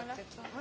Exactement.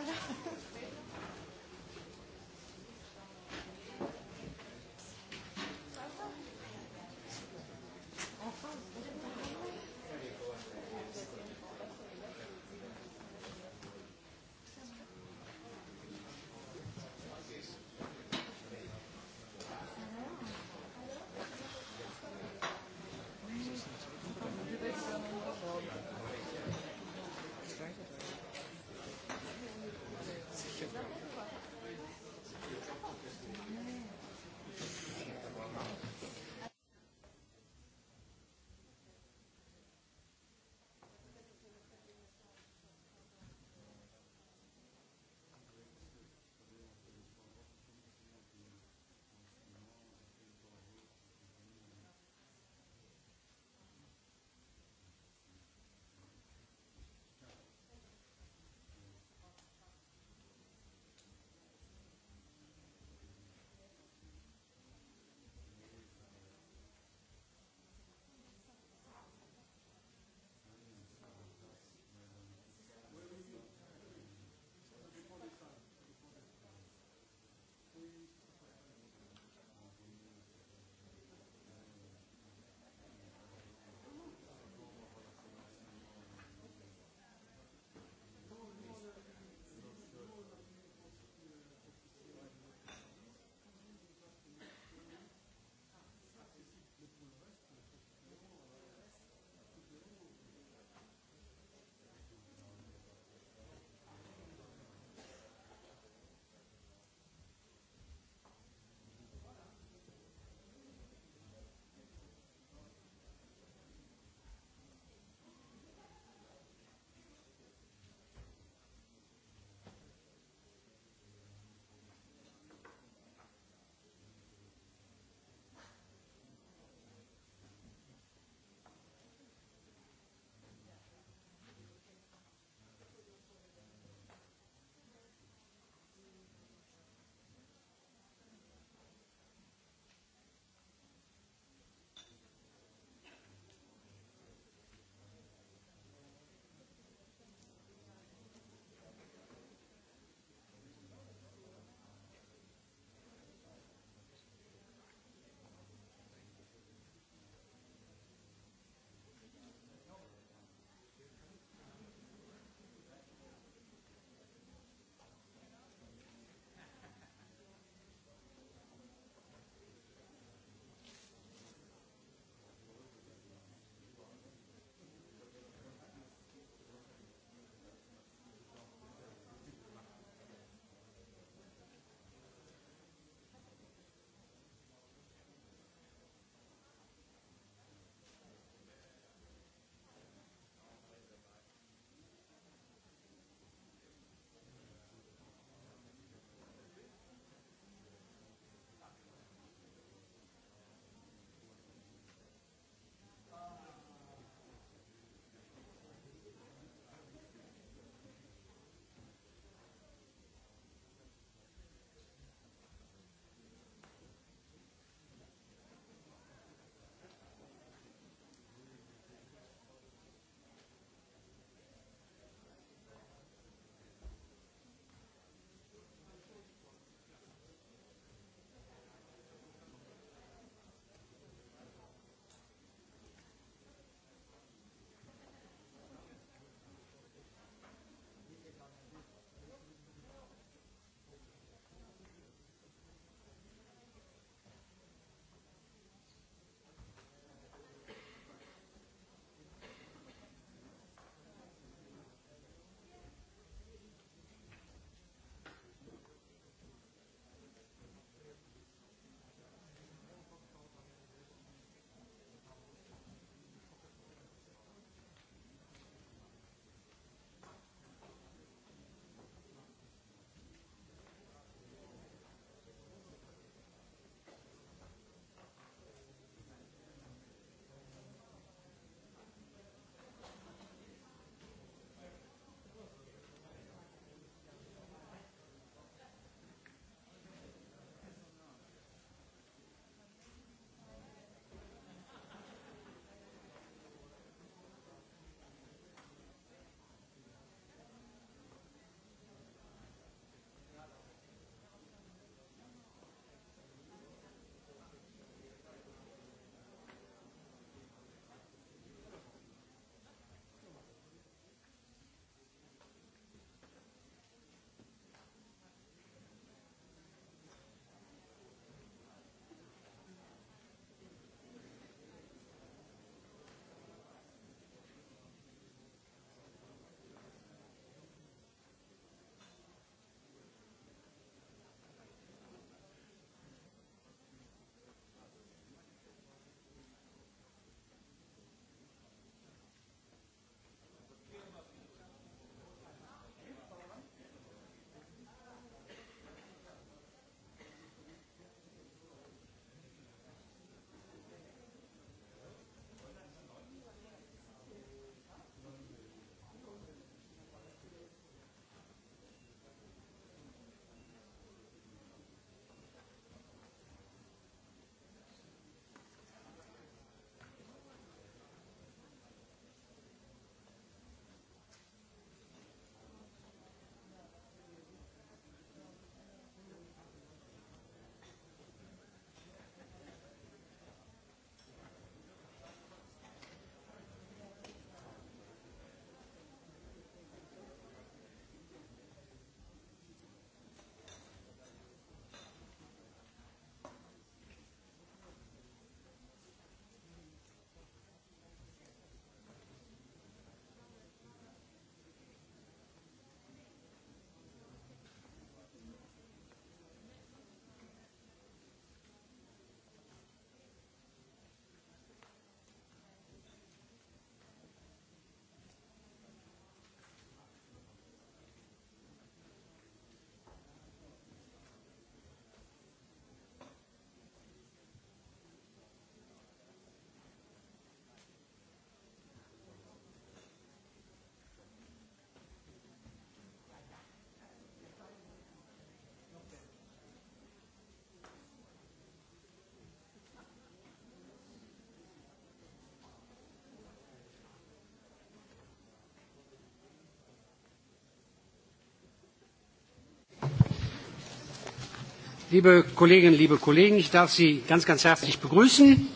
Liebe Kolleginnen, liebe Kollegen, ich darf Sie ganz, ganz herzlich begrüßen.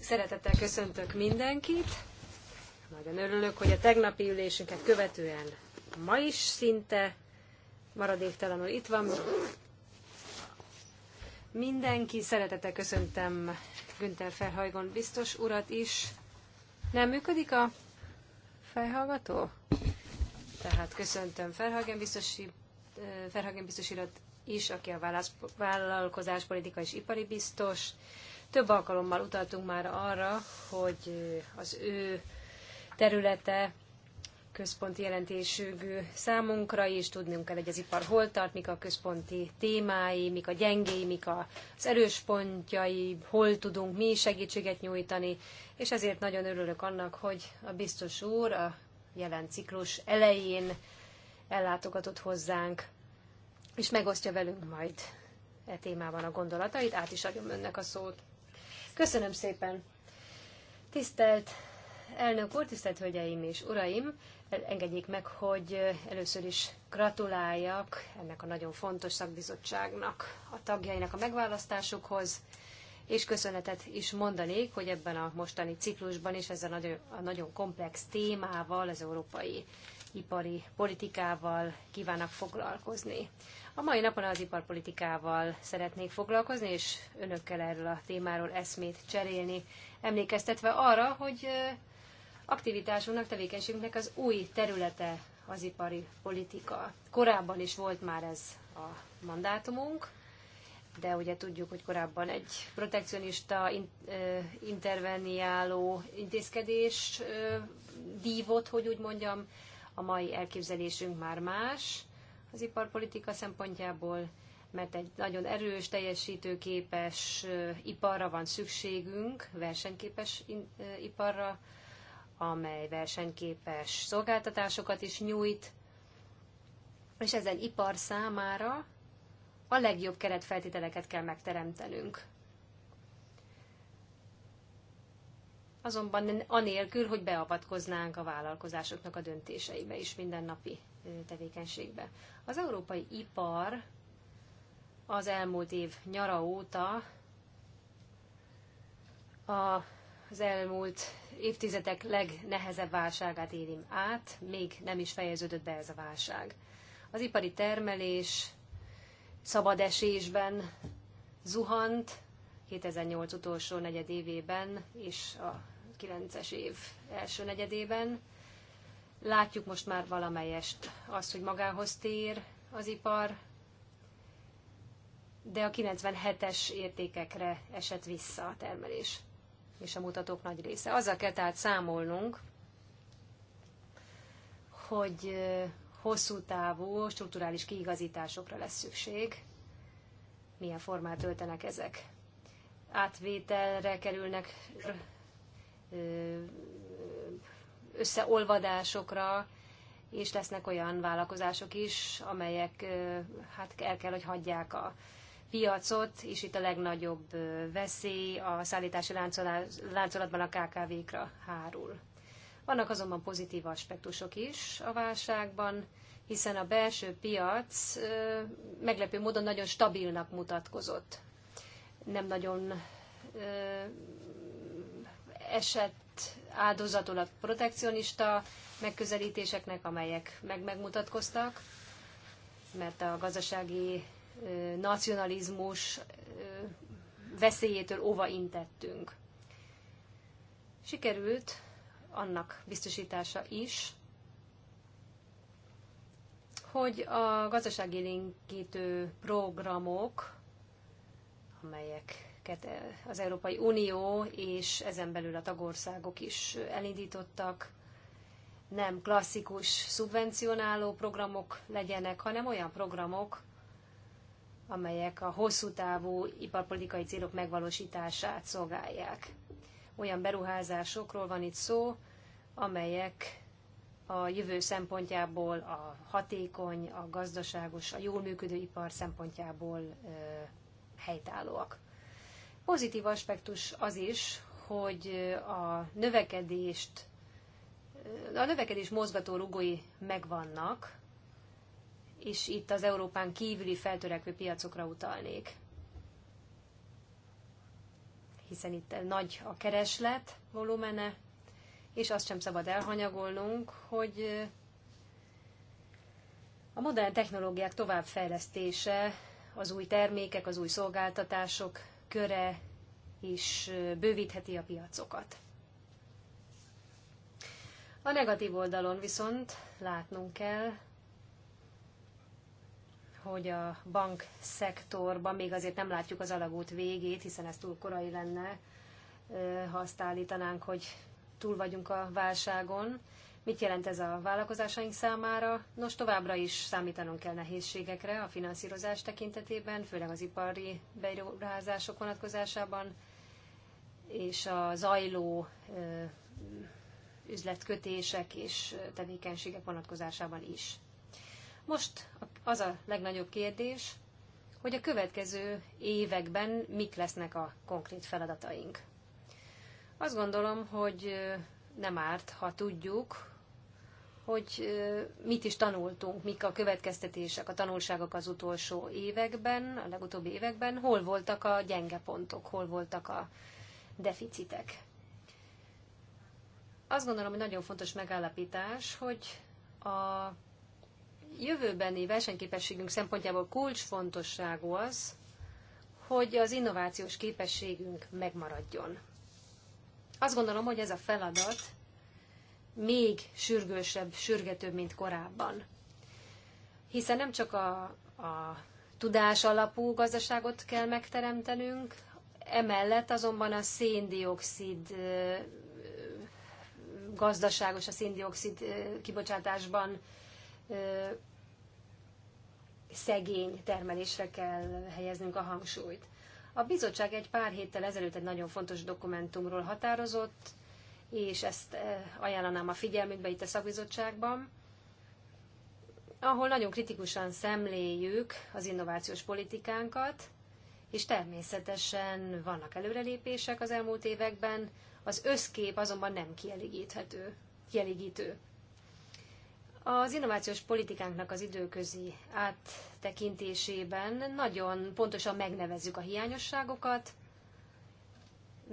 Szeretettel köszöntök mindenkit. Nagyon örülök, hogy a tegnapi ülésünket követően ma is szinte maradéktalanul itt van. Mindenki, szeretettel köszöntem Günther Felhajgon biztos urat is. Nem működik a fejhallgató? Tehát köszöntöm Ferhagen biztosi, Ferhagen biztos urat is, aki a vállalkozás politika és ipari biztos. Több alkalommal utaltunk már arra, hogy az ő területe központi jelentésű számunkra is, tudnunk kell, hogy az ipar hol tart, mik a központi témái, mik a gyengéi, mik az erős pontjai, hol tudunk mi segítséget nyújtani, és ezért nagyon örülök annak, hogy a biztos úr a jelen ciklus elején ellátogatott hozzánk, és megosztja velünk majd e témában a gondolatait. Át is adjam önnek a szót. Köszönöm szépen! Tisztelt elnök úr, tisztelt hölgyeim és uraim! Engedjék meg, hogy először is gratuláljak ennek a nagyon fontos szakbizottságnak, a tagjainak a megválasztásukhoz, és köszönetet is mondanék, hogy ebben a mostani ciklusban és ezzel a nagyon, a nagyon komplex témával az Európai ipari politikával kívánnak foglalkozni. A mai napon az iparpolitikával szeretnék foglalkozni, és önökkel erről a témáról eszmét cserélni, emlékeztetve arra, hogy aktivitásunknak, tevékenységünknek az új területe az ipari politika. Korábban is volt már ez a mandátumunk, de ugye tudjuk, hogy korábban egy protekcionista interveniáló intézkedés dívott, hogy úgy mondjam, a mai elképzelésünk már más az iparpolitika szempontjából, mert egy nagyon erős, teljesítőképes iparra van szükségünk, versenyképes iparra, amely versenyképes szolgáltatásokat is nyújt, és ezen ipar számára a legjobb keretfeltételeket kell megteremtenünk. azonban anélkül, hogy beavatkoznánk a vállalkozásoknak a döntéseibe és mindennapi tevékenységbe. Az európai ipar az elmúlt év nyara óta az elmúlt évtizedek legnehezebb válságát érim át, még nem is fejeződött be ez a válság. Az ipari termelés szabad esésben zuhant, 2008 utolsó negyed évében, és a 2009-es év első negyedében. Látjuk most már valamelyest azt, hogy magához tér az ipar, de a 97-es értékekre esett vissza a termelés és a mutatók nagy része. Azzal kell tehát számolnunk, hogy hosszú távú strukturális kiigazításokra lesz szükség. Milyen formát öltenek ezek? Átvételre kerülnek összeolvadásokra, és lesznek olyan vállalkozások is, amelyek hát el kell, hogy hagyják a piacot, és itt a legnagyobb veszély a szállítási láncolatban a KKV-kra hárul. Vannak azonban pozitív aspektusok is a válságban, hiszen a belső piac meglepő módon nagyon stabilnak mutatkozott. Nem nagyon esett áldozatul a protekcionista megközelítéseknek, amelyek meg megmutatkoztak, mert a gazdasági nacionalizmus veszélyétől óva intettünk. Sikerült annak biztosítása is, hogy a gazdasági linkítő programok, amelyek amelyeket eh, az Európai Unió és ezen belül a tagországok is elindítottak, nem klasszikus szubvencionáló programok legyenek, hanem olyan programok, amelyek a hosszú távú iparpolitikai célok megvalósítását szolgálják. Olyan beruházásokról van itt szó, amelyek a jövő szempontjából, a hatékony, a gazdaságos, a jól működő ipar szempontjából ö, helytállóak. Pozitív aspektus az is, hogy a növekedést, a növekedés mozgató rugói megvannak, és itt az Európán kívüli feltörekvő piacokra utalnék. Hiszen itt nagy a kereslet volumene, és azt sem szabad elhanyagolnunk, hogy a modern technológiák továbbfejlesztése, az új termékek, az új szolgáltatások köre is bővítheti a piacokat. A negatív oldalon viszont látnunk kell, hogy a bank szektorban még azért nem látjuk az alagút végét, hiszen ez túl korai lenne, ha azt állítanánk, hogy túl vagyunk a válságon, Mit jelent ez a vállalkozásaink számára? Nos, továbbra is számítanunk kell nehézségekre a finanszírozás tekintetében, főleg az ipari beruházások vonatkozásában, és a zajló üzletkötések és tevékenységek vonatkozásában is. Most az a legnagyobb kérdés, hogy a következő években mik lesznek a konkrét feladataink. Azt gondolom, hogy nem árt, ha tudjuk, hogy mit is tanultunk, mik a következtetések, a tanulságok az utolsó években, a legutóbbi években, hol voltak a gyenge pontok, hol voltak a deficitek. Azt gondolom, hogy nagyon fontos megállapítás, hogy a jövőbeni versenyképességünk szempontjából kulcsfontosságú az, hogy az innovációs képességünk megmaradjon. Azt gondolom, hogy ez a feladat még sürgősebb, sürgetőbb, mint korábban. Hiszen nem csak a, a tudás alapú gazdaságot kell megteremtenünk, emellett azonban a széndiokszid gazdaságos, a széndiokszid kibocsátásban szegény termelésre kell helyeznünk a hangsúlyt. A bizottság egy pár héttel ezelőtt egy nagyon fontos dokumentumról határozott, és ezt eh, ajánlanám a figyelmükbe itt a szakbizottságban, ahol nagyon kritikusan szemléljük az innovációs politikánkat, és természetesen vannak előrelépések az elmúlt években, az összkép azonban nem kielégíthető, kielégítő. Az innovációs politikánknak az időközi áttekintésében nagyon pontosan megnevezzük a hiányosságokat,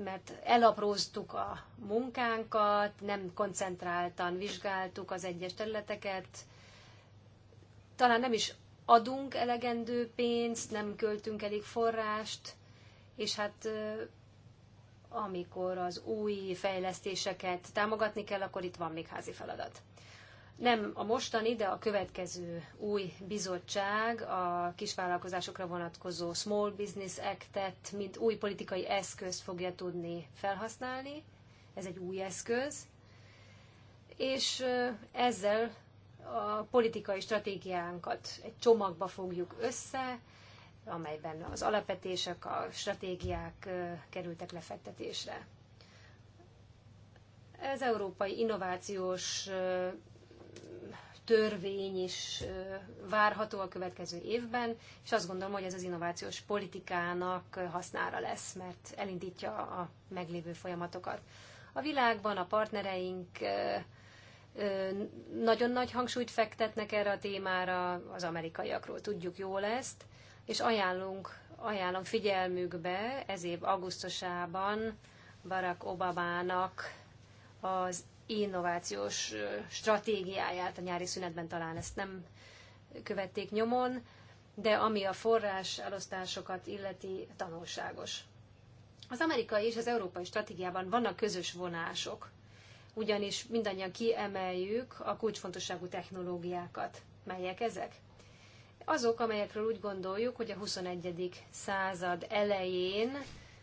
mert elapróztuk a munkánkat, nem koncentráltan vizsgáltuk az egyes területeket, talán nem is adunk elegendő pénzt, nem költünk elég forrást, és hát amikor az új fejlesztéseket támogatni kell, akkor itt van még házi feladat nem a mostani, de a következő új bizottság a kisvállalkozásokra vonatkozó Small Business Act-et, mint új politikai eszközt fogja tudni felhasználni. Ez egy új eszköz. És ezzel a politikai stratégiánkat egy csomagba fogjuk össze, amelyben az alapvetések, a stratégiák kerültek lefektetésre. Ez európai innovációs törvény is várható a következő évben, és azt gondolom, hogy ez az innovációs politikának hasznára lesz, mert elindítja a meglévő folyamatokat. A világban a partnereink nagyon nagy hangsúlyt fektetnek erre a témára, az amerikaiakról tudjuk jól ezt, és ajánlunk, ajánlom figyelmükbe ez év augusztusában Barack Obamának az innovációs stratégiáját a nyári szünetben talán ezt nem követték nyomon, de ami a forrás elosztásokat illeti, tanulságos. Az amerikai és az európai stratégiában vannak közös vonások, ugyanis mindannyian kiemeljük a kulcsfontosságú technológiákat. Melyek ezek? Azok, amelyekről úgy gondoljuk, hogy a 21. század elején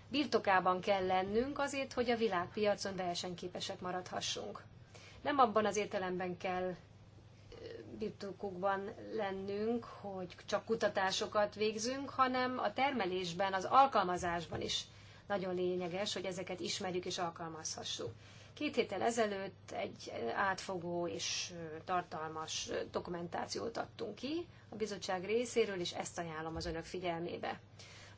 birtokában kell lennünk azért, hogy a világpiacon versenyképesek maradhassunk. Nem abban az értelemben kell birtokukban lennünk, hogy csak kutatásokat végzünk, hanem a termelésben, az alkalmazásban is nagyon lényeges, hogy ezeket ismerjük és alkalmazhassuk. Két héttel ezelőtt egy átfogó és tartalmas dokumentációt adtunk ki a bizottság részéről, és ezt ajánlom az önök figyelmébe.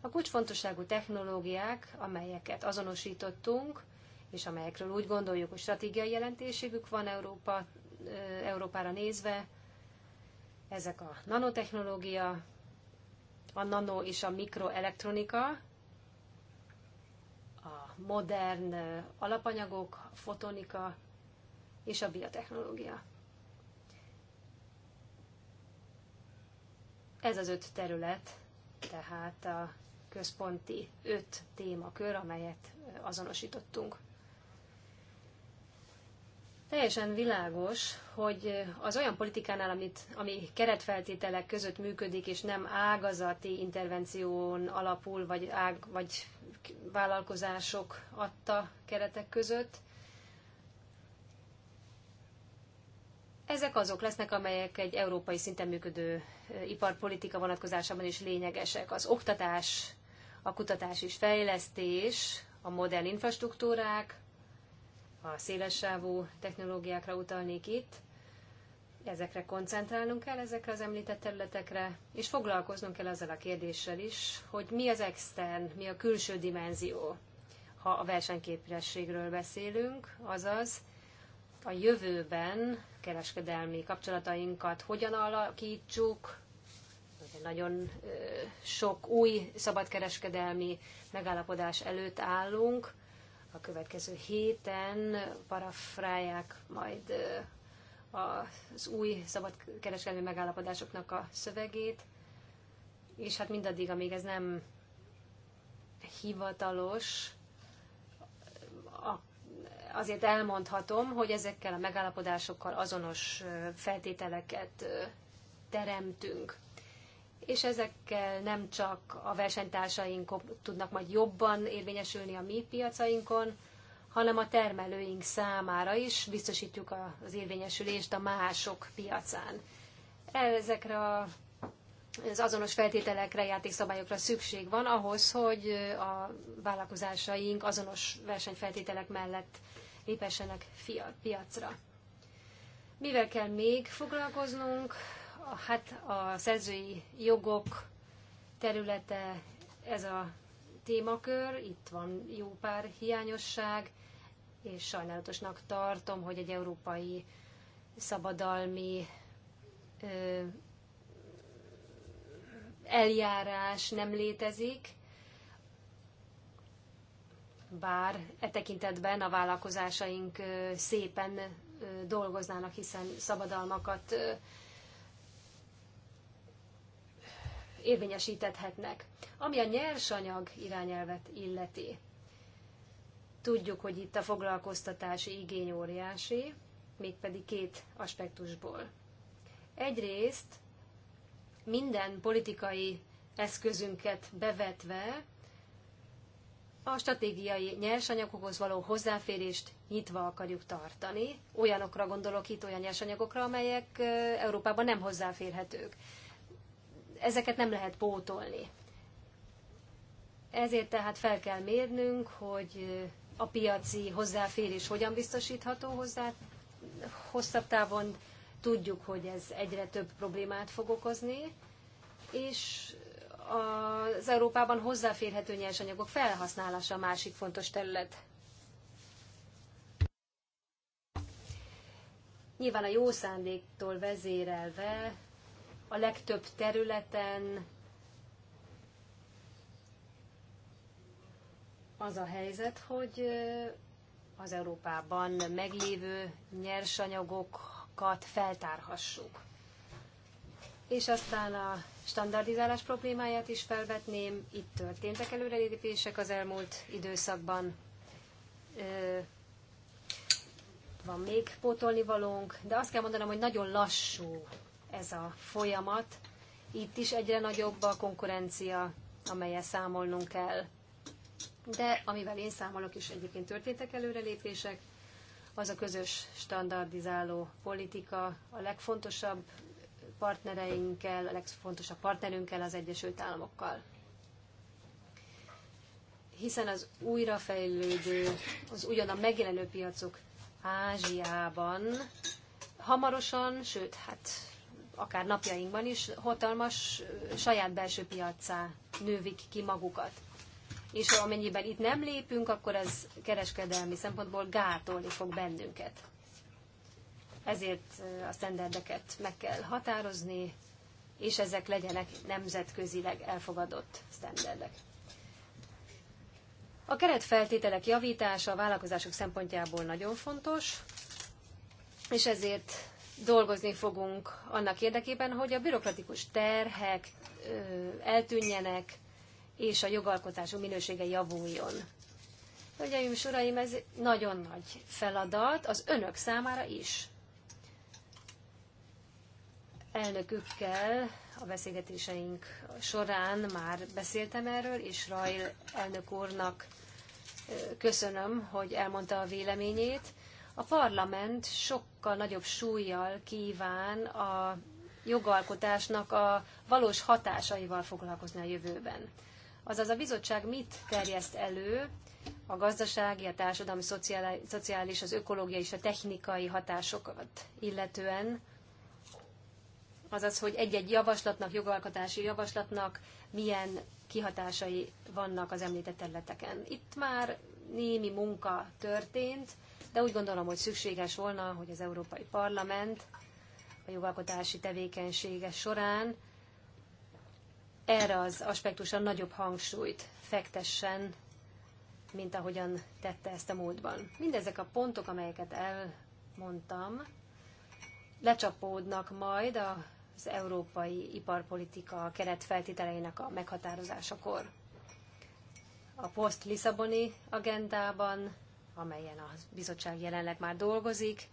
A kulcsfontosságú technológiák, amelyeket azonosítottunk, és amelyekről úgy gondoljuk, hogy stratégiai jelentőségük van Európa, Európára nézve, ezek a nanotechnológia, a nano és a mikroelektronika, a modern alapanyagok, a fotonika és a biotechnológia. Ez az öt terület, tehát a központi öt témakör, amelyet azonosítottunk. Teljesen világos, hogy az olyan politikánál, amit, ami keretfeltételek között működik, és nem ágazati intervención alapul, vagy, ág, vagy vállalkozások adta keretek között, ezek azok lesznek, amelyek egy európai szinten működő iparpolitika vonatkozásában is lényegesek. Az oktatás a kutatás és fejlesztés, a modern infrastruktúrák, a szélessávú technológiákra utalnék itt, ezekre koncentrálnunk kell, ezekre az említett területekre, és foglalkoznunk kell azzal a kérdéssel is, hogy mi az extern, mi a külső dimenzió, ha a versenyképességről beszélünk, azaz a jövőben kereskedelmi kapcsolatainkat hogyan alakítsuk, nagyon sok új szabadkereskedelmi megállapodás előtt állunk. A következő héten parafrálják majd az új szabadkereskedelmi megállapodásoknak a szövegét, és hát mindaddig, amíg ez nem hivatalos, azért elmondhatom, hogy ezekkel a megállapodásokkal azonos feltételeket teremtünk és ezekkel nem csak a versenytársaink tudnak majd jobban érvényesülni a mi piacainkon, hanem a termelőink számára is biztosítjuk az érvényesülést a mások piacán. Ezekre az azonos feltételekre, játékszabályokra szükség van ahhoz, hogy a vállalkozásaink azonos versenyfeltételek mellett lépessenek piacra. Mivel kell még foglalkoznunk? hát a szerzői jogok területe ez a témakör, itt van jó pár hiányosság, és sajnálatosnak tartom, hogy egy európai szabadalmi ö, eljárás nem létezik, bár e tekintetben a vállalkozásaink szépen dolgoznának, hiszen szabadalmakat érvényesíthetnek. Ami a nyersanyag irányelvet illeti, tudjuk, hogy itt a foglalkoztatási igény óriási, mégpedig két aspektusból. Egyrészt minden politikai eszközünket bevetve a stratégiai nyersanyagokhoz való hozzáférést nyitva akarjuk tartani. Olyanokra gondolok itt, olyan nyersanyagokra, amelyek Európában nem hozzáférhetők ezeket nem lehet pótolni. Ezért tehát fel kell mérnünk, hogy a piaci hozzáférés hogyan biztosítható hozzá. Hosszabb távon tudjuk, hogy ez egyre több problémát fog okozni, és az Európában hozzáférhető nyersanyagok felhasználása a másik fontos terület. Nyilván a jó szándéktól vezérelve a legtöbb területen az a helyzet, hogy az Európában meglévő nyersanyagokat feltárhassuk. És aztán a standardizálás problémáját is felvetném. Itt történtek előrelépések az elmúlt időszakban. Van még pótolnivalónk, de azt kell mondanom, hogy nagyon lassú ez a folyamat. Itt is egyre nagyobb a konkurencia, amelyel számolnunk kell. De amivel én számolok is egyébként történtek előrelépések, az a közös standardizáló politika a legfontosabb partnereinkkel, a legfontosabb partnerünkkel, az Egyesült Államokkal. Hiszen az újrafejlődő, az ugyan megjelenő piacok Ázsiában hamarosan, sőt, hát akár napjainkban is hatalmas saját belső piacá nővik ki magukat. És amennyiben itt nem lépünk, akkor ez kereskedelmi szempontból gátolni fog bennünket. Ezért a standardeket meg kell határozni, és ezek legyenek nemzetközileg elfogadott standardek. A keretfeltételek javítása a vállalkozások szempontjából nagyon fontos, és ezért dolgozni fogunk annak érdekében, hogy a bürokratikus terhek eltűnjenek, és a jogalkotásunk minősége javuljon. Hölgyeim és uraim, ez nagyon nagy feladat az önök számára is. Elnökükkel a beszélgetéseink során már beszéltem erről, és Rajl elnök úrnak köszönöm, hogy elmondta a véleményét a parlament sokkal nagyobb súlyjal kíván a jogalkotásnak a valós hatásaival foglalkozni a jövőben. Azaz a bizottság mit terjeszt elő a gazdasági, a társadalmi, szociális, az ökológiai és a technikai hatásokat illetően, azaz, hogy egy-egy javaslatnak, jogalkotási javaslatnak milyen kihatásai vannak az említett területeken. Itt már némi munka történt, de úgy gondolom, hogy szükséges volna, hogy az Európai Parlament a jogalkotási tevékenysége során erre az aspektusra nagyobb hangsúlyt fektessen, mint ahogyan tette ezt a múltban. Mindezek a pontok, amelyeket elmondtam, lecsapódnak majd az európai iparpolitika keretfeltételeinek a meghatározásakor. A post lisszaboni agendában amelyen a bizottság jelenleg már dolgozik,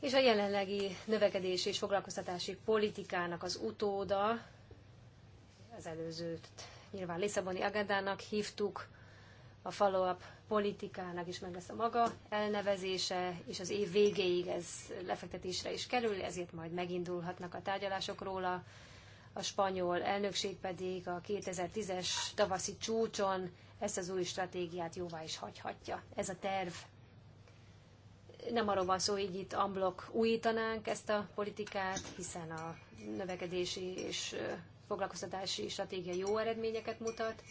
és a jelenlegi növekedési és foglalkoztatási politikának az utóda, az előzőt nyilván Lisszaboni agendának hívtuk, a follow-up politikának is meg lesz a maga elnevezése, és az év végéig ez lefektetésre is kerül, ezért majd megindulhatnak a tárgyalások róla. A spanyol elnökség pedig a 2010-es tavaszi csúcson ezt az új stratégiát jóvá is hagyhatja. Ez a terv. Nem arról van szó, hogy itt amblok újítanánk ezt a politikát, hiszen a növekedési és foglalkoztatási stratégia jó eredményeket mutat,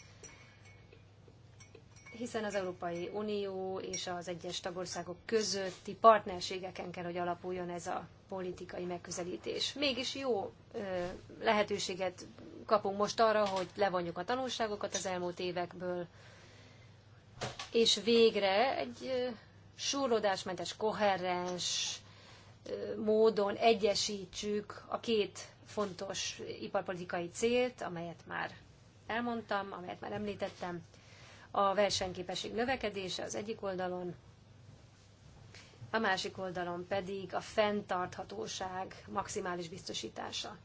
hiszen az Európai Unió és az egyes tagországok közötti partnerségeken kell, hogy alapuljon ez a politikai megközelítés. Mégis jó lehetőséget kapunk most arra, hogy levonjuk a tanulságokat az elmúlt évekből, és végre egy súrlódásmentes, koherens módon egyesítsük a két fontos iparpolitikai célt, amelyet már elmondtam, amelyet már említettem, a versenyképesség növekedése az egyik oldalon, a másik oldalon pedig a fenntarthatóság maximális biztosítása.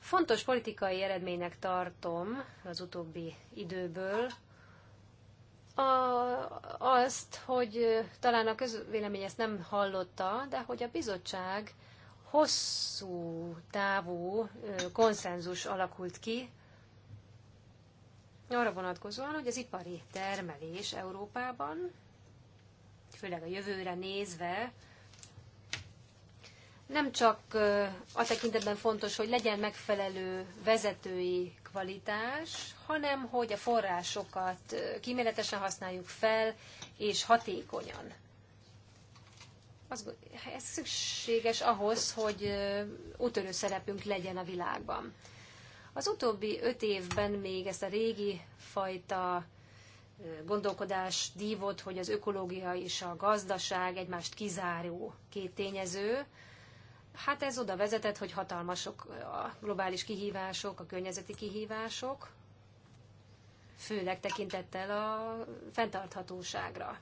Fontos politikai eredménynek tartom az utóbbi időből a, azt, hogy talán a közvélemény ezt nem hallotta, de hogy a bizottság hosszú távú konszenzus alakult ki arra vonatkozóan, hogy az ipari termelés Európában, főleg a jövőre nézve, nem csak a tekintetben fontos, hogy legyen megfelelő vezetői kvalitás, hanem hogy a forrásokat kíméletesen használjuk fel, és hatékonyan az, ez szükséges ahhoz, hogy útörő szerepünk legyen a világban. Az utóbbi öt évben még ezt a régi fajta gondolkodás dívott, hogy az ökológia és a gazdaság egymást kizáró két tényező, Hát ez oda vezetett, hogy hatalmasok a globális kihívások, a környezeti kihívások, főleg tekintettel a fenntarthatóságra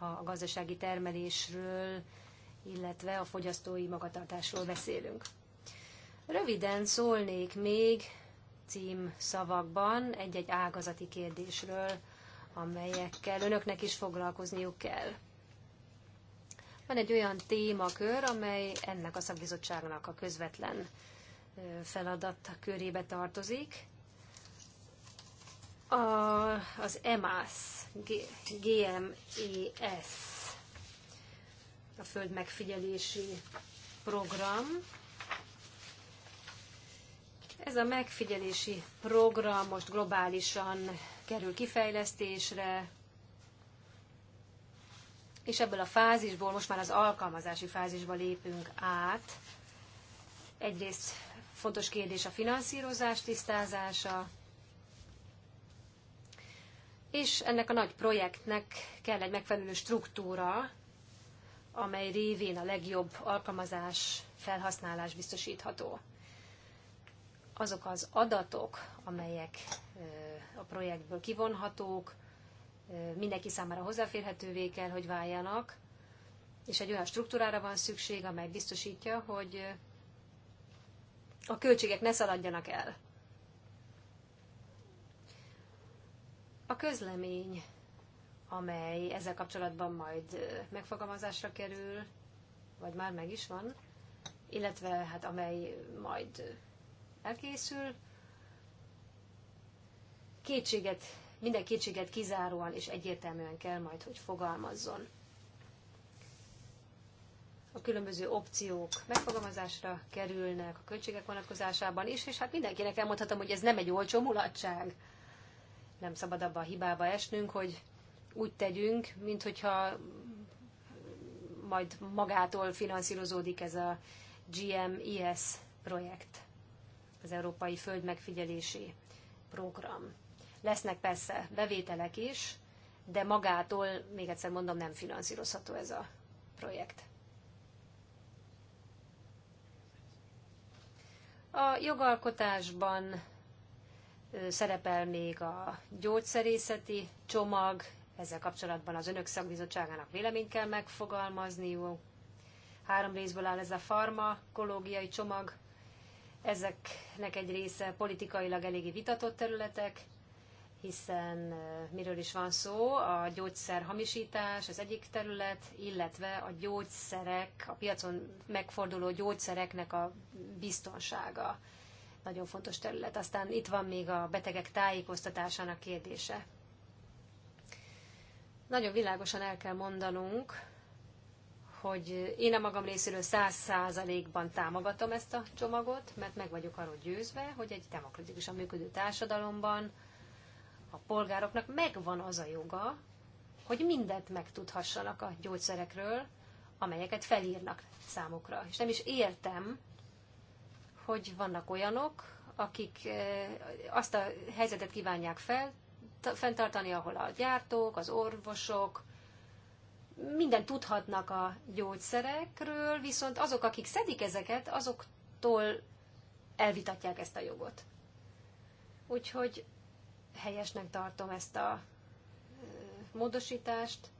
ha a gazdasági termelésről, illetve a fogyasztói magatartásról beszélünk. Röviden szólnék még cím szavakban egy-egy ágazati kérdésről, amelyekkel önöknek is foglalkozniuk kell. Van egy olyan témakör, amely ennek a szakbizottságnak a közvetlen feladat körébe tartozik, a, az EMAS, GMES, a Föld megfigyelési program. Ez a megfigyelési program most globálisan kerül kifejlesztésre, és ebből a fázisból, most már az alkalmazási fázisba lépünk át. Egyrészt fontos kérdés a finanszírozás tisztázása, és ennek a nagy projektnek kell egy megfelelő struktúra, amely révén a legjobb alkalmazás, felhasználás biztosítható. Azok az adatok, amelyek a projektből kivonhatók, mindenki számára hozzáférhetővé kell, hogy váljanak, és egy olyan struktúrára van szükség, amely biztosítja, hogy a költségek ne szaladjanak el. A közlemény, amely ezzel kapcsolatban majd megfogalmazásra kerül, vagy már meg is van, illetve hát amely majd elkészül, kétséget, minden kétséget kizáróan és egyértelműen kell majd, hogy fogalmazzon. A különböző opciók megfogalmazásra kerülnek a költségek vonatkozásában is, és hát mindenkinek elmondhatom, hogy ez nem egy olcsó mulatság nem szabad abba a hibába esnünk, hogy úgy tegyünk, mint hogyha majd magától finanszírozódik ez a GMES projekt, az Európai Föld Megfigyelési Program. Lesznek persze bevételek is, de magától, még egyszer mondom, nem finanszírozható ez a projekt. A jogalkotásban szerepel még a gyógyszerészeti csomag, ezzel kapcsolatban az önök szakbizottságának véleményt kell megfogalmazniuk. Három részből áll ez a farmakológiai csomag, ezeknek egy része politikailag eléggé vitatott területek, hiszen miről is van szó, a gyógyszer hamisítás az egyik terület, illetve a gyógyszerek, a piacon megforduló gyógyszereknek a biztonsága nagyon fontos terület. Aztán itt van még a betegek tájékoztatásának kérdése. Nagyon világosan el kell mondanunk, hogy én a magam részéről száz százalékban támogatom ezt a csomagot, mert meg vagyok arról győzve, hogy egy demokratikusan működő társadalomban a polgároknak megvan az a joga, hogy mindent megtudhassanak a gyógyszerekről, amelyeket felírnak számukra. És nem is értem, hogy vannak olyanok, akik eh, azt a helyzetet kívánják fel, fenntartani, ahol a gyártók, az orvosok, minden tudhatnak a gyógyszerekről, viszont azok, akik szedik ezeket, azoktól elvitatják ezt a jogot. Úgyhogy helyesnek tartom ezt a eh, módosítást,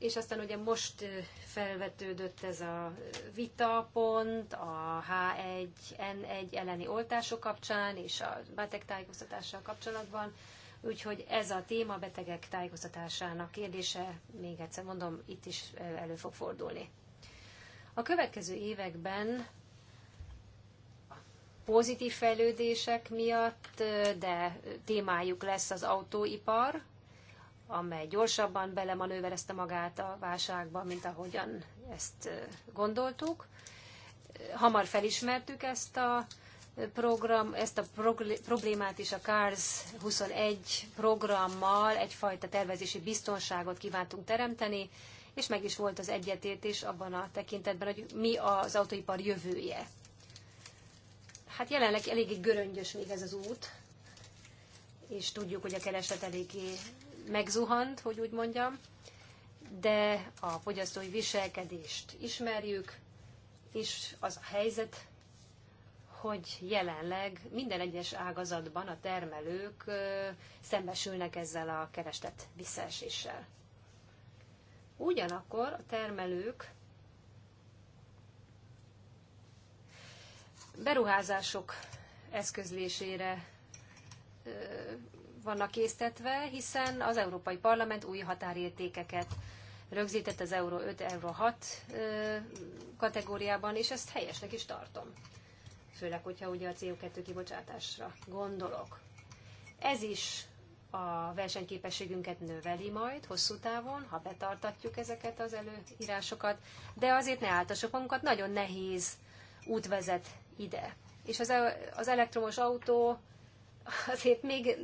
és aztán ugye most felvetődött ez a vitapont a H1N1 elleni oltások kapcsán és a beteg tájékoztatással kapcsolatban, úgyhogy ez a téma betegek tájékoztatásának kérdése, még egyszer mondom, itt is elő fog fordulni. A következő években pozitív fejlődések miatt, de témájuk lesz az autóipar, amely gyorsabban belemanőverezte magát a válságba, mint ahogyan ezt gondoltuk. Hamar felismertük ezt a program, ezt a problémát is a CARS 21 programmal egyfajta tervezési biztonságot kívántunk teremteni, és meg is volt az egyetértés abban a tekintetben, hogy mi az autóipar jövője. Hát jelenleg eléggé göröngyös még ez az út, és tudjuk, hogy a kereslet eléggé megzuhant, hogy úgy mondjam, de a fogyasztói viselkedést ismerjük, és az a helyzet, hogy jelenleg minden egyes ágazatban a termelők szembesülnek ezzel a kereslet visszaeséssel. Ugyanakkor a termelők beruházások eszközlésére vannak késztetve, hiszen az Európai Parlament új határértékeket rögzített az Euró 5, Euró 6 kategóriában, és ezt helyesnek is tartom. Főleg, hogyha ugye a CO2 kibocsátásra gondolok. Ez is a versenyképességünket növeli majd hosszú távon, ha betartatjuk ezeket az előírásokat, de azért ne áltassuk magunkat, nagyon nehéz út vezet ide. És az, az elektromos autó azért még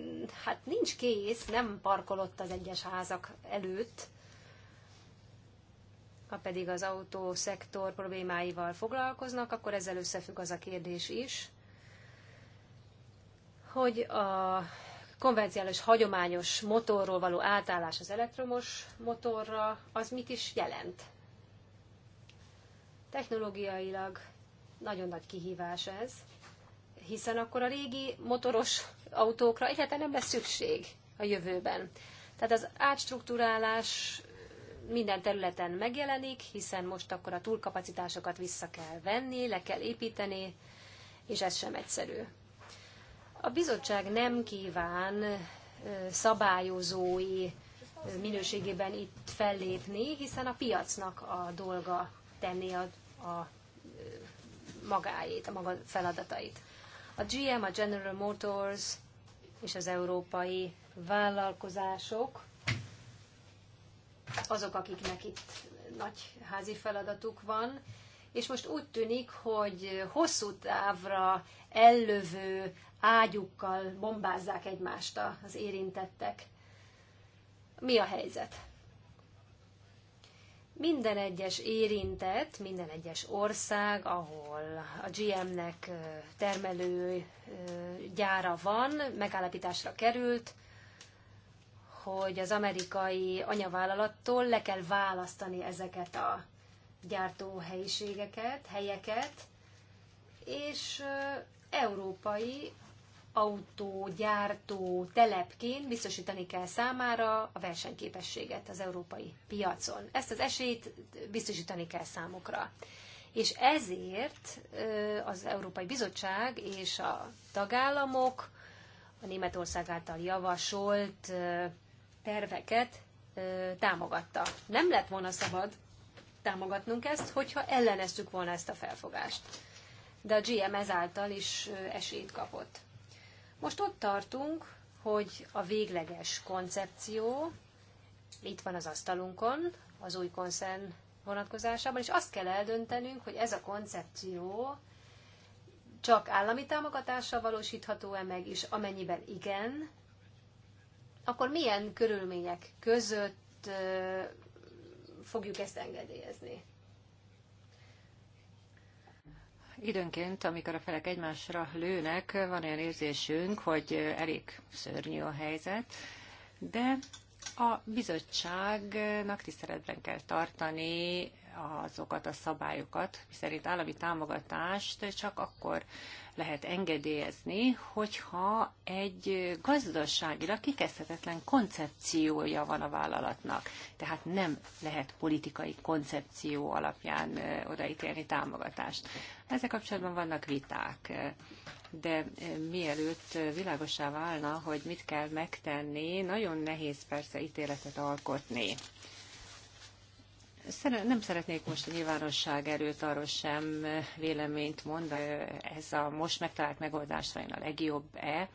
hát nincs kész, nem parkolott az egyes házak előtt, ha pedig az autószektor problémáival foglalkoznak, akkor ezzel összefügg az a kérdés is, hogy a konvenciális, hagyományos motorról való átállás az elektromos motorra, az mit is jelent? Technológiailag nagyon nagy kihívás ez, hiszen akkor a régi motoros autókra egyáltalán nem lesz szükség a jövőben. Tehát az átstruktúrálás minden területen megjelenik, hiszen most akkor a túlkapacitásokat vissza kell venni, le kell építeni, és ez sem egyszerű. A bizottság nem kíván szabályozói minőségében itt fellépni, hiszen a piacnak a dolga tenni a, a magáét, a maga feladatait. A GM, a General Motors és az európai vállalkozások azok, akiknek itt nagy házi feladatuk van, és most úgy tűnik, hogy hosszú távra ellövő ágyukkal bombázzák egymást az érintettek. Mi a helyzet? Minden egyes érintett, minden egyes ország, ahol a GM-nek termelő gyára van, megállapításra került, hogy az amerikai anyavállalattól le kell választani ezeket a gyártóhelyiségeket, helyeket, és európai autógyártó telepként biztosítani kell számára a versenyképességet az európai piacon. Ezt az esélyt biztosítani kell számukra. És ezért az Európai Bizottság és a tagállamok a Németország által javasolt terveket támogatta. Nem lett volna szabad támogatnunk ezt, hogyha elleneztük volna ezt a felfogást. De a GM ezáltal is esélyt kapott. Most ott tartunk, hogy a végleges koncepció itt van az asztalunkon, az új konszen vonatkozásában, és azt kell eldöntenünk, hogy ez a koncepció csak állami támogatással valósítható-e meg, és amennyiben igen, akkor milyen körülmények között fogjuk ezt engedélyezni. Időnként, amikor a felek egymásra lőnek, van olyan érzésünk, hogy elég szörnyű a helyzet, de a bizottságnak tiszteletben kell tartani azokat a szabályokat, miszerint állami támogatást csak akkor lehet engedélyezni, hogyha egy gazdaságilag kikezdhetetlen koncepciója van a vállalatnak. Tehát nem lehet politikai koncepció alapján odaítélni támogatást. Ezzel kapcsolatban vannak viták de mielőtt világosá válna, hogy mit kell megtenni, nagyon nehéz persze ítéletet alkotni nem szeretnék most a nyilvánosság erőt arról sem véleményt mondani, ez a most megtalált megoldás vajon a legjobb-e,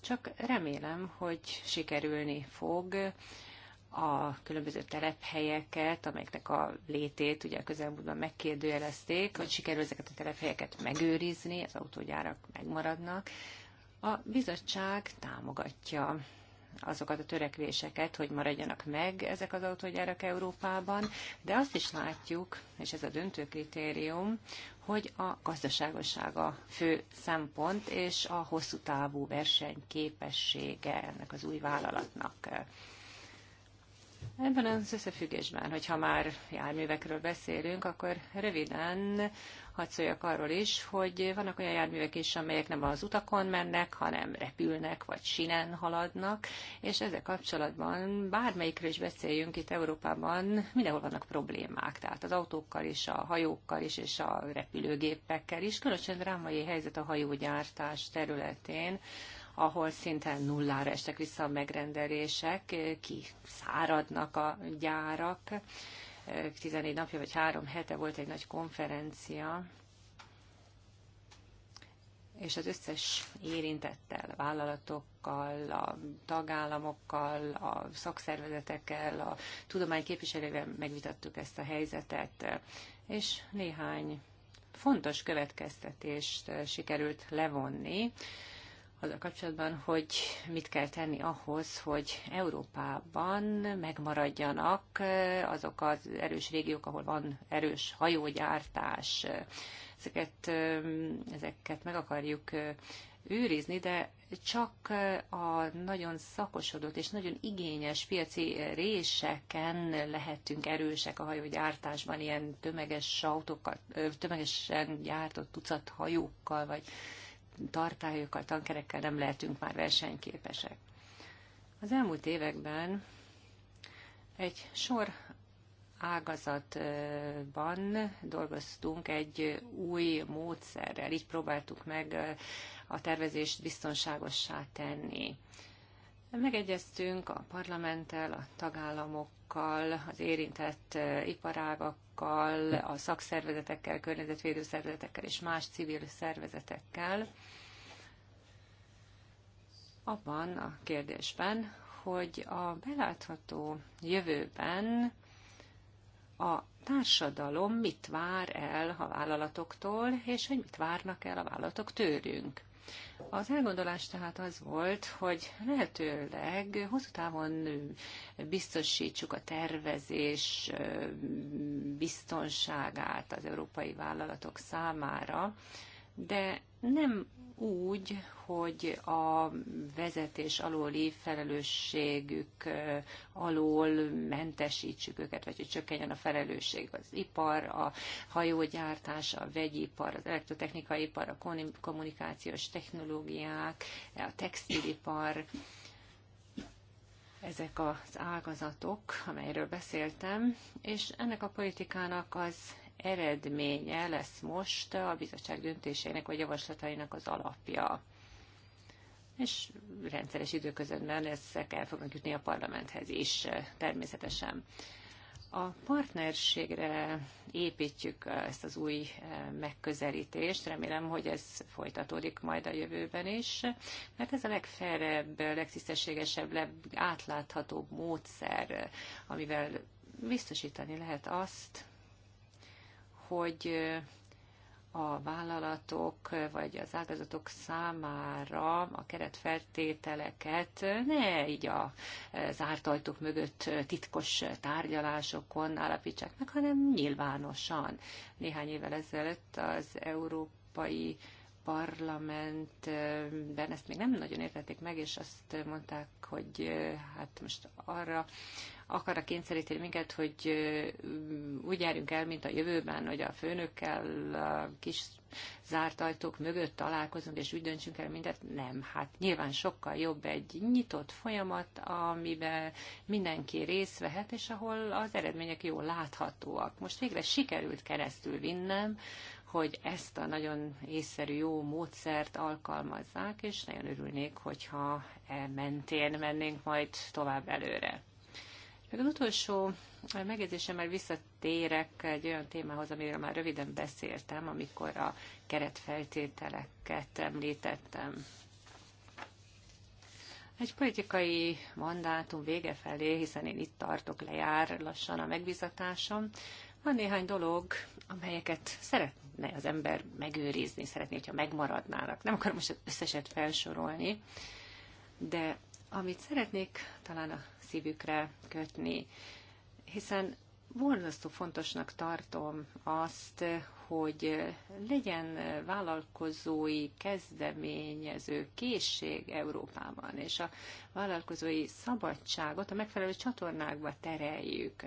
csak remélem, hogy sikerülni fog a különböző telephelyeket, amelyeknek a létét ugye a közelmúltban megkérdőjelezték, hogy sikerül ezeket a telephelyeket megőrizni, az autógyárak megmaradnak. A bizottság támogatja azokat a törekvéseket, hogy maradjanak meg ezek az autógyárak Európában, de azt is látjuk, és ez a döntő kritérium, hogy a gazdaságossága fő szempont, és a hosszú távú versenyképessége ennek az új vállalatnak. Ebben az összefüggésben, hogyha már járművekről beszélünk, akkor röviden Hadd szóljak arról is, hogy vannak olyan járművek is, amelyek nem az utakon mennek, hanem repülnek, vagy sinen haladnak, és ezzel kapcsolatban bármelyikről is beszéljünk itt Európában, mindenhol vannak problémák, tehát az autókkal is, a hajókkal is, és a repülőgépekkel is. Különösen drámai helyzet a hajógyártás területén, ahol szinte nullára estek vissza a megrendelések, kiszáradnak a gyárak, 14 napja vagy három hete volt egy nagy konferencia, és az összes érintettel, vállalatokkal, a tagállamokkal, a szakszervezetekkel, a tudomány képviselővel megvitattuk ezt a helyzetet, és néhány fontos következtetést sikerült levonni a kapcsolatban, hogy mit kell tenni ahhoz, hogy Európában megmaradjanak eh, azok az erős régiók, ahol van erős hajógyártás. Ezeket, eh, ezeket meg akarjuk eh, őrizni, de csak a nagyon szakosodott és nagyon igényes piaci réseken lehetünk erősek a hajógyártásban, ilyen tömeges autókkal, tömegesen gyártott tucat hajókkal, vagy tartályokkal, tankerekkel nem lehetünk már versenyképesek. Az elmúlt években egy sor ágazatban dolgoztunk egy új módszerrel, így próbáltuk meg a tervezést biztonságossá tenni. Megegyeztünk a parlamenttel, a tagállamokkal, az érintett iparágak, kutatókkal, a szakszervezetekkel, környezetvédő szervezetekkel és más civil szervezetekkel abban a kérdésben, hogy a belátható jövőben a társadalom mit vár el a vállalatoktól, és hogy mit várnak el a vállalatok tőlünk. Az elgondolás tehát az volt, hogy lehetőleg hosszú távon biztosítsuk a tervezés biztonságát az európai vállalatok számára, de nem úgy, hogy a vezetés alóli felelősségük alól mentesítsük őket, vagy hogy csökkenjen a felelősség az ipar, a hajógyártás, a vegyipar, az elektrotechnikai ipar, a kommunikációs technológiák, a textilipar, ezek az ágazatok, amelyről beszéltem, és ennek a politikának az eredménye lesz most a bizottság döntéseinek vagy javaslatainak az alapja. És rendszeres időközönben ezek el fognak jutni a parlamenthez is természetesen. A partnerségre építjük ezt az új eh, megközelítést, remélem, hogy ez folytatódik majd a jövőben is, mert ez a legfelebb, legtisztességesebb, legátláthatóbb módszer, eh, amivel biztosítani lehet azt, hogy a vállalatok vagy az ágazatok számára a keretfeltételeket ne így a zárt ajtók mögött titkos tárgyalásokon állapítsák meg, hanem nyilvánosan. Néhány évvel ezelőtt az Európai parlamentben ezt még nem nagyon értették meg, és azt mondták, hogy hát most arra akarra kényszeríteni minket, hogy úgy járjunk el, mint a jövőben, hogy a főnökkel a kis zárt ajtók mögött találkozunk, és úgy döntsünk el mindent. Nem, hát nyilván sokkal jobb egy nyitott folyamat, amiben mindenki részt vehet, és ahol az eredmények jól láthatóak. Most végre sikerült keresztül vinnem hogy ezt a nagyon észszerű, jó módszert alkalmazzák, és nagyon örülnék, hogyha e mentén mennénk majd tovább előre. Meg az utolsó megjegyzésemmel visszatérek egy olyan témához, amiről már röviden beszéltem, amikor a keretfeltételeket említettem. Egy politikai mandátum vége felé, hiszen én itt tartok, lejár lassan a megbizatásom, van néhány dolog, amelyeket szeretne az ember megőrizni, szeretné, hogyha megmaradnának. Nem akarom most összeset felsorolni, de amit szeretnék talán a szívükre kötni, hiszen borzasztó fontosnak tartom azt, hogy legyen vállalkozói kezdeményező készség Európában, és a vállalkozói szabadságot a megfelelő csatornákba tereljük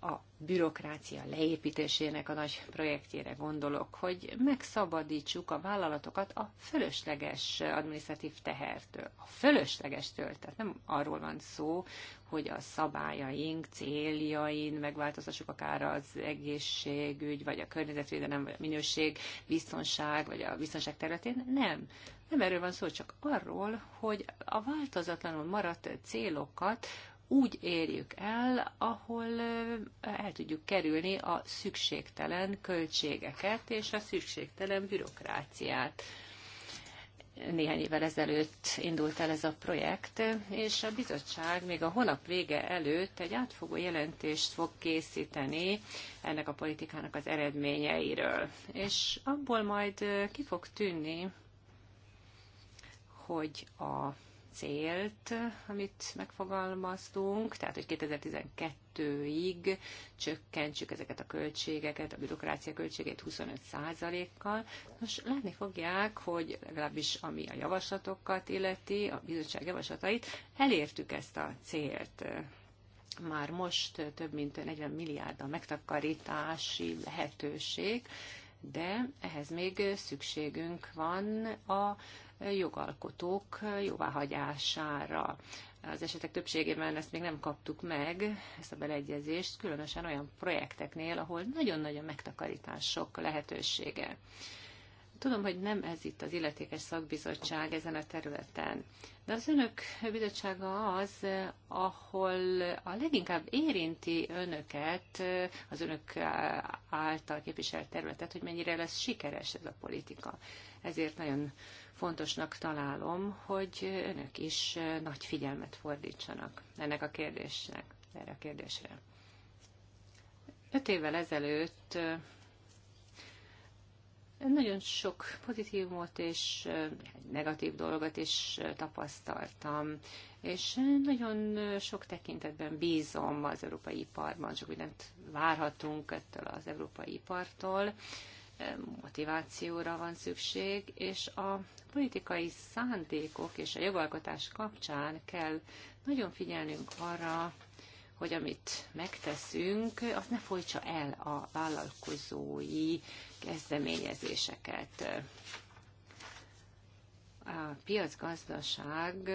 a bürokrácia leépítésének a nagy projektjére gondolok, hogy megszabadítsuk a vállalatokat a fölösleges administratív tehertől. A fölöslegestől, tehát nem arról van szó, hogy a szabályaink, céljain megváltoztassuk akár az egészségügy, vagy a környezetvédelem, vagy a minőség, biztonság, vagy a biztonság területén. Nem. Nem erről van szó, csak arról, hogy a változatlanul maradt célokat úgy érjük el, ahol el tudjuk kerülni a szükségtelen költségeket és a szükségtelen bürokráciát néhány évvel ezelőtt indult el ez a projekt, és a bizottság még a hónap vége előtt egy átfogó jelentést fog készíteni ennek a politikának az eredményeiről. És abból majd ki fog tűnni, hogy a célt, amit megfogalmaztunk, tehát hogy 2012-ig csökkentsük ezeket a költségeket, a bürokrácia költségét 25%-kal. Most látni fogják, hogy legalábbis ami a javaslatokat illeti, a bizottság javaslatait, elértük ezt a célt már most több mint 40 milliárd a megtakarítási lehetőség, de ehhez még szükségünk van a jogalkotók jóváhagyására. Az esetek többségében ezt még nem kaptuk meg, ezt a beleegyezést, különösen olyan projekteknél, ahol nagyon-nagyon megtakarítások lehetősége. Tudom, hogy nem ez itt az illetékes szakbizottság ezen a területen, de az önök bizottsága az, ahol a leginkább érinti önöket, az önök által képviselt területet, hogy mennyire lesz sikeres ez a politika. Ezért nagyon fontosnak találom, hogy önök is eh, nagy figyelmet fordítsanak ennek a kérdésnek, erre a kérdésre. Öt évvel ezelőtt eh, nagyon sok pozitívumot és eh, negatív dolgot is tapasztaltam, és nagyon sok tekintetben bízom az európai iparban, sok mindent várhatunk ettől az európai ipartól, motivációra van szükség, és a politikai szándékok és a jogalkotás kapcsán kell nagyon figyelnünk arra, hogy amit megteszünk, az ne folytsa el a vállalkozói kezdeményezéseket a piacgazdaság,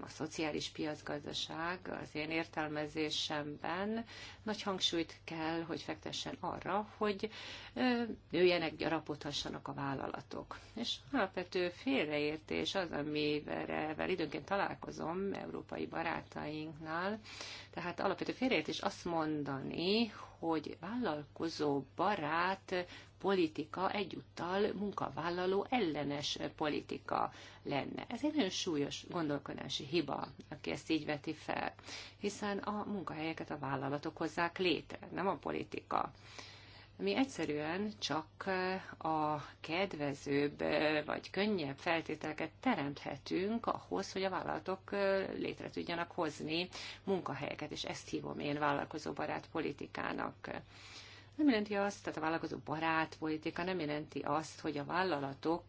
a szociális piacgazdaság az én értelmezésemben nagy hangsúlyt kell, hogy fektessen arra, hogy nőjenek, gyarapodhassanak a vállalatok. És alapvető félreértés az, amivel időnként találkozom európai barátainknál, tehát alapvető félreértés azt mondani, hogy vállalkozó barát politika egyúttal munkavállaló ellenes politika lenne. Ez egy nagyon súlyos gondolkodási hiba, aki ezt így veti fel, hiszen a munkahelyeket a vállalatok hozzák létre, nem a politika. Mi egyszerűen csak eh, a kedvezőbb eh, vagy könnyebb feltételeket teremthetünk ahhoz, hogy a vállalatok eh, létre tudjanak hozni munkahelyeket, és ezt hívom én vállalkozóbarát politikának nem jelenti azt, tehát a vállalkozó barát politika nem jelenti azt, hogy a vállalatok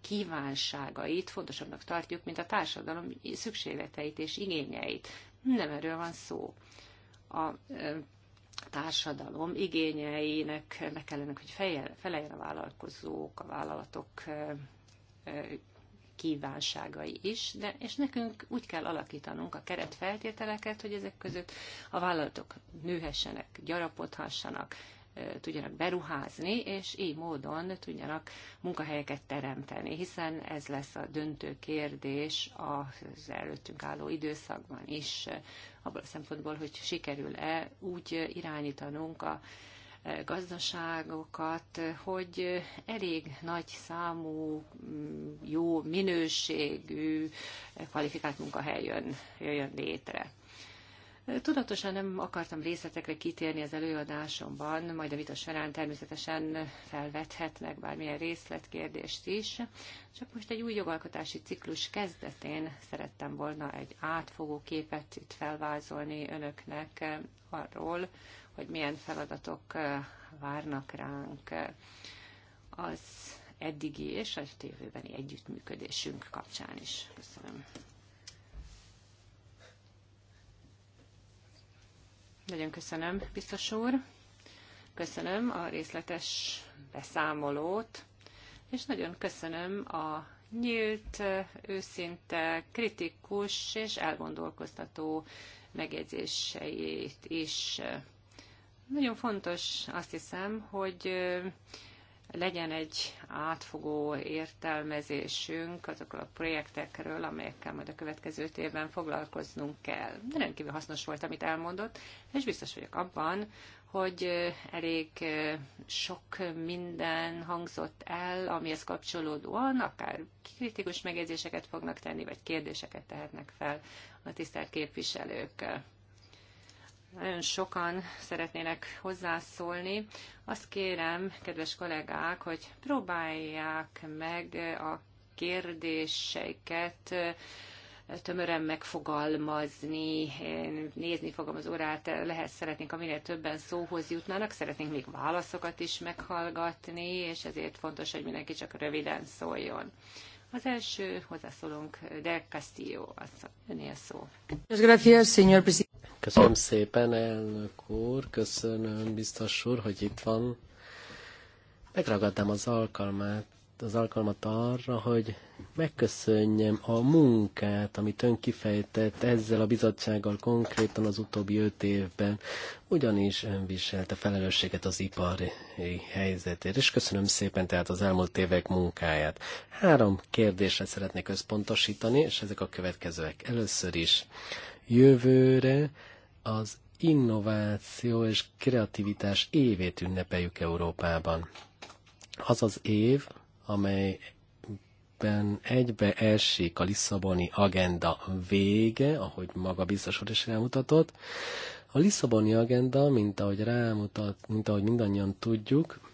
kívánságait fontosabbnak tartjuk, mint a társadalom szükségleteit és igényeit. Nem erről van szó. A társadalom igényeinek meg kellene, hogy feleljen a vállalkozók, a vállalatok kívánságai is, de és nekünk úgy kell alakítanunk a keretfeltételeket, hogy ezek között a vállalatok nőhessenek, gyarapodhassanak, tudjanak beruházni, és így módon tudjanak munkahelyeket teremteni, hiszen ez lesz a döntő kérdés az előttünk álló időszakban is, abban a szempontból, hogy sikerül-e úgy irányítanunk a gazdaságokat, hogy elég nagy számú, mm, jó minőségű, kvalifikált munkahely jön, jöjjön létre. Tudatosan nem akartam részletekre kitérni az előadásomban, majd a vita során természetesen felvethetnek bármilyen részletkérdést is, csak most egy új jogalkotási ciklus kezdetén szerettem volna egy átfogó képet itt felvázolni önöknek arról, hogy milyen feladatok eh, várnak ránk az eddigi és a tévőbeni együttműködésünk kapcsán is. Köszönöm. Nagyon köszönöm, biztos úr. Köszönöm a részletes beszámolót, és nagyon köszönöm a nyílt, őszinte, kritikus és elgondolkoztató megjegyzéseit is. Nagyon fontos azt hiszem, hogy legyen egy átfogó értelmezésünk azokról a projektekről, amelyekkel majd a következő évben foglalkoznunk kell. De rendkívül hasznos volt, amit elmondott, és biztos vagyok abban, hogy elég sok minden hangzott el, amihez kapcsolódóan, akár kritikus megjegyzéseket fognak tenni, vagy kérdéseket tehetnek fel a tisztelt képviselők nagyon sokan szeretnének hozzászólni. Azt kérem, kedves kollégák, hogy próbálják meg a kérdéseiket eh, tömören megfogalmazni, nézni fogom az órát, eh, lehet szeretnénk, ha minél többen szóhoz jutnának, szeretnénk még válaszokat is meghallgatni, és ezért fontos, hogy mindenki csak röviden szóljon. Az első hozzászólónk de Castillo, az önél szó. Köszönöm szépen, elnök úr, köszönöm biztos úr, hogy itt van. Megragadtam az alkalmát, az alkalmat arra, hogy megköszönjem a munkát, amit ön kifejtett ezzel a bizottsággal konkrétan az utóbbi öt évben, ugyanis ön viselte felelősséget az ipari helyzetért, és köszönöm szépen tehát az elmúlt évek munkáját. Három kérdésre szeretnék összpontosítani, és ezek a következőek. Először is jövőre az innováció és kreativitás évét ünnepeljük Európában. Az az év, amelyben egybe esik a Lisszaboni agenda vége, ahogy maga biztos is elmutatott. A Lisszaboni agenda, mint ahogy rámutat, mint ahogy mindannyian tudjuk,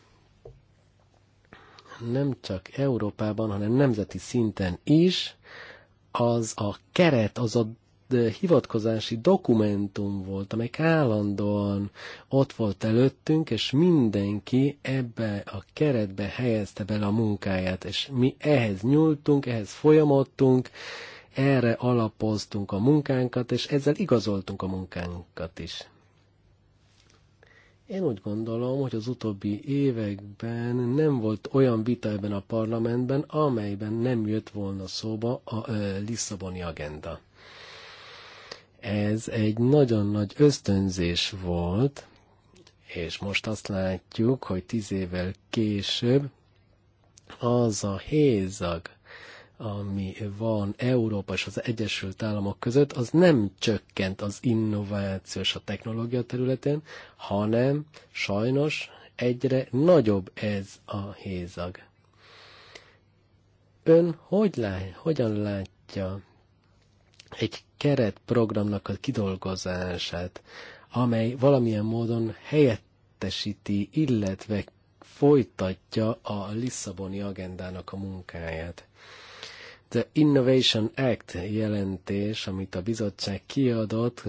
nem csak Európában, hanem nemzeti szinten is az a keret, az a hivatkozási dokumentum volt, amelyik állandóan ott volt előttünk, és mindenki ebbe a keretbe helyezte bele a munkáját, és mi ehhez nyúltunk, ehhez folyamodtunk, erre alapoztunk a munkánkat, és ezzel igazoltunk a munkánkat is. Én úgy gondolom, hogy az utóbbi években nem volt olyan vita ebben a parlamentben, amelyben nem jött volna szóba a Lisszaboni agenda. Ez egy nagyon nagy ösztönzés volt, és most azt látjuk, hogy tíz évvel később az a hézag, ami van Európa és az Egyesült Államok között, az nem csökkent az innováció és a technológia területén, hanem sajnos egyre nagyobb ez a hézag. Ön hogy lá, hogyan látja egy keretprogramnak a kidolgozását, amely valamilyen módon helyettesíti, illetve folytatja a Lisszaboni agendának a munkáját. The Innovation Act jelentés, amit a bizottság kiadott,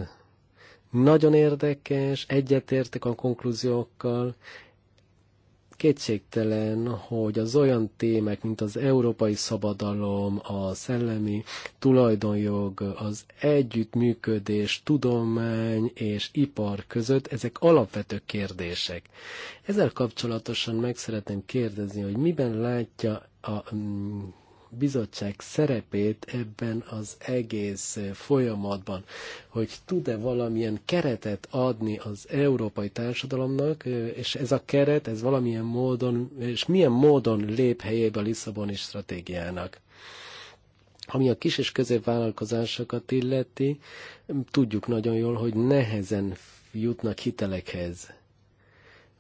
nagyon érdekes, egyetértek a konklúziókkal, kétségtelen, hogy az olyan témák, mint az európai szabadalom, a szellemi tulajdonjog, az együttműködés, tudomány és ipar között, ezek alapvető kérdések. Ezzel kapcsolatosan meg szeretném kérdezni, hogy miben látja a mm, bizottság szerepét ebben az egész folyamatban, hogy tud-e valamilyen keretet adni az európai társadalomnak, és ez a keret, ez valamilyen módon, és milyen módon lép helyébe a Lisszaboni stratégiának. Ami a kis és középvállalkozásokat illeti, tudjuk nagyon jól, hogy nehezen jutnak hitelekhez.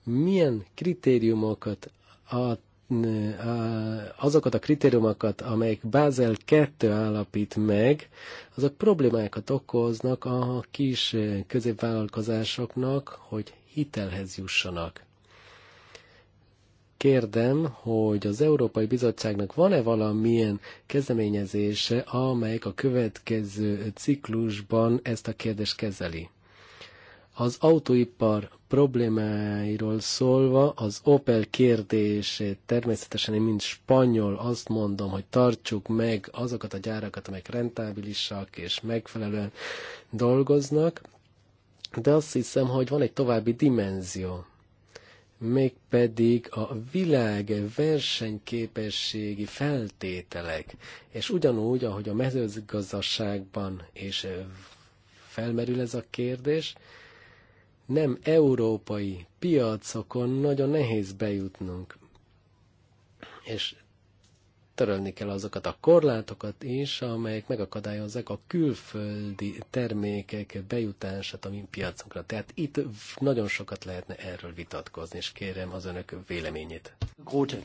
Milyen kritériumokat ad azokat a kritériumokat, amelyek Bázel 2 állapít meg, azok problémákat okoznak a kis eh, középvállalkozásoknak, hogy hitelhez jussanak. Kérdem, hogy az Európai Bizottságnak van-e valamilyen kezdeményezése, amelyik a következő ciklusban ezt a kérdést kezeli? Az autóipar problémáiról szólva, az Opel kérdését természetesen én, mint spanyol, azt mondom, hogy tartsuk meg azokat a gyárakat, amelyek rentábilisak és megfelelően dolgoznak, de azt hiszem, hogy van egy további dimenzió, mégpedig a világ versenyképességi feltételek, és ugyanúgy, ahogy a mezőgazdaságban és felmerül ez a kérdés, nem európai piacokon nagyon nehéz bejutnunk. És törölni kell azokat a korlátokat is, amelyek megakadályozzák a külföldi termékek bejutását a mi piacunkra. Tehát itt nagyon sokat lehetne erről vitatkozni, és kérem az önök véleményét. Gróte.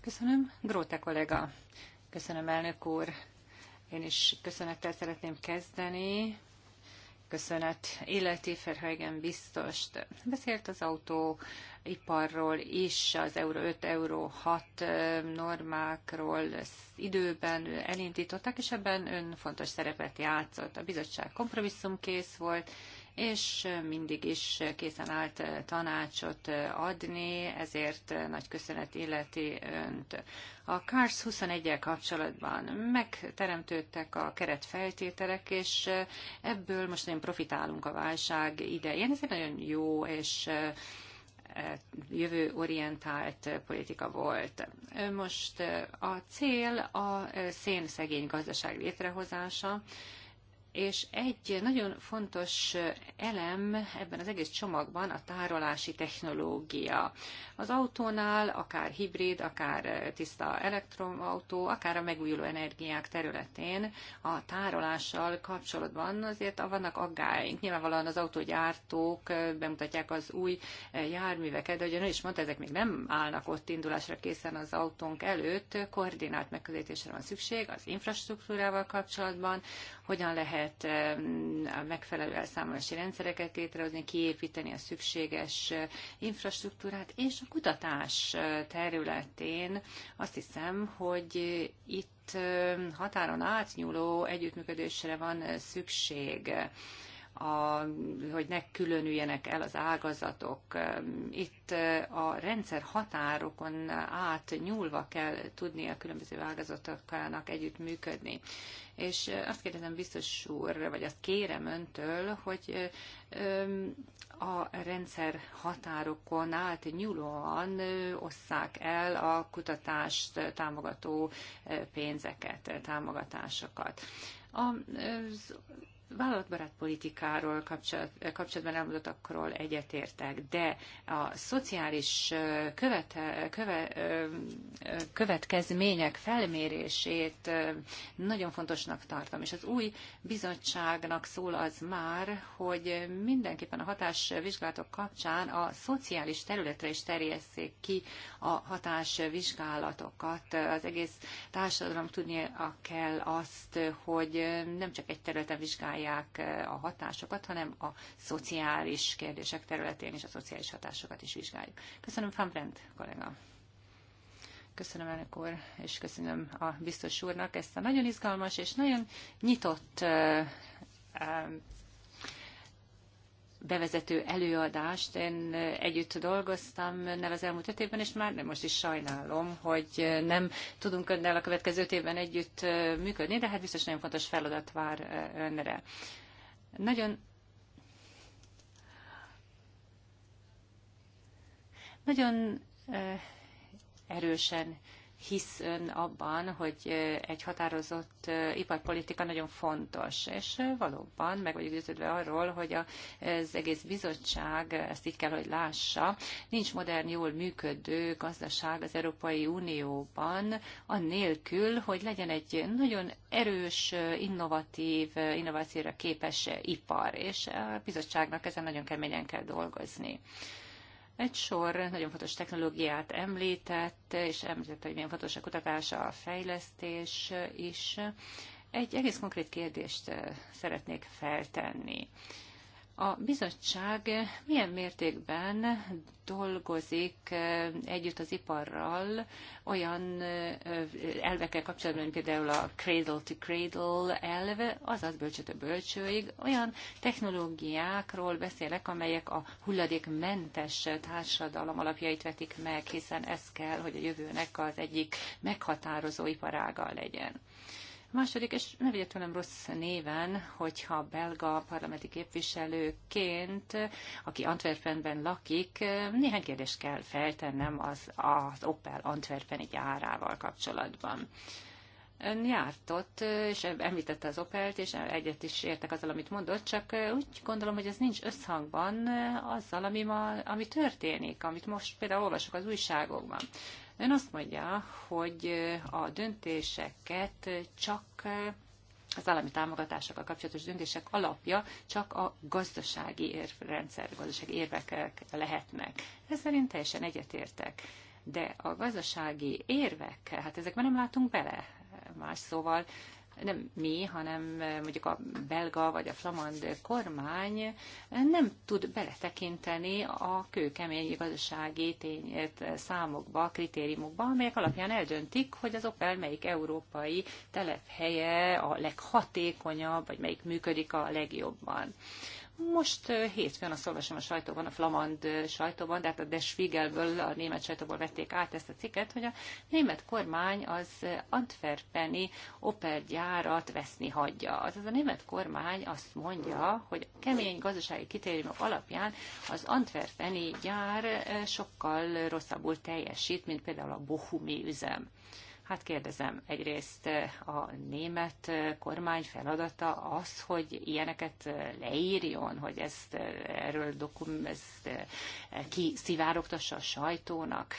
Köszönöm, Gróte kollega. Köszönöm, elnök úr. Én is köszönettel szeretném kezdeni köszönet illeti Ferhagen biztos Beszélt az autóiparról is, az Euró 5, Euró 6 normákról időben elindították, és ebben ön fontos szerepet játszott. A bizottság kompromisszumkész volt, és mindig is készen állt tanácsot adni, ezért nagy köszönet illeti önt. A CARS 21-el kapcsolatban megteremtődtek a keretfeltételek, és ebből most nagyon profitálunk a válság idején. Ez egy nagyon jó és jövőorientált politika volt. Most a cél a szegény gazdaság létrehozása, és egy nagyon fontos elem ebben az egész csomagban a tárolási technológia. Az autónál akár hibrid, akár tiszta elektromautó, akár a megújuló energiák területén a tárolással kapcsolatban azért vannak aggáink. Nyilvánvalóan az autógyártók bemutatják az új járműveket, de ugye ön is mondta, ezek még nem állnak ott indulásra készen az autónk előtt. Koordinált megközelítésre van szükség az infrastruktúrával kapcsolatban, hogyan lehet lehet a megfelelő elszámolási rendszereket létrehozni, kiépíteni a szükséges infrastruktúrát, és a kutatás területén azt hiszem, hogy itt határon átnyúló együttműködésre van szükség a, hogy ne különüljenek el az ágazatok. Itt a rendszer határokon át nyúlva kell tudni a különböző ágazatoknak együtt működni. És azt kérdezem biztos úr, vagy azt kérem öntől, hogy a rendszer határokon át nyúlóan osszák el a kutatást támogató pénzeket, támogatásokat. Az vállalatbarát politikáról kapcsolat, kapcsolatban elmondottakról egyetértek, de a szociális követe, köve, következmények felmérését nagyon fontosnak tartom, és az új bizottságnak szól az már, hogy mindenképpen a hatásvizsgálatok kapcsán a szociális területre is terjesszék ki a hatásvizsgálatokat. Az egész társadalom tudnia kell azt, hogy nem csak egy területen vizsgálják, vizsgálják eh, a hatásokat, hanem a szociális kérdések területén is a szociális hatásokat is vizsgáljuk. Köszönöm, Fanfrent kollega. Köszönöm elnök úr, és köszönöm a biztos úrnak ezt a nagyon izgalmas és nagyon nyitott eh, bevezető előadást. Én együtt dolgoztam nem az elmúlt öt évben, és már nem most is sajnálom, hogy nem tudunk önnel a következő öt évben együtt működni, de hát biztos nagyon fontos feladat vár önre. Nagyon nagyon erősen hisz ön abban, hogy egy határozott iparpolitika nagyon fontos, és valóban meg vagyok győződve arról, hogy az egész bizottság ezt így kell, hogy lássa. Nincs modern, jól működő gazdaság az Európai Unióban, annélkül, hogy legyen egy nagyon erős, innovatív, innovációra képes ipar, és a bizottságnak ezen nagyon keményen kell dolgozni. Egy sor nagyon fontos technológiát említett, és említett, hogy milyen fontos a kutatás, a fejlesztés is. Egy egész konkrét kérdést eh, szeretnék feltenni a bizottság milyen mértékben dolgozik együtt az iparral olyan elvekkel kapcsolatban, mint például a cradle to cradle elv, azaz bölcsötől bölcsőig, olyan technológiákról beszélek, amelyek a hulladékmentes társadalom alapjait vetik meg, hiszen ez kell, hogy a jövőnek az egyik meghatározó iparága legyen. Második, és ne vegye tőlem rossz néven, hogyha belga parlamenti képviselőként, aki Antwerpenben lakik, néhány kérdést kell feltennem az, az Opel Antwerpeni gyárával kapcsolatban. Ön járt ott, és említette az Opelt, és egyet is értek azzal, amit mondott, csak úgy gondolom, hogy ez nincs összhangban azzal, ami, ma, ami történik, amit most például olvasok az újságokban. Ön azt mondja, hogy a döntéseket csak az állami támogatásokkal kapcsolatos döntések alapja csak a gazdasági érvrendszer, gazdasági érvek lehetnek. Ez szerint teljesen egyetértek. De a gazdasági érvek, hát ezekben nem látunk bele. Más szóval nem mi, hanem eh, mondjuk a belga vagy a flamand kormány eh, nem tud beletekinteni a kőkemény gazdasági tényét eh, számokba, kritériumokba, amelyek alapján eldöntik, hogy az Opel melyik európai telephelye a leghatékonyabb, vagy melyik működik a legjobban. Most hétfőn azt olvasom a sajtóban, a flamand sajtóban, de hát a De Spiegelből, a német sajtóból vették át ezt a cikket, hogy a német kormány az Antwerpeni opergyárat veszni hagyja. Azaz a német kormány azt mondja, hogy kemény gazdasági kitérjük alapján az Antwerpeni gyár sokkal rosszabbul teljesít, mint például a Bohumi üzem. Hát kérdezem, egyrészt eh, a német eh, kormány feladata az, hogy ilyeneket eh, leírjon, hogy ezt erről dokum, ezt kiszivárogtassa a sajtónak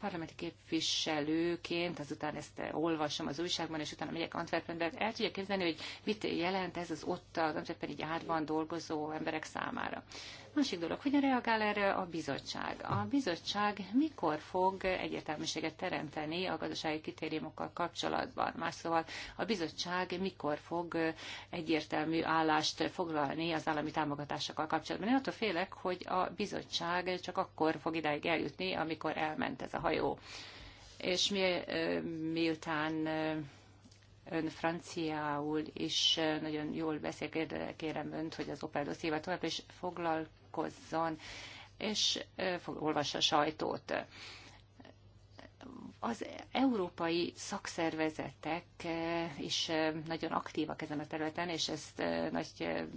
parlamenti képviselőként, azután ezt olvasom az újságban, és utána megyek Antwerpenbe, el tudja képzelni, hogy mit jelent ez az ott az így árban dolgozó emberek számára. Másik dolog, hogyan reagál erre a bizottság? A bizottság mikor fog egyértelműséget teremteni a gazdasági kritériumokkal kapcsolatban? Más szóval a bizottság mikor fog egyértelmű állást foglalni az állami támogatásokkal kapcsolatban? Én attól félek, hogy a bizottság csak akkor fog idáig eljutni, amikor elmegy ment ez a hajó. És mi, miután ön franciául is nagyon jól beszél, kérem önt, hogy az Opel dossziéval tovább is foglalkozzon, és olvassa a sajtót az európai szakszervezetek eh, is eh, nagyon aktívak ezen a területen, és ezt eh, nagy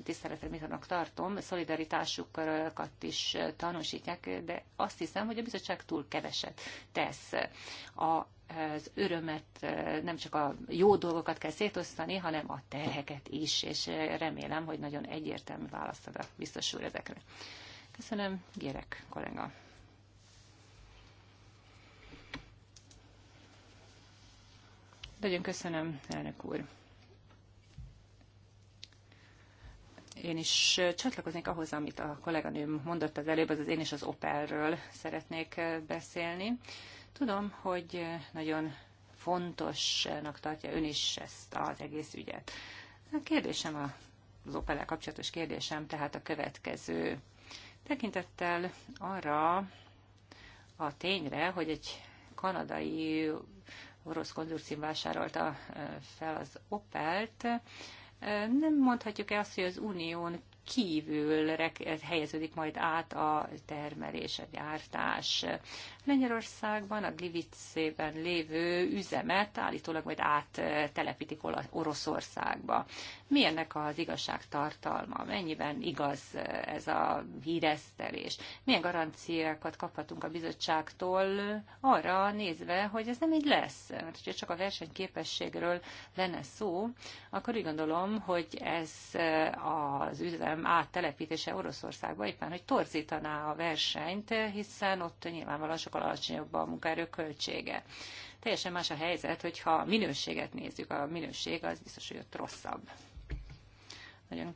tiszteletre mitanak tartom. Szolidaritásukat is tanúsítják, de azt hiszem, hogy a bizottság túl keveset tesz. A az örömet, nem csak a jó dolgokat kell szétosztani, hanem a terheket is, és remélem, hogy nagyon egyértelmű választ ad a biztos úr ezekre. Köszönöm, Gyerek kollega. Nagyon köszönöm, elnök úr. Én is csatlakoznék ahhoz, amit a kolléganőm mondott az előbb, az én is az Opelről szeretnék beszélni. Tudom, hogy nagyon fontosnak tartja ön is ezt az egész ügyet. A kérdésem a az opel kapcsolatos kérdésem tehát a következő. Tekintettel arra a tényre, hogy egy kanadai orosz konzorcium vásárolta fel az Opelt. Nem mondhatjuk el azt, hogy az Unión kívül helyeződik majd át a termelés, a gyártás. Lengyelországban, a Glivicében lévő üzemet állítólag majd áttelepítik Oroszországba mi ennek az igazság tartalma, mennyiben igaz ez a híresztelés, milyen garanciákat kaphatunk a bizottságtól arra nézve, hogy ez nem így lesz. Mert hogyha csak a versenyképességről lenne szó, akkor úgy gondolom, hogy ez az üzem áttelepítése Oroszországba éppen, hogy torzítaná a versenyt, hiszen ott nyilvánvalóan sokkal alacsonyabb a munkaerő költsége teljesen más a helyzet, hogyha minőséget nézzük, a minőség az biztos, hogy ott rosszabb. Nagyon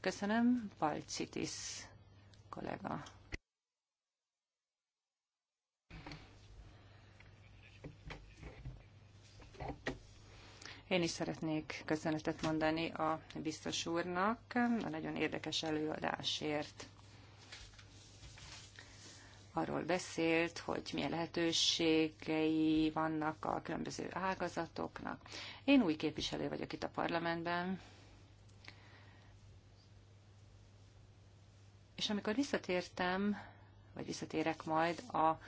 köszönöm. Balcitis kollega. Én is szeretnék köszönetet mondani a biztos úrnak a nagyon érdekes előadásért arról beszélt, hogy milyen lehetőségei vannak a különböző ágazatoknak. Én új képviselő vagyok itt a parlamentben, és amikor visszatértem, vagy visszatérek majd a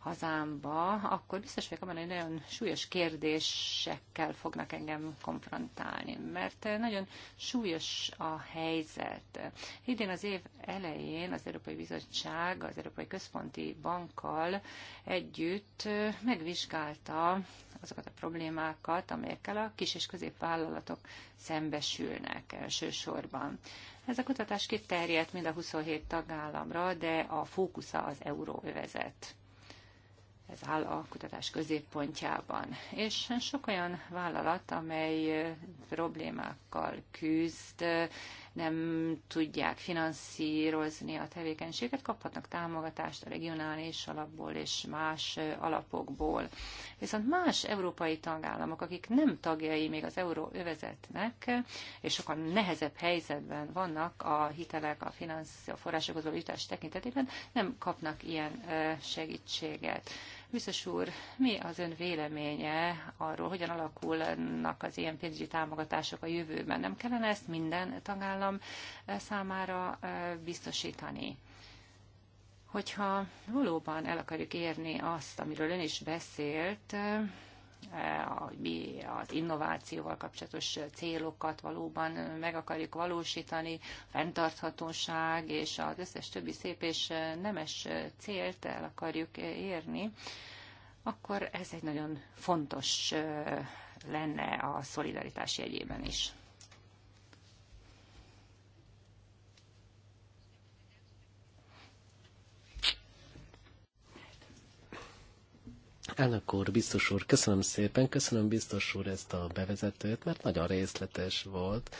hazámba, akkor biztos vagyok abban, hogy nagyon súlyos kérdésekkel fognak engem konfrontálni, mert nagyon súlyos a helyzet. Idén az év elején az Európai Bizottság az Európai Központi Bankkal együtt megvizsgálta azokat a problémákat, amelyekkel a kis és középvállalatok szembesülnek elsősorban. Ez a kutatás kiterjedt mind a 27 tagállamra, de a fókusza az euróövezet ez áll a kutatás középpontjában. És sok olyan vállalat, amely problémákkal küzd, nem tudják finanszírozni a tevékenységet, kaphatnak támogatást a regionális alapból és más alapokból. Viszont más európai tagállamok, akik nem tagjai még az euróövezetnek, és sokan nehezebb helyzetben vannak a hitelek, a, finansz, a forrásokhoz való jutás tekintetében, nem kapnak ilyen segítséget. Biztos úr, mi az ön véleménye arról, hogyan alakulnak az ilyen pénzügyi támogatások a jövőben? Nem kellene ezt minden tagállam eh, számára eh, biztosítani? Hogyha valóban el akarjuk érni azt, amiről ön is beszélt, eh, Eh, hogy mi az innovációval kapcsolatos célokat valóban meg akarjuk valósítani, fenntarthatóság és az összes többi szép és nemes célt el akarjuk érni, akkor ez egy nagyon fontos eh, lenne a szolidaritás jegyében is. Elnök úr, biztos úr, köszönöm szépen, köszönöm biztos úr ezt a bevezetőt, mert nagyon részletes volt.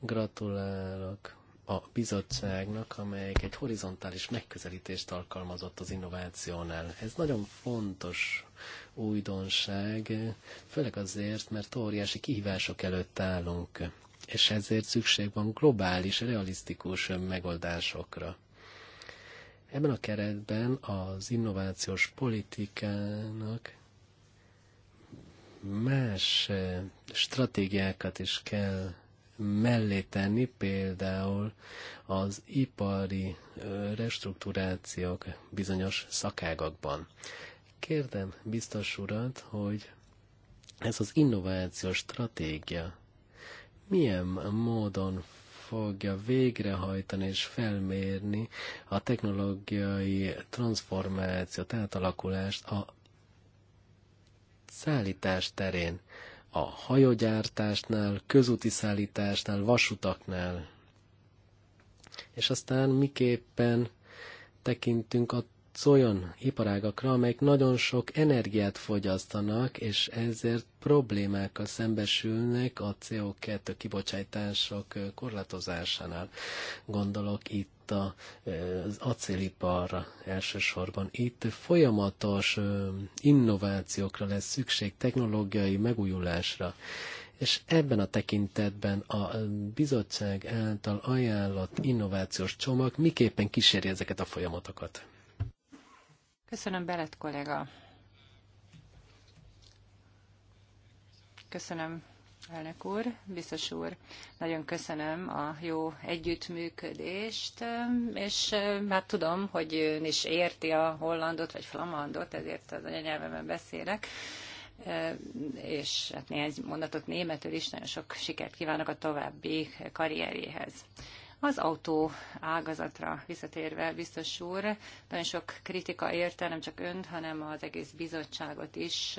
Gratulálok a bizottságnak, amelyek egy horizontális megközelítést alkalmazott az innovációnál. Ez nagyon fontos újdonság, főleg azért, mert óriási kihívások előtt állunk, és ezért szükség van globális, realisztikus megoldásokra. Ebben a keretben az innovációs politikának más eh, stratégiákat is kell mellé tenni, például az ipari eh, restruktúrációk bizonyos szakágakban. Kérdem biztos urat, hogy ez az innovációs stratégia milyen módon fogja végrehajtani és felmérni a technológiai transformációt, átalakulást a szállítás terén, a hajógyártásnál, közúti szállításnál, vasutaknál. És aztán miképpen tekintünk a olyan iparágakra, amelyek nagyon sok energiát fogyasztanak, és ezért problémákkal szembesülnek a CO2 kibocsátások korlátozásánál. Gondolok itt az acélipar elsősorban. Itt folyamatos innovációkra lesz szükség, technológiai megújulásra és ebben a tekintetben a bizottság által ajánlott innovációs csomag miképpen kíséri ezeket a folyamatokat? Köszönöm, Belet kollega. Köszönöm, elnök úr, biztos úr. Nagyon köszönöm a jó együttműködést, és már eh, hát tudom, hogy ön is érti a hollandot vagy flamandot, ezért az anyanyelvemben beszélek eh, és hát néhány mondatot németül is, nagyon sok sikert kívánok a további karrierjéhez. Az autó ágazatra visszatérve, biztos úr, nagyon sok kritika érte, nem csak önt, hanem az egész bizottságot is,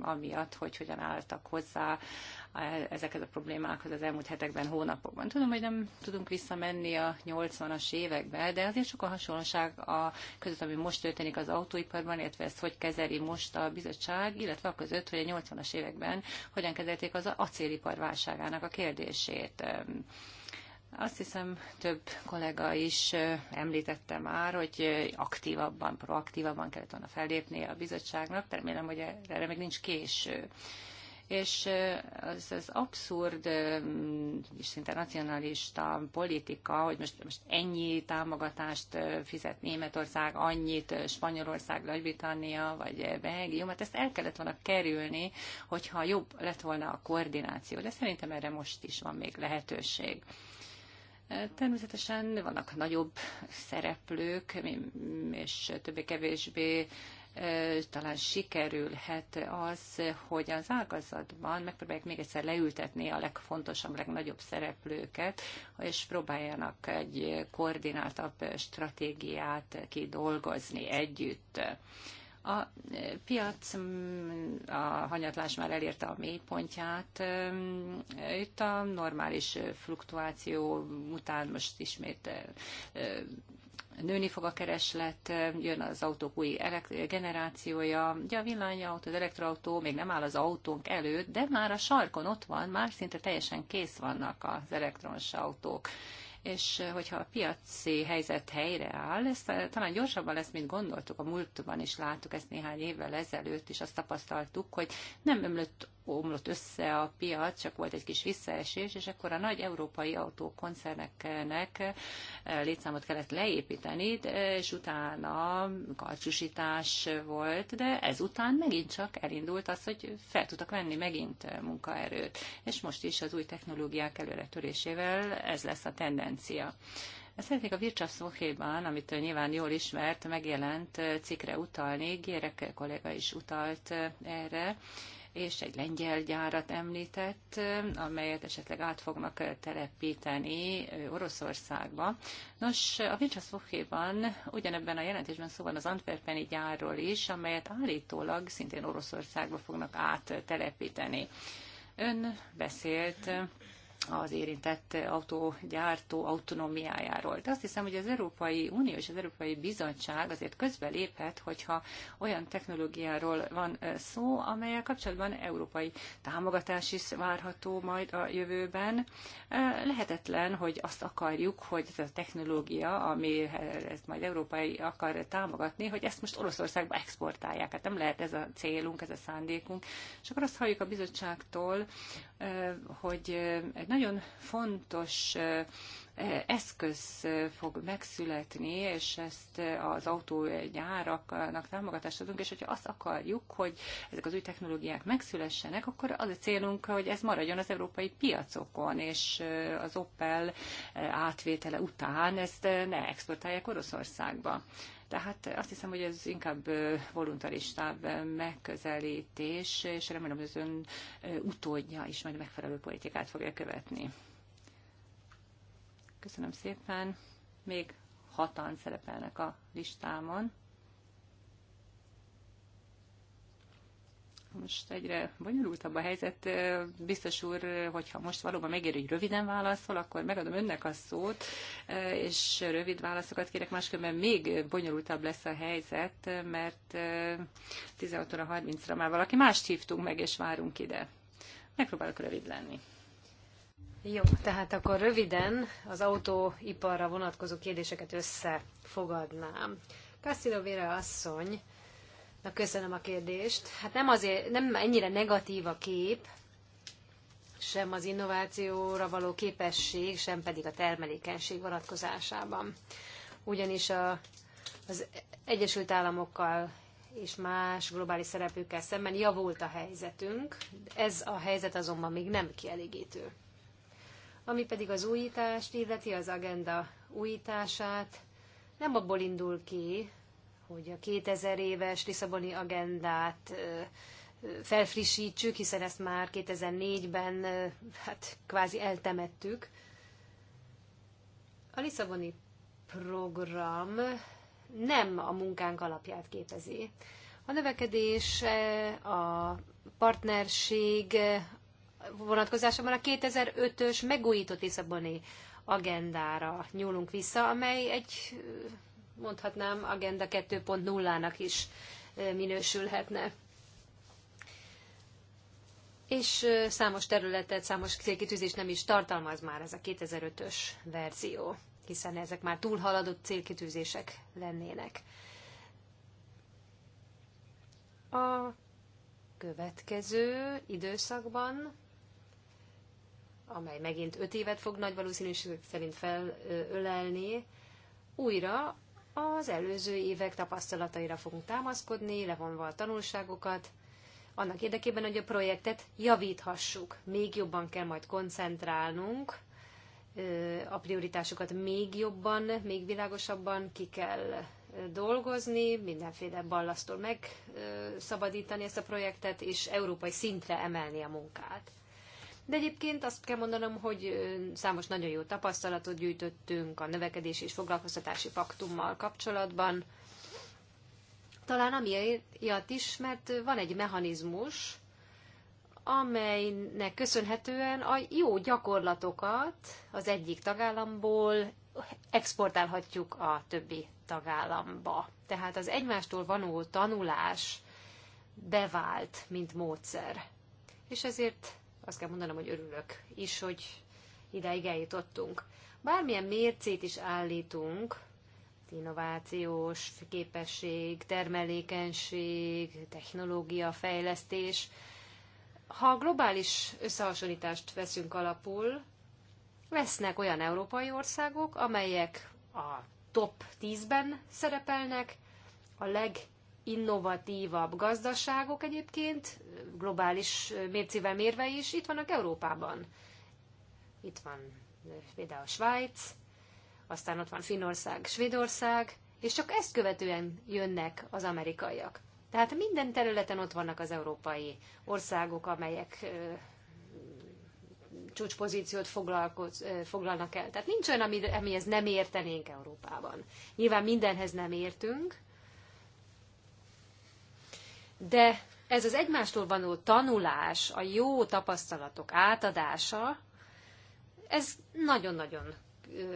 amiatt, hogy hogyan álltak hozzá ezekhez a problémákhoz az elmúlt hetekben, hónapokban. Tudom, hogy nem tudunk visszamenni a 80-as évekbe, de azért sok a hasonlóság a között, ami most történik az autóiparban, illetve ezt hogy kezeli most a bizottság, illetve a között, hogy a 80-as években hogyan kezelték az acélipar válságának a kérdését azt hiszem, több kollega is említette már, hogy aktívabban, proaktívabban kellett volna fellépnie a bizottságnak. Remélem, hogy erre még nincs késő és az, az abszurd és szinte nacionalista politika, hogy most, most ennyi támogatást fizet Németország, annyit Spanyolország, Nagy-Britannia vagy Belgium, hát ezt el kellett volna kerülni, hogyha jobb lett volna a koordináció, de szerintem erre most is van még lehetőség. Természetesen vannak nagyobb szereplők, és többé-kevésbé talán sikerülhet az, hogy az ágazatban megpróbálják még egyszer leültetni a legfontosabb, legnagyobb szereplőket, és próbáljanak egy koordináltabb stratégiát kidolgozni együtt. A piac, mm, a hanyatlás már elérte a mélypontját. Mm, Itt a normális fluktuáció után most ismét eh, eh, nőni fog a kereslet, eh, jön az autók új generációja. Ugye a villanyautó, az elektroautó még nem áll az autónk előtt, de már a sarkon ott van, már szinte teljesen kész vannak az elektronos autók és eh, hogyha a piaci helyzet helyreáll, ez talán gyorsabban lesz, mint gondoltuk. A múltban is láttuk ezt néhány évvel ezelőtt, és azt tapasztaltuk, hogy nem ömlött omlott össze a piac, csak volt egy kis visszaesés, és akkor a nagy európai autókoncerneknek eh, létszámot kellett leépíteni, és utána karcsúsítás volt, de ezután megint csak elindult az, hogy fel tudtak venni megint eh, munkaerőt. És most is az új technológiák előretörésével ez lesz a tendencia. Szeretnék a Wirtschaftswoche-ban, amit nyilván jól ismert, megjelent eh, cikkre utalni, Gérek kolléga is utalt erre, és egy lengyel gyárat említett, amelyet esetleg át fognak telepíteni Oroszországba. Nos, a Vincsaszfokéban ugyanebben a jelentésben szó van az Antwerpeni gyárról is, amelyet állítólag szintén Oroszországba fognak áttelepíteni. Ön beszélt az érintett autógyártó autonómiájáról. De azt hiszem, hogy az Európai Unió és az Európai Bizottság azért közbeléphet, hogyha olyan technológiáról van szó, amelyel kapcsolatban európai támogatás is várható majd a jövőben. Lehetetlen, hogy azt akarjuk, hogy ez a technológia, ami ezt majd európai akar támogatni, hogy ezt most Oroszországba exportálják. Hát nem lehet ez a célunk, ez a szándékunk. És akkor azt halljuk a bizottságtól, hogy egy nagyon fontos eszköz fog megszületni, és ezt az autógyáraknak támogatást adunk, és hogyha azt akarjuk, hogy ezek az új technológiák megszülessenek, akkor az a célunk, hogy ez maradjon az európai piacokon, és az Opel átvétele után ezt ne exportálják Oroszországba. Tehát azt hiszem, hogy ez inkább voluntaristább megközelítés, és remélem, hogy az ön utódja is majd megfelelő politikát fogja követni. Köszönöm szépen. Még hatan szerepelnek a listámon. most egyre bonyolultabb a helyzet. Biztos úr, hogyha most valóban megér, hogy röviden válaszol, akkor megadom önnek a szót, és rövid válaszokat kérek, máskülönben még bonyolultabb lesz a helyzet, mert 16 óra 30-ra már valaki mást hívtunk meg, és várunk ide. Megpróbálok rövid lenni. Jó, tehát akkor röviden az autóiparra vonatkozó kérdéseket összefogadnám. Cassidovére asszony Na, köszönöm a kérdést. Hát nem azért, nem ennyire negatív a kép, sem az innovációra való képesség, sem pedig a termelékenység vonatkozásában. Ugyanis a, az Egyesült Államokkal és más globális szereplőkkel szemben javult a helyzetünk, ez a helyzet azonban még nem kielégítő. Ami pedig az újítást illeti, az agenda újítását, nem abból indul ki, hogy a 2000 éves Lisszaboni agendát felfrissítsük, hiszen ezt már 2004-ben hát kvázi eltemettük. A Lisszaboni program nem a munkánk alapját képezi. A növekedés, a partnerség vonatkozásában a 2005-ös megújított Lisszaboni agendára nyúlunk vissza, amely egy mondhatnám, Agenda 2.0-nak is minősülhetne. És számos területet, számos célkitűzést nem is tartalmaz már ez a 2005-ös verzió, hiszen ezek már túlhaladott célkitűzések lennének. A következő időszakban amely megint öt évet fog nagy valószínűség szerint felölelni, újra az előző évek tapasztalataira fogunk támaszkodni, levonva a tanulságokat, annak érdekében, hogy a projektet javíthassuk. Még jobban kell majd koncentrálnunk, a prioritásokat még jobban, még világosabban ki kell dolgozni, mindenféle ballasztól megszabadítani ezt a projektet, és európai szintre emelni a munkát. De egyébként azt kell mondanom, hogy számos nagyon jó tapasztalatot gyűjtöttünk a növekedés és foglalkoztatási paktummal kapcsolatban. Talán amiatt is, mert van egy mechanizmus, amelynek köszönhetően a jó gyakorlatokat az egyik tagállamból exportálhatjuk a többi tagállamba. Tehát az egymástól vanó tanulás bevált, mint módszer. És ezért azt kell mondanom, hogy örülök is, hogy ideig eljutottunk. Bármilyen mércét is állítunk, innovációs képesség, termelékenység, technológia, fejlesztés. Ha a globális összehasonlítást veszünk alapul, lesznek olyan európai országok, amelyek a top 10-ben szerepelnek, a leg innovatívabb gazdaságok egyébként, globális mércével mérve is, itt vannak Európában. Itt van például Svájc, aztán ott van Finnország, Svédország, és csak ezt követően jönnek az amerikaiak. Tehát minden területen ott vannak az európai országok, amelyek ö, csúcspozíciót foglalnak el. Tehát nincs olyan, ami, amihez nem értenénk Európában. Nyilván mindenhez nem értünk, de ez az egymástól való tanulás, a jó tapasztalatok átadása, ez nagyon-nagyon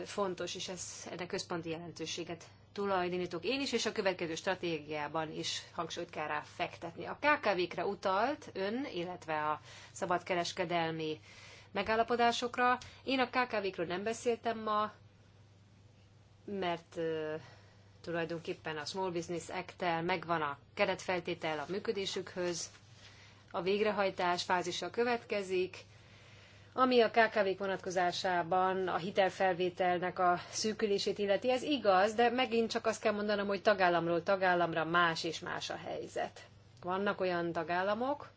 fontos, és ez, ennek központi jelentőséget tulajdonítok én is, és a következő stratégiában is hangsúlyt kell rá fektetni. A KKV-kre utalt ön, illetve a szabadkereskedelmi megállapodásokra. Én a KKV-kről nem beszéltem ma, mert Tulajdonképpen a Small Business Act-tel megvan a keretfeltétel a működésükhöz, a végrehajtás fázisa következik, ami a kkv vonatkozásában a hitelfelvételnek a szűkülését illeti, ez igaz, de megint csak azt kell mondanom, hogy tagállamról tagállamra más és más a helyzet. Vannak olyan tagállamok,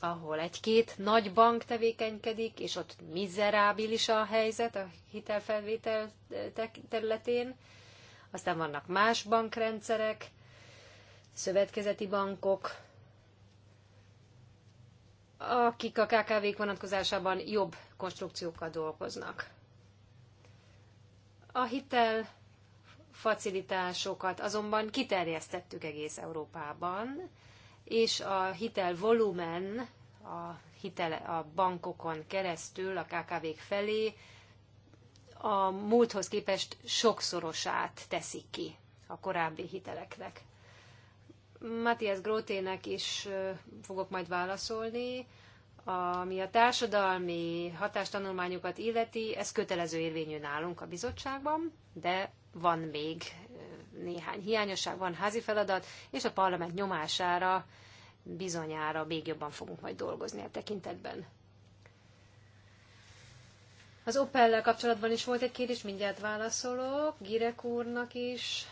ahol egy-két nagy bank tevékenykedik, és ott mizerábilis a helyzet a hitelfelvétel területén, aztán vannak más bankrendszerek, szövetkezeti bankok, akik a KKV-k vonatkozásában jobb konstrukciókkal dolgoznak. A hitel facilitásokat azonban kiterjesztettük egész Európában, és a hitel volumen a, hitel, a bankokon keresztül a KKV-k felé a múlthoz képest sokszorosát teszik ki a korábbi hiteleknek. Matthias Grótének is fogok majd válaszolni. Ami a társadalmi hatástanulmányokat illeti, ez kötelező érvényű nálunk a bizottságban, de van még néhány hiányosság, van házi feladat, és a parlament nyomására bizonyára még jobban fogunk majd dolgozni a tekintetben. Az Opellel kapcsolatban is volt egy kérdés, mindjárt válaszolok. Girek úrnak is,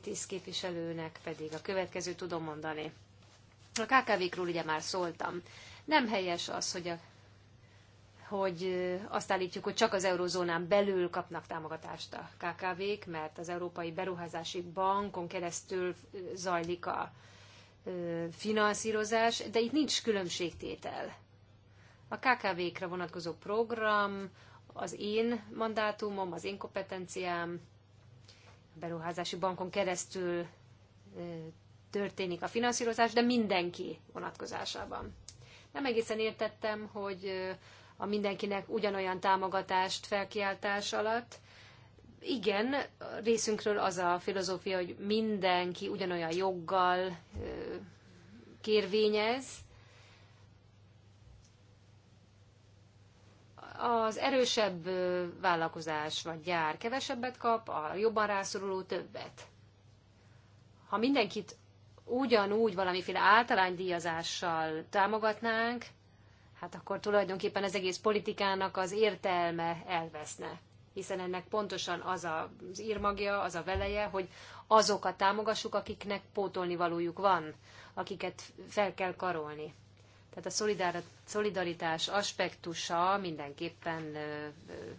tisz képviselőnek pedig a következő tudom mondani. A KKV-król ugye már szóltam. Nem helyes az, hogy, a, hogy azt állítjuk, hogy csak az eurozónán belül kapnak támogatást a KKV-k, mert az Európai Beruházási Bankon keresztül zajlik a finanszírozás, de itt nincs különbségtétel a kkv kre vonatkozó program, az én mandátumom, az én kompetenciám, a beruházási bankon keresztül történik a finanszírozás, de mindenki vonatkozásában. Nem egészen értettem, hogy a mindenkinek ugyanolyan támogatást felkiáltás alatt. Igen, részünkről az a filozófia, hogy mindenki ugyanolyan joggal kérvényez, az erősebb vállalkozás vagy gyár kevesebbet kap, a jobban rászoruló többet. Ha mindenkit ugyanúgy valamiféle általánydíjazással támogatnánk, hát akkor tulajdonképpen az egész politikának az értelme elveszne. Hiszen ennek pontosan az az írmagja, az a veleje, hogy azokat támogassuk, akiknek pótolni valójuk van, akiket fel kell karolni. Tehát a szolidaritás aspektusa mindenképpen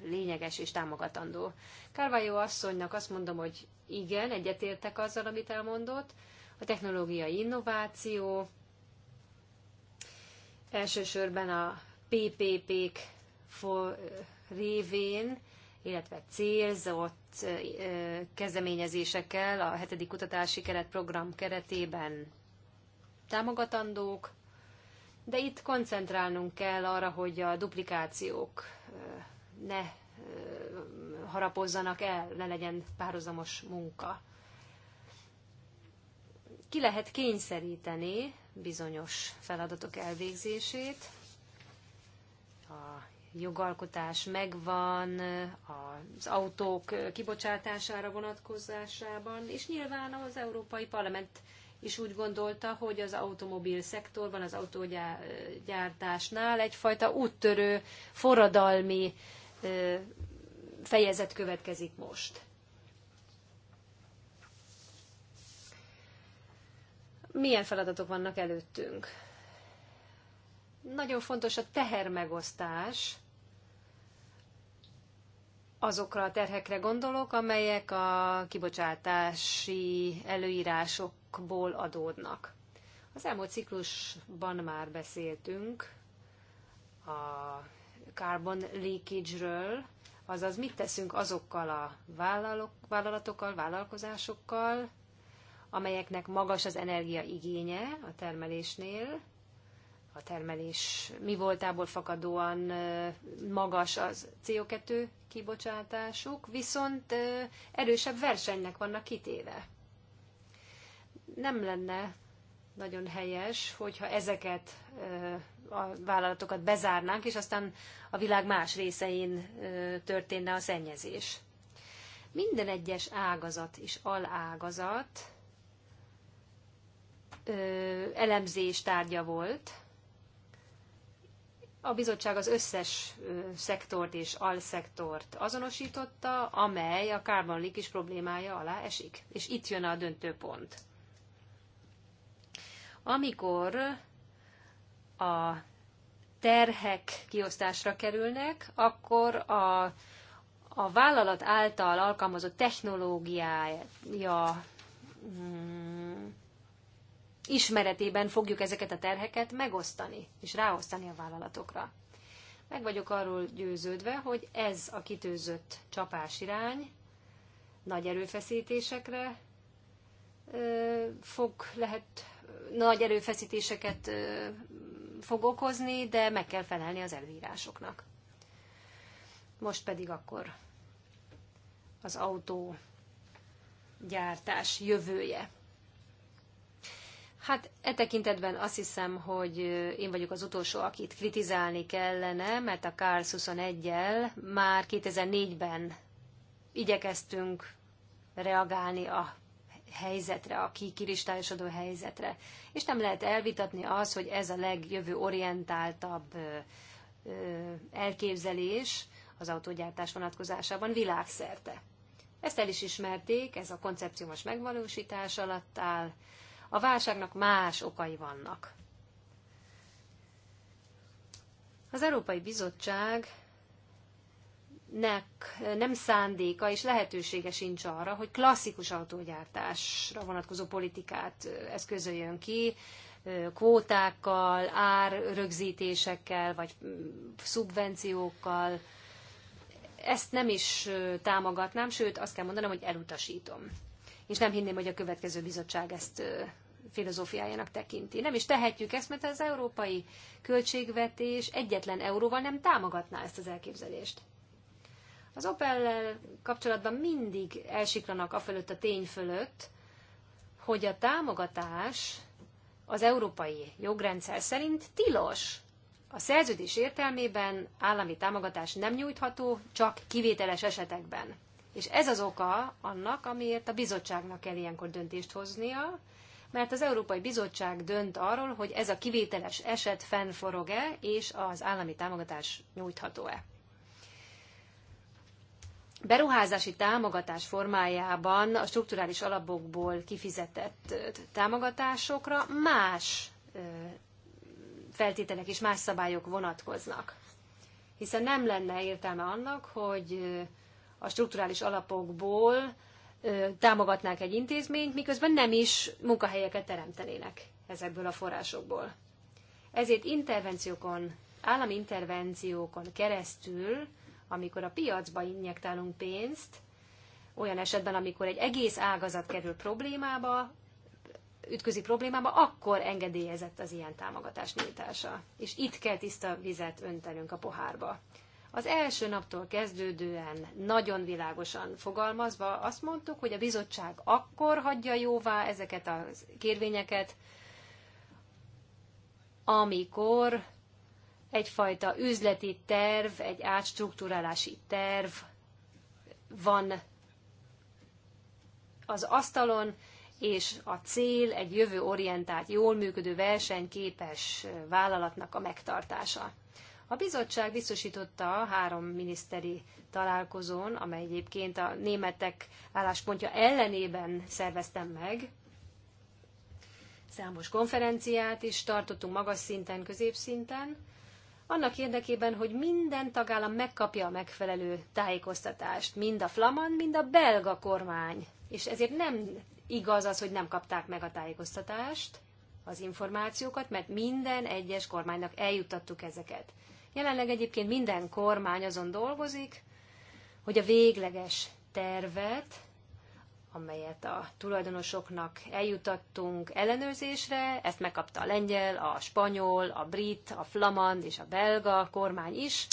lényeges és támogatandó. Carvalho asszonynak azt mondom, hogy igen, egyetértek azzal, amit elmondott. A technológiai innováció, elsősorban a PPP-k révén, illetve célzott kezdeményezésekkel a hetedik kutatási keretprogram keretében támogatandók, de itt koncentrálnunk kell arra, hogy a duplikációk ne harapozzanak el, ne legyen párhuzamos munka. Ki lehet kényszeríteni bizonyos feladatok elvégzését. A jogalkotás megvan az autók kibocsátására vonatkozásában, és nyilván az Európai Parlament és úgy gondolta, hogy az automobil szektorban, az autógyártásnál egyfajta úttörő, forradalmi fejezet következik most. Milyen feladatok vannak előttünk? Nagyon fontos a tehermegosztás. Azokra a terhekre gondolok, amelyek a kibocsátási előírások okokból adódnak. Az elmúlt ciklusban már beszéltünk a carbon leakage-ről, azaz mit teszünk azokkal a vállalok, vállalatokkal, vállalkozásokkal, amelyeknek magas az energia igénye a termelésnél, a termelés mi voltából fakadóan magas az CO2 kibocsátásuk, viszont erősebb versenynek vannak kitéve nem lenne nagyon helyes, hogyha ezeket a vállalatokat bezárnánk, és aztán a világ más részein történne a szennyezés. Minden egyes ágazat és alágazat elemzés tárgya volt. A bizottság az összes szektort és alszektort azonosította, amely a carbon is problémája alá esik. És itt jön a döntő pont amikor a terhek kiosztásra kerülnek, akkor a, a vállalat által alkalmazott technológiája mm, ismeretében fogjuk ezeket a terheket megosztani és ráosztani a vállalatokra. Meg vagyok arról győződve, hogy ez a kitűzött csapásirány nagy erőfeszítésekre ö, fog lehet nagy erőfeszítéseket fog okozni, de meg kell felelni az előírásoknak. Most pedig akkor az autó gyártás jövője. Hát e tekintetben azt hiszem, hogy én vagyok az utolsó, akit kritizálni kellene, mert a Cars 21-el már 2004-ben igyekeztünk reagálni a helyzetre, a kikiristályosodó helyzetre. És nem lehet elvitatni az, hogy ez a legjövő orientáltabb elképzelés az autógyártás vonatkozásában világszerte. Ezt el is ismerték, ez a koncepció most megvalósítás alatt áll. A válságnak más okai vannak. Az Európai Bizottság nek nem szándéka és lehetősége sincs arra, hogy klasszikus autógyártásra vonatkozó politikát eszközöljön ki, kvótákkal, árrögzítésekkel, vagy mm, szubvenciókkal. Ezt nem is támogatnám, sőt azt kell mondanom, hogy elutasítom. És nem hinném, hogy a következő bizottság ezt filozófiájának tekinti. Nem is tehetjük ezt, mert az európai költségvetés egyetlen euróval nem támogatná ezt az elképzelést. Az opel kapcsolatban mindig elsiklanak afelőtt a tény fölött, hogy a támogatás az európai jogrendszer szerint tilos. A szerződés értelmében állami támogatás nem nyújtható, csak kivételes esetekben. És ez az oka annak, amiért a bizottságnak kell ilyenkor döntést hoznia, mert az Európai Bizottság dönt arról, hogy ez a kivételes eset fennforog-e, és az állami támogatás nyújtható-e beruházási támogatás formájában a strukturális alapokból kifizetett támogatásokra más feltételek és más szabályok vonatkoznak. Hiszen nem lenne értelme annak, hogy a strukturális alapokból támogatnák egy intézményt, miközben nem is munkahelyeket teremtenének ezekből a forrásokból. Ezért intervenciókon, állami intervenciókon keresztül amikor a piacba injektálunk pénzt, olyan esetben, amikor egy egész ágazat kerül problémába, ütközi problémába, akkor engedélyezett az ilyen támogatás nyújtása. És itt kell tiszta vizet öntenünk a pohárba. Az első naptól kezdődően nagyon világosan fogalmazva azt mondtuk, hogy a bizottság akkor hagyja jóvá ezeket a kérvényeket, amikor egyfajta üzleti terv, egy átstruktúrálási terv van az asztalon, és a cél egy jövőorientált, jól működő, versenyképes vállalatnak a megtartása. A bizottság biztosította a három miniszteri találkozón, amely egyébként a németek álláspontja ellenében szerveztem meg. Számos konferenciát is tartottunk magas szinten, középszinten, annak érdekében, hogy minden tagállam megkapja a megfelelő tájékoztatást, mind a flamand, mind a belga kormány. És ezért nem igaz az, hogy nem kapták meg a tájékoztatást, az információkat, mert minden egyes kormánynak eljuttattuk ezeket. Jelenleg egyébként minden kormány azon dolgozik, hogy a végleges tervet amelyet a tulajdonosoknak eljutattunk ellenőrzésre, ezt megkapta a lengyel, a spanyol, a brit, a flamand és a belga kormány is,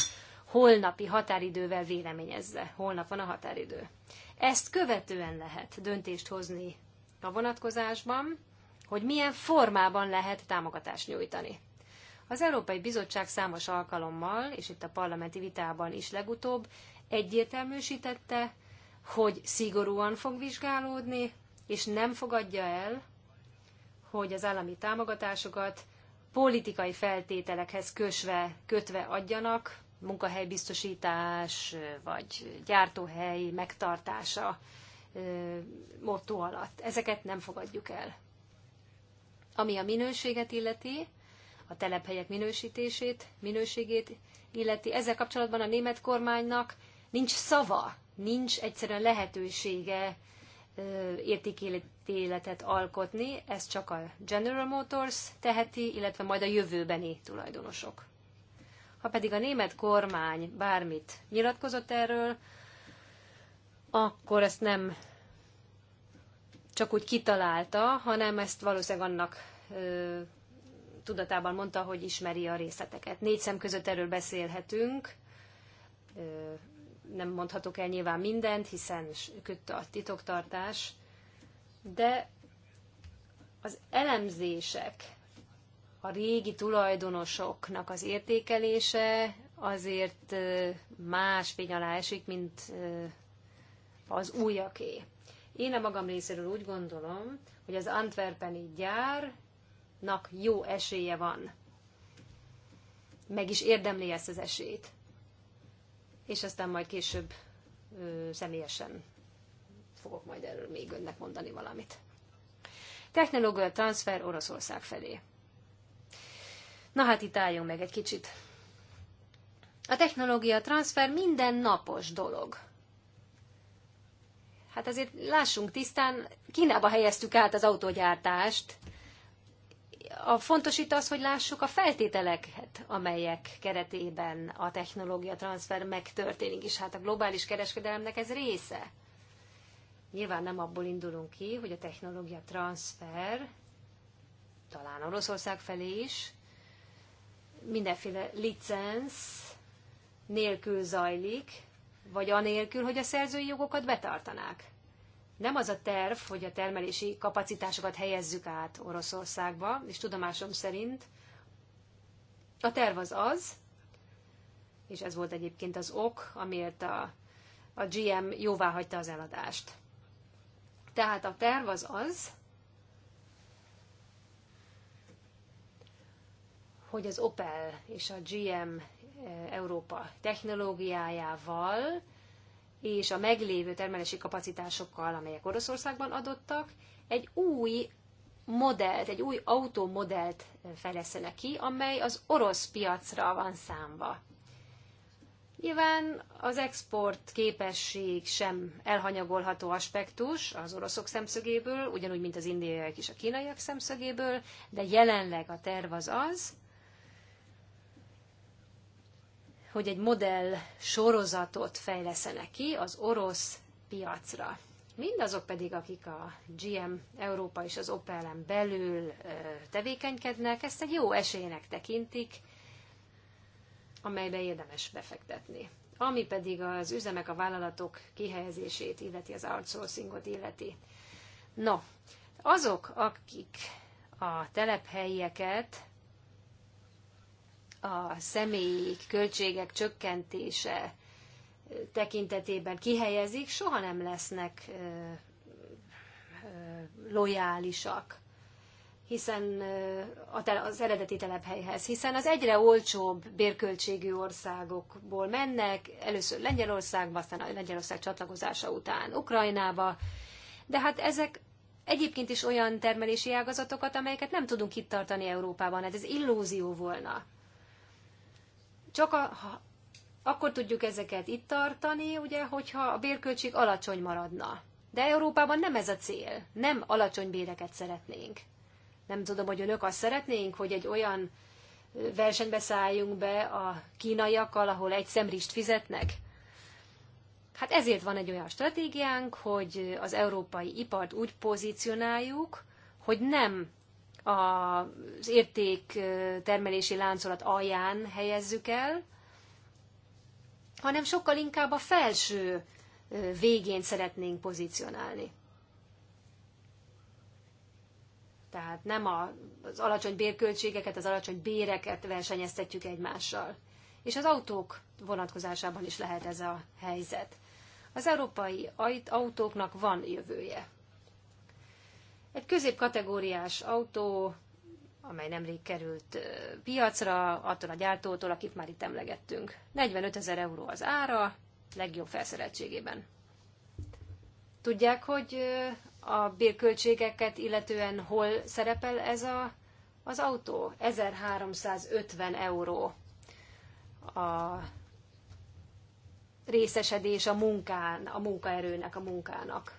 holnapi határidővel véleményezze. Holnap van a határidő. Ezt követően lehet döntést hozni a vonatkozásban, hogy milyen formában lehet támogatást nyújtani. Az Európai Bizottság számos alkalommal, és itt a parlamenti vitában is legutóbb, egyértelműsítette, hogy szigorúan fog vizsgálódni, és nem fogadja el, hogy az állami támogatásokat politikai feltételekhez kösve, kötve adjanak, munkahelybiztosítás vagy gyártóhely megtartása motto alatt. Ezeket nem fogadjuk el. Ami a minőséget illeti, a telephelyek minősítését, minőségét illeti, ezzel kapcsolatban a német kormánynak nincs szava, nincs egyszerűen lehetősége értékéletet alkotni, ez csak a General Motors teheti, illetve majd a jövőbeni tulajdonosok. Ha pedig a német kormány bármit nyilatkozott erről, akkor ezt nem csak úgy kitalálta, hanem ezt valószínűleg annak ö, tudatában mondta, hogy ismeri a részleteket. Négy szem között erről beszélhetünk, ö, nem mondhatok el nyilván mindent, hiszen a titoktartás, de az elemzések, a régi tulajdonosoknak az értékelése azért más fény alá esik, mint az újaké. Én a magam részéről úgy gondolom, hogy az Antwerpeni gyárnak jó esélye van. Meg is érdemli ezt az esélyt és aztán majd később ö, személyesen fogok majd erről még önnek mondani valamit. Technológia transfer Oroszország felé. Na hát itt álljunk meg egy kicsit. A technológia transfer minden napos dolog. Hát azért lássunk tisztán, Kínába helyeztük át az autogyártást, a fontos itt az, hogy lássuk a feltételeket, amelyek keretében a technológia transfer megtörténik, és hát a globális kereskedelemnek ez része. Nyilván nem abból indulunk ki, hogy a technológia transfer, talán Oroszország felé is, mindenféle licenc nélkül zajlik, vagy anélkül, hogy a szerzői jogokat betartanák nem az a terv, hogy a termelési kapacitásokat helyezzük át Oroszországba, és tudomásom szerint a terv az az, és ez volt egyébként az ok, amiért a, a GM jóvá hagyta az eladást. Tehát a terv az az, hogy az Opel és a GM eh, Európa technológiájával és a meglévő termelési kapacitásokkal, amelyek Oroszországban adottak, egy új modellt, egy új autómodellt eh, fejlesztenek ki, amely az orosz piacra van számva. Nyilván az export képesség sem elhanyagolható aspektus az oroszok szemszögéből, ugyanúgy, mint az indiaiak és a kínaiak szemszögéből, de jelenleg a terv az az, hogy egy modell sorozatot fejleszenek ki az orosz piacra. Mindazok pedig, akik a GM Európa és az Opel-en belül tevékenykednek, ezt egy jó esélynek tekintik, amelybe érdemes befektetni. Ami pedig az üzemek, a vállalatok kihelyezését illeti, az outsourcingot illeti. No, azok, akik a telephelyeket a személyi költségek csökkentése tekintetében kihelyezik, soha nem lesznek lojálisak hiszen az eredeti telephelyhez, hiszen az egyre olcsóbb bérköltségű országokból mennek, először Lengyelországba, aztán a Lengyelország csatlakozása után Ukrajnába, de hát ezek egyébként is olyan termelési ágazatokat, amelyeket nem tudunk itt tartani Európában, hát ez illúzió volna. Csak a, ha, akkor tudjuk ezeket itt tartani, ugye, hogyha a bérköltség alacsony maradna. De Európában nem ez a cél. Nem alacsony béreket szeretnénk. Nem tudom, hogy önök azt szeretnénk, hogy egy olyan versenybe szálljunk be a kínaiakkal, ahol egy szemrist fizetnek. Hát ezért van egy olyan stratégiánk, hogy az európai ipart úgy pozícionáljuk, hogy nem az érték termelési láncolat alján helyezzük el, hanem sokkal inkább a felső végén szeretnénk pozícionálni. Tehát nem az alacsony bérköltségeket, az alacsony béreket versenyeztetjük egymással. És az autók vonatkozásában is lehet ez a helyzet. Az európai autóknak van jövője. Egy középkategóriás autó, amely nemrég került piacra, attól a gyártótól, akit már itt emlegettünk. 45 ezer euró az ára, legjobb felszereltségében. Tudják, hogy a bérköltségeket illetően hol szerepel ez a, az autó? 1350 euró a részesedés a munkán, a munkaerőnek, a munkának.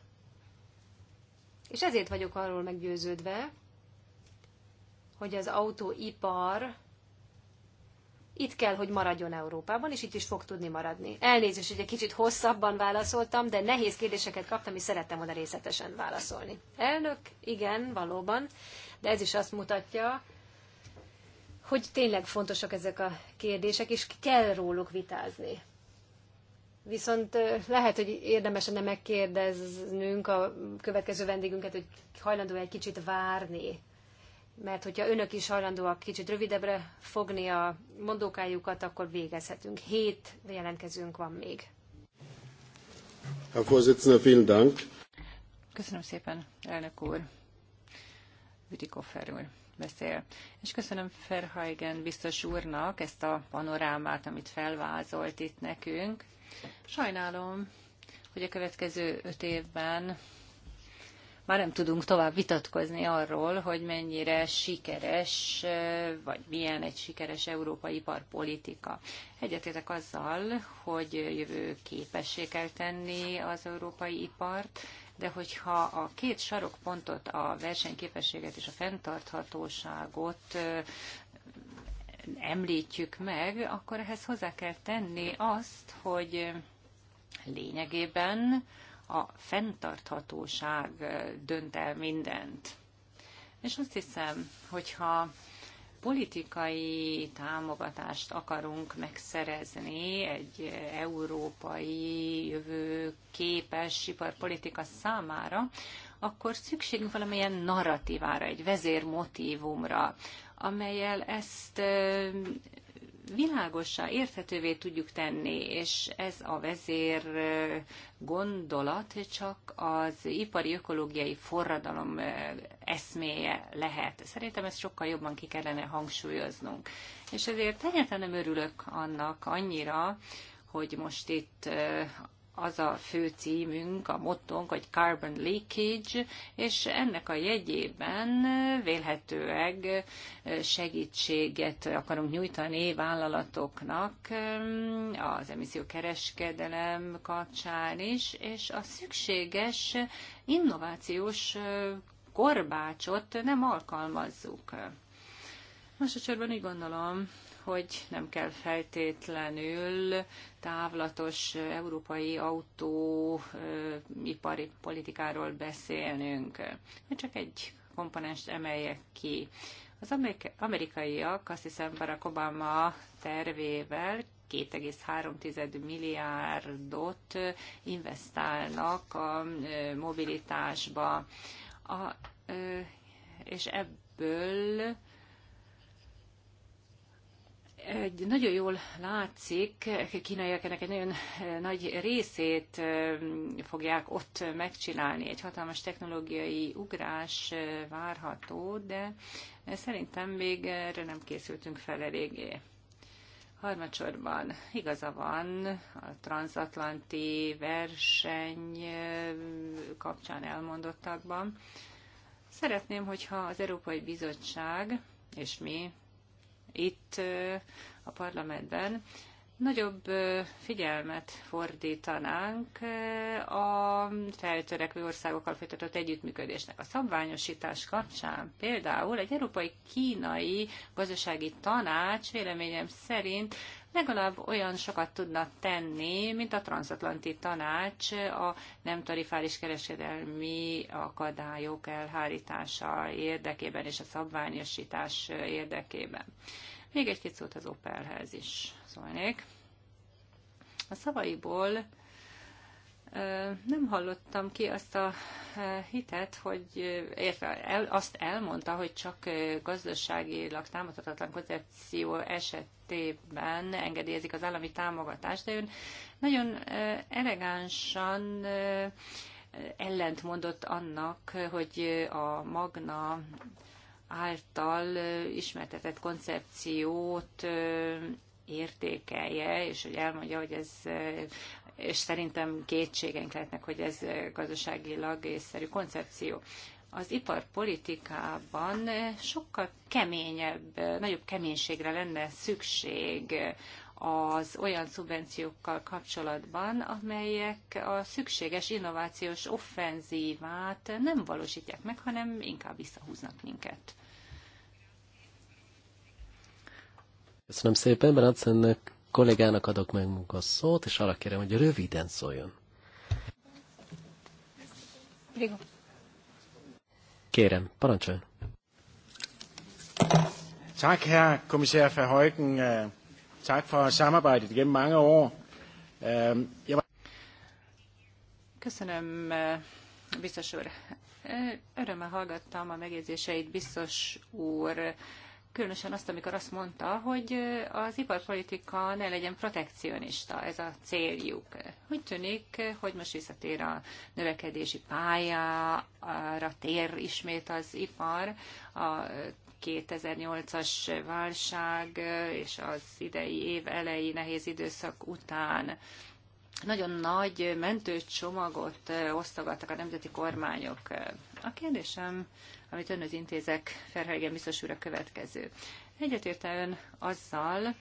És ezért vagyok arról meggyőződve, hogy az autóipar itt kell, hogy maradjon Európában, és itt is fog tudni maradni. Elnézést, hogy egy kicsit hosszabban válaszoltam, de nehéz kérdéseket kaptam, és szerettem volna részletesen válaszolni. Elnök, igen, valóban, de ez is azt mutatja, hogy tényleg fontosak ezek a kérdések, és kell róluk vitázni. Viszont lehet, hogy érdemes lenne megkérdeznünk a következő vendégünket, hogy hajlandó egy kicsit várni. Mert hogyha önök is hajlandóak kicsit rövidebbre fogni a mondókájukat, akkor végezhetünk. Hét jelentkezőnk van még. Herr Vorsitzender, vielen Dank. Köszönöm szépen, elnök úr. Vidikoffer úr beszél. És köszönöm Ferhaigen biztos úrnak ezt a panorámát, amit felvázolt itt nekünk. Sajnálom, hogy a következő öt évben már nem tudunk tovább vitatkozni arról, hogy mennyire sikeres, vagy milyen egy sikeres európai iparpolitika. Egyetértek azzal, hogy jövő képessé kell tenni az európai ipart, de hogyha a két sarokpontot, a versenyképességet és a fenntarthatóságot említjük meg, akkor ehhez hozzá kell tenni azt, hogy lényegében a fenntarthatóság dönt el mindent. És azt hiszem, hogyha politikai támogatást akarunk megszerezni egy európai jövőképes iparpolitika számára, akkor szükségünk valamilyen narratívára, egy vezérmotívumra, amelyel ezt világossá, érthetővé tudjuk tenni, és ez a vezér gondolat csak az ipari ökológiai forradalom eszméje lehet. Szerintem ezt sokkal jobban ki kellene hangsúlyoznunk. És ezért egyáltalán nem örülök annak annyira, hogy most itt az a fő címünk, a mottónk, hogy Carbon Leakage, és ennek a jegyében vélhetőleg segítséget akarunk nyújtani vállalatoknak az emissziókereskedelem kapcsán is, és a szükséges innovációs korbácsot nem alkalmazzuk. Másodszorban úgy gondolom, hogy nem kell feltétlenül távlatos európai autóipari politikáról beszélnünk. Én csak egy komponens emeljek ki. Az amerikaiak azt hiszem Barack Obama tervével 2,3 milliárdot investálnak a mobilitásba. A, és ebből egy nagyon jól látszik, kínaiak ennek egy nagyon eh, nagy részét eh, fogják ott megcsinálni. Egy hatalmas technológiai ugrás eh, várható, de szerintem még erre nem készültünk fel eléggé. Harmadsorban igaza van, a transatlanti verseny kapcsán elmondottakban. Szeretném, hogyha az Európai Bizottság és mi itt a parlamentben nagyobb figyelmet fordítanánk a feltörekvő országokkal folytatott együttműködésnek a szabványosítás kapcsán. Például egy európai-kínai gazdasági tanács véleményem szerint legalább olyan sokat tudna tenni, mint a transatlanti tanács a nem tarifális kereskedelmi akadályok elhárítása érdekében és a szabványosítás érdekében. Még egy-két szót az Opelhez is szólnék. A szavaiból nem hallottam ki azt a hitet, hogy értve, el, azt elmondta, hogy csak gazdaságilag támadhatatlan koncepció esetében engedélyezik az állami támogatást, de ön nagyon elegánsan ellentmondott annak, hogy a Magna által ismertetett koncepciót értékelje, és hogy elmondja, hogy ez és szerintem kétségeink lehetnek, hogy ez gazdaságilag észszerű koncepció. Az iparpolitikában sokkal keményebb, nagyobb keménységre lenne szükség az olyan szubvenciókkal kapcsolatban, amelyek a szükséges innovációs offenzívát nem valósítják meg, hanem inkább visszahúznak minket. Köszönöm szépen Brácennek kollégának adok meg munka szót, és arra kérem, hogy röviden szóljon. Kérem, parancsoljon. Tak, herr kommissær Verheugen. Øh, tak for samarbejdet gennem mange år. Øh, Köszönöm, øh, biztos úr. Örömmel hallgattam a megjegyzéseit, biztos úr különösen azt, amikor azt mondta, hogy az iparpolitika ne legyen protekcionista, ez a céljuk. Hogy tűnik, hogy most visszatér a növekedési pályára, tér ismét az ipar, a 2008-as válság és az idei év elejé nehéz időszak után nagyon nagy mentőcsomagot osztogattak a nemzeti kormányok a kérdésem, amit önhöz intézek, Ferhelgen biztos úr a következő. Egyetérte ön azzal,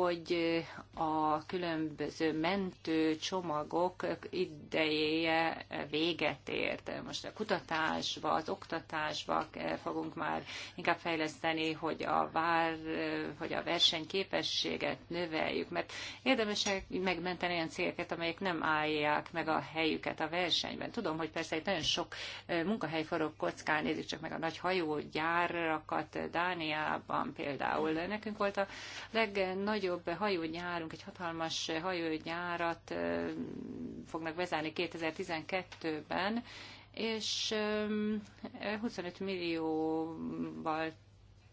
hogy a különböző mentő csomagok idejéje véget ért. Most a kutatásba, az oktatásba fogunk már inkább fejleszteni, hogy a, vár, hogy a versenyképességet növeljük, mert érdemes -e megmenteni olyan cégeket, amelyek nem állják meg a helyüket a versenyben. Tudom, hogy persze itt nagyon sok munkahely forog kockán, nézzük csak meg a nagy hajógyárakat Dániában például. Nekünk volt a legnagyobb nagyobb hajógyárunk, egy hatalmas hajógyárat fognak bezárni 2012-ben, és 25 millióval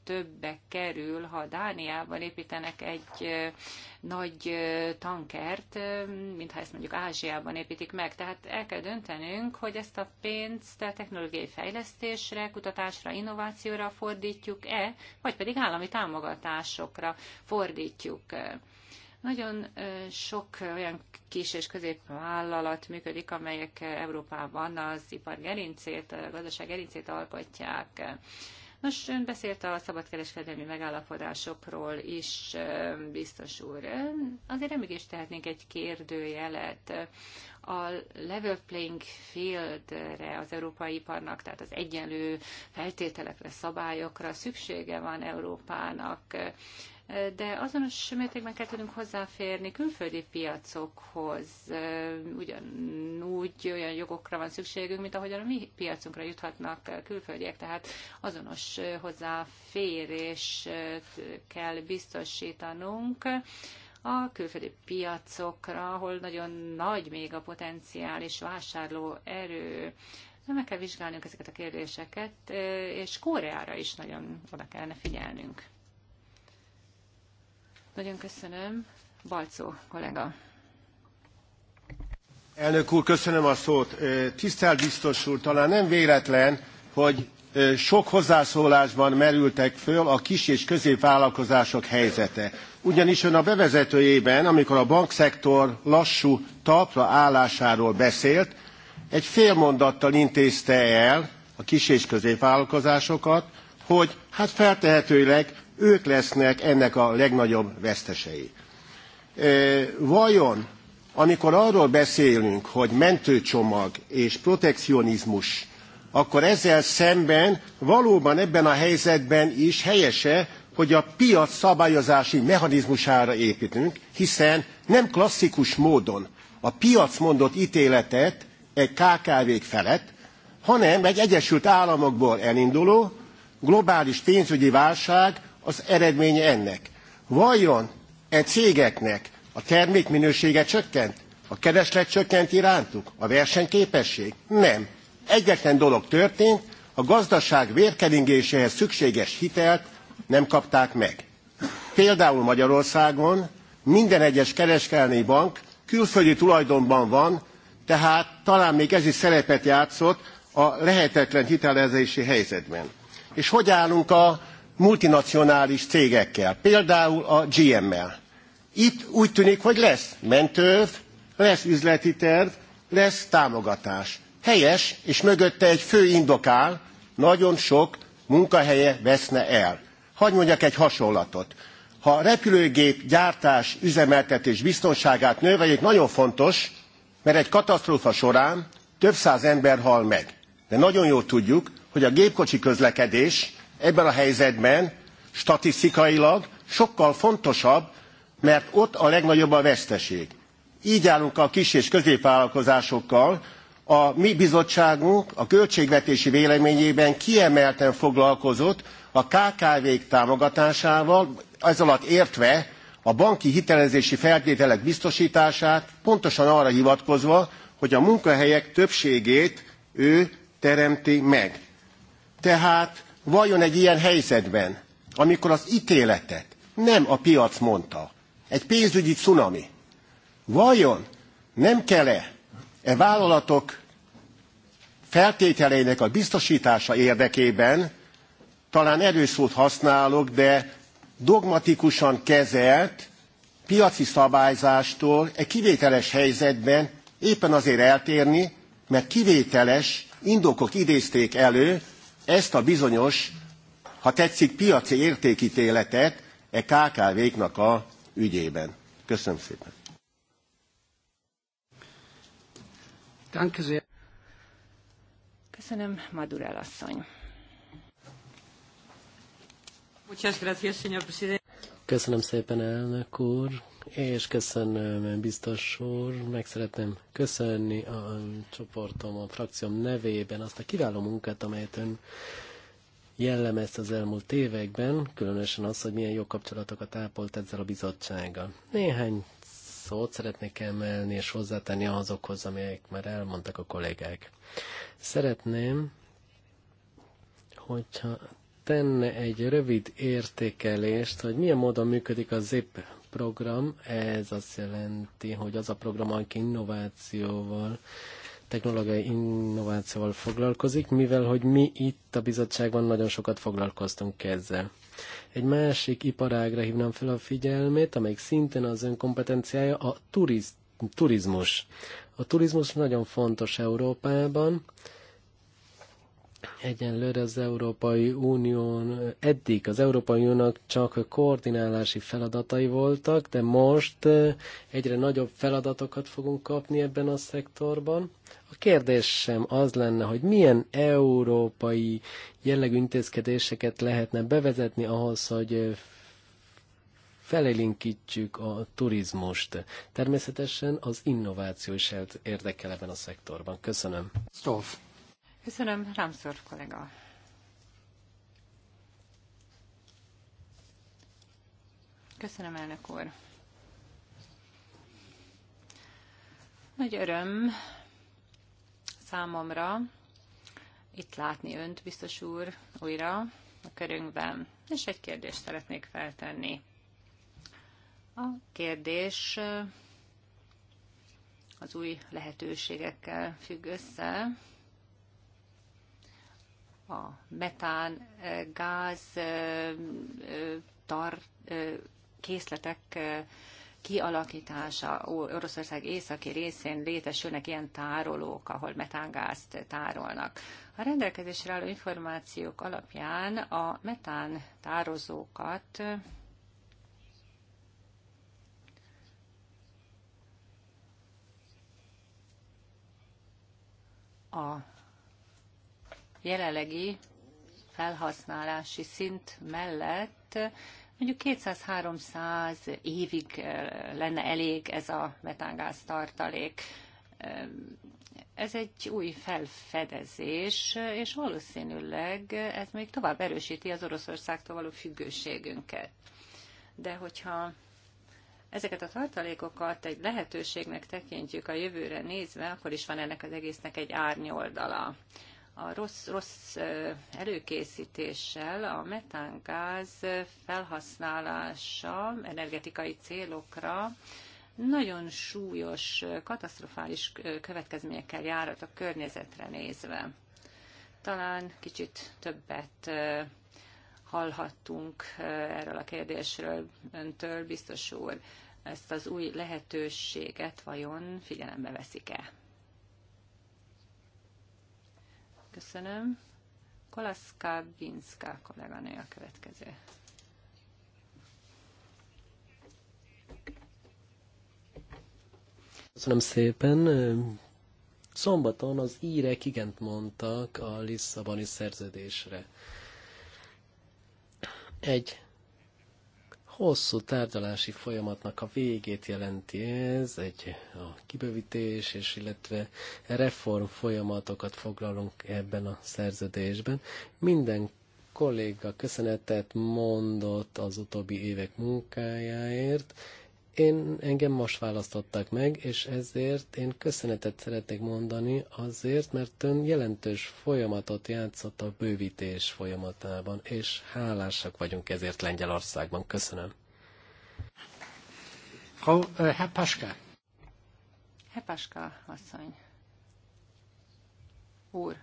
többe kerül, ha Dániában építenek egy nagy tankert, mintha ezt mondjuk Ázsiában építik meg. Tehát el kell döntenünk, hogy ezt a pénzt a technológiai fejlesztésre, kutatásra, innovációra fordítjuk-e, vagy pedig állami támogatásokra fordítjuk. Nagyon sok olyan kis és középvállalat működik, amelyek Európában az ipar gerincét, a gazdaság gerincét alkotják. Nos, ön beszélt a szabadkereskedelmi megállapodásokról is, biztos úr. Azért nem is tehetnénk egy kérdőjelet a level playing fieldre az európai iparnak, tehát az egyenlő feltételekre, szabályokra szüksége van Európának de azonos mértékben kell tudnunk hozzáférni külföldi piacokhoz. Ugyanúgy olyan jogokra van szükségünk, mint ahogyan a mi piacunkra juthatnak külföldiek, tehát azonos hozzáférés kell biztosítanunk a külföldi piacokra, ahol nagyon nagy még a potenciális vásárló erő. De meg kell vizsgálnunk ezeket a kérdéseket, és Koreára is nagyon oda kellene figyelnünk. Nagyon köszönöm. Balcó kollega. Elnök úr, köszönöm a szót. Tisztelt biztos úr, talán nem véletlen, hogy sok hozzászólásban merültek föl a kis és középvállalkozások helyzete. Ugyanis ön a bevezetőjében, amikor a bankszektor lassú talpra állásáról beszélt, egy fél mondattal intézte el a kis és középvállalkozásokat, hogy hát feltehetőleg ők lesznek ennek a legnagyobb vesztesei. Vajon, amikor arról beszélünk, hogy mentőcsomag és protekcionizmus, akkor ezzel szemben valóban ebben a helyzetben is helyese, hogy a piac szabályozási mechanizmusára építünk, hiszen nem klasszikus módon a piac mondott ítéletet egy kkv felett, hanem egy Egyesült Államokból elinduló globális pénzügyi válság az eredménye ennek? Vajon e cégeknek a termékminősége csökkent? A kereslet csökkent irántuk? A versenyképesség? Nem. Egyetlen dolog történt, a gazdaság vérkeringéséhez szükséges hitelt nem kapták meg. Például Magyarországon minden egyes kereskedelmi bank külföldi tulajdonban van, tehát talán még ez is szerepet játszott a lehetetlen hitelezési helyzetben. És hogy állunk a multinacionális cégekkel, például a GM-mel. Itt úgy tűnik, hogy lesz mentőv, lesz üzleti terv, lesz támogatás. Helyes, és mögötte egy fő indokál, nagyon sok munkahelye veszne el. Hagy mondjak egy hasonlatot. Ha a repülőgép gyártás, üzemeltetés biztonságát növeljük, nagyon fontos, mert egy katasztrófa során több száz ember hal meg. De nagyon jól tudjuk, hogy a gépkocsi közlekedés ebben a helyzetben statisztikailag sokkal fontosabb, mert ott a legnagyobb a veszteség. Így állunk a kis és középvállalkozásokkal, a mi bizottságunk a költségvetési véleményében kiemelten foglalkozott a KKV-k támogatásával, ez alatt értve a banki hitelezési feltételek biztosítását, pontosan arra hivatkozva, hogy a munkahelyek többségét ő teremti meg. Tehát vajon egy ilyen helyzetben, amikor az ítéletet nem a piac mondta, egy pénzügyi cunami, vajon nem kell-e e vállalatok feltételeinek a biztosítása érdekében, talán erőszót használok, de dogmatikusan kezelt piaci szabályzástól egy kivételes helyzetben éppen azért eltérni, mert kivételes indokok idézték elő ezt a bizonyos, ha tetszik, piaci értékítéletet e KKV-knak a ügyében. Köszönöm szépen. Köszönöm, Madurel asszony. Köszönöm szépen, elnök úr és köszönöm, biztos úr, meg szeretném köszönni a csoportom, a frakcióm nevében azt a kiváló munkát, amelyet ön jellemezte az elmúlt években, különösen az, hogy milyen jó kapcsolatokat ápolt ezzel a bizottsággal. Néhány szót szeretnék emelni és hozzátenni azokhoz, amelyek már elmondtak a kollégák. Szeretném, hogyha tenne egy rövid értékelést, hogy milyen módon működik a ZIP program, ez azt jelenti, hogy az a program, aki innovációval, technológiai innovációval foglalkozik, mivel hogy mi itt a bizottságban nagyon sokat foglalkoztunk ezzel. Egy másik iparágra hívnám fel a figyelmét, amelyik szintén az ön kompetenciája a turiz, turizmus. A turizmus nagyon fontos Európában, Egyenlőre az Európai Unión, eddig az Európai Uniónak csak koordinálási feladatai voltak, de most egyre nagyobb feladatokat fogunk kapni ebben a szektorban. A kérdésem az lenne, hogy milyen európai jellegű intézkedéseket lehetne bevezetni ahhoz, hogy felélinkítsük a turizmust. Természetesen az innováció is érdekel ebben a szektorban. Köszönöm. Stolf. Köszönöm, Rámszor kollega. Köszönöm, elnök úr. Nagy öröm számomra itt látni önt, biztos úr, újra a körünkben, és egy kérdést szeretnék feltenni. A kérdés az új lehetőségekkel függ össze, a metán gáz tar, készletek kialakítása Oroszország északi részén létesülnek ilyen tárolók, ahol metángázt tárolnak. A rendelkezésre álló információk alapján a metán tározókat a jelenlegi felhasználási szint mellett mondjuk 200-300 évig eh, lenne elég ez a metángáz tartalék. Eh, ez egy új felfedezés, és valószínűleg ez még tovább erősíti az Oroszországtól való függőségünket. De hogyha ezeket a tartalékokat egy lehetőségnek tekintjük a jövőre nézve, akkor is van ennek az egésznek egy árnyoldala a rossz, rossz előkészítéssel a metángáz felhasználása energetikai célokra nagyon súlyos, katasztrofális következményekkel járat a környezetre nézve. Talán kicsit többet hallhattunk erről a kérdésről öntől, biztos úr. Ezt az új lehetőséget vajon figyelembe veszik-e? Köszönöm. Kolaszka Binszka kolléganő a következő. Köszönöm szépen. Szombaton az írek igent mondtak a Lisszaboni szerződésre. Egy hosszú tárgyalási folyamatnak a végét jelenti ez, egy a kibővítés és illetve reform folyamatokat foglalunk ebben a szerződésben. Minden kolléga köszönetet mondott az utóbbi évek munkájáért, én engem most választottak meg, és ezért én köszönetet szeretnék mondani azért, mert ön jelentős folyamatot játszott a bővítés folyamatában, és hálásak vagyunk ezért Lengyelországban. Köszönöm. Frau äh, Herr Herr asszony. Úr.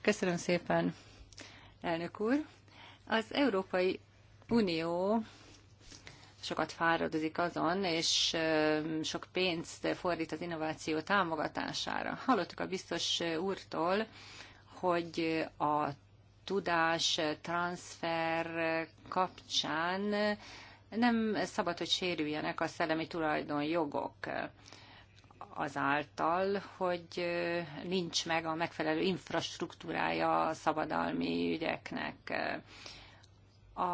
Köszönöm szépen, elnök úr. Az Európai Unió sokat fáradozik azon, és sok pénzt fordít az innováció támogatására. Hallottuk a biztos úrtól, hogy a tudás transfer kapcsán nem szabad, hogy sérüljenek a szellemi tulajdonjogok azáltal, hogy nincs meg a megfelelő infrastruktúrája a szabadalmi ügyeknek. A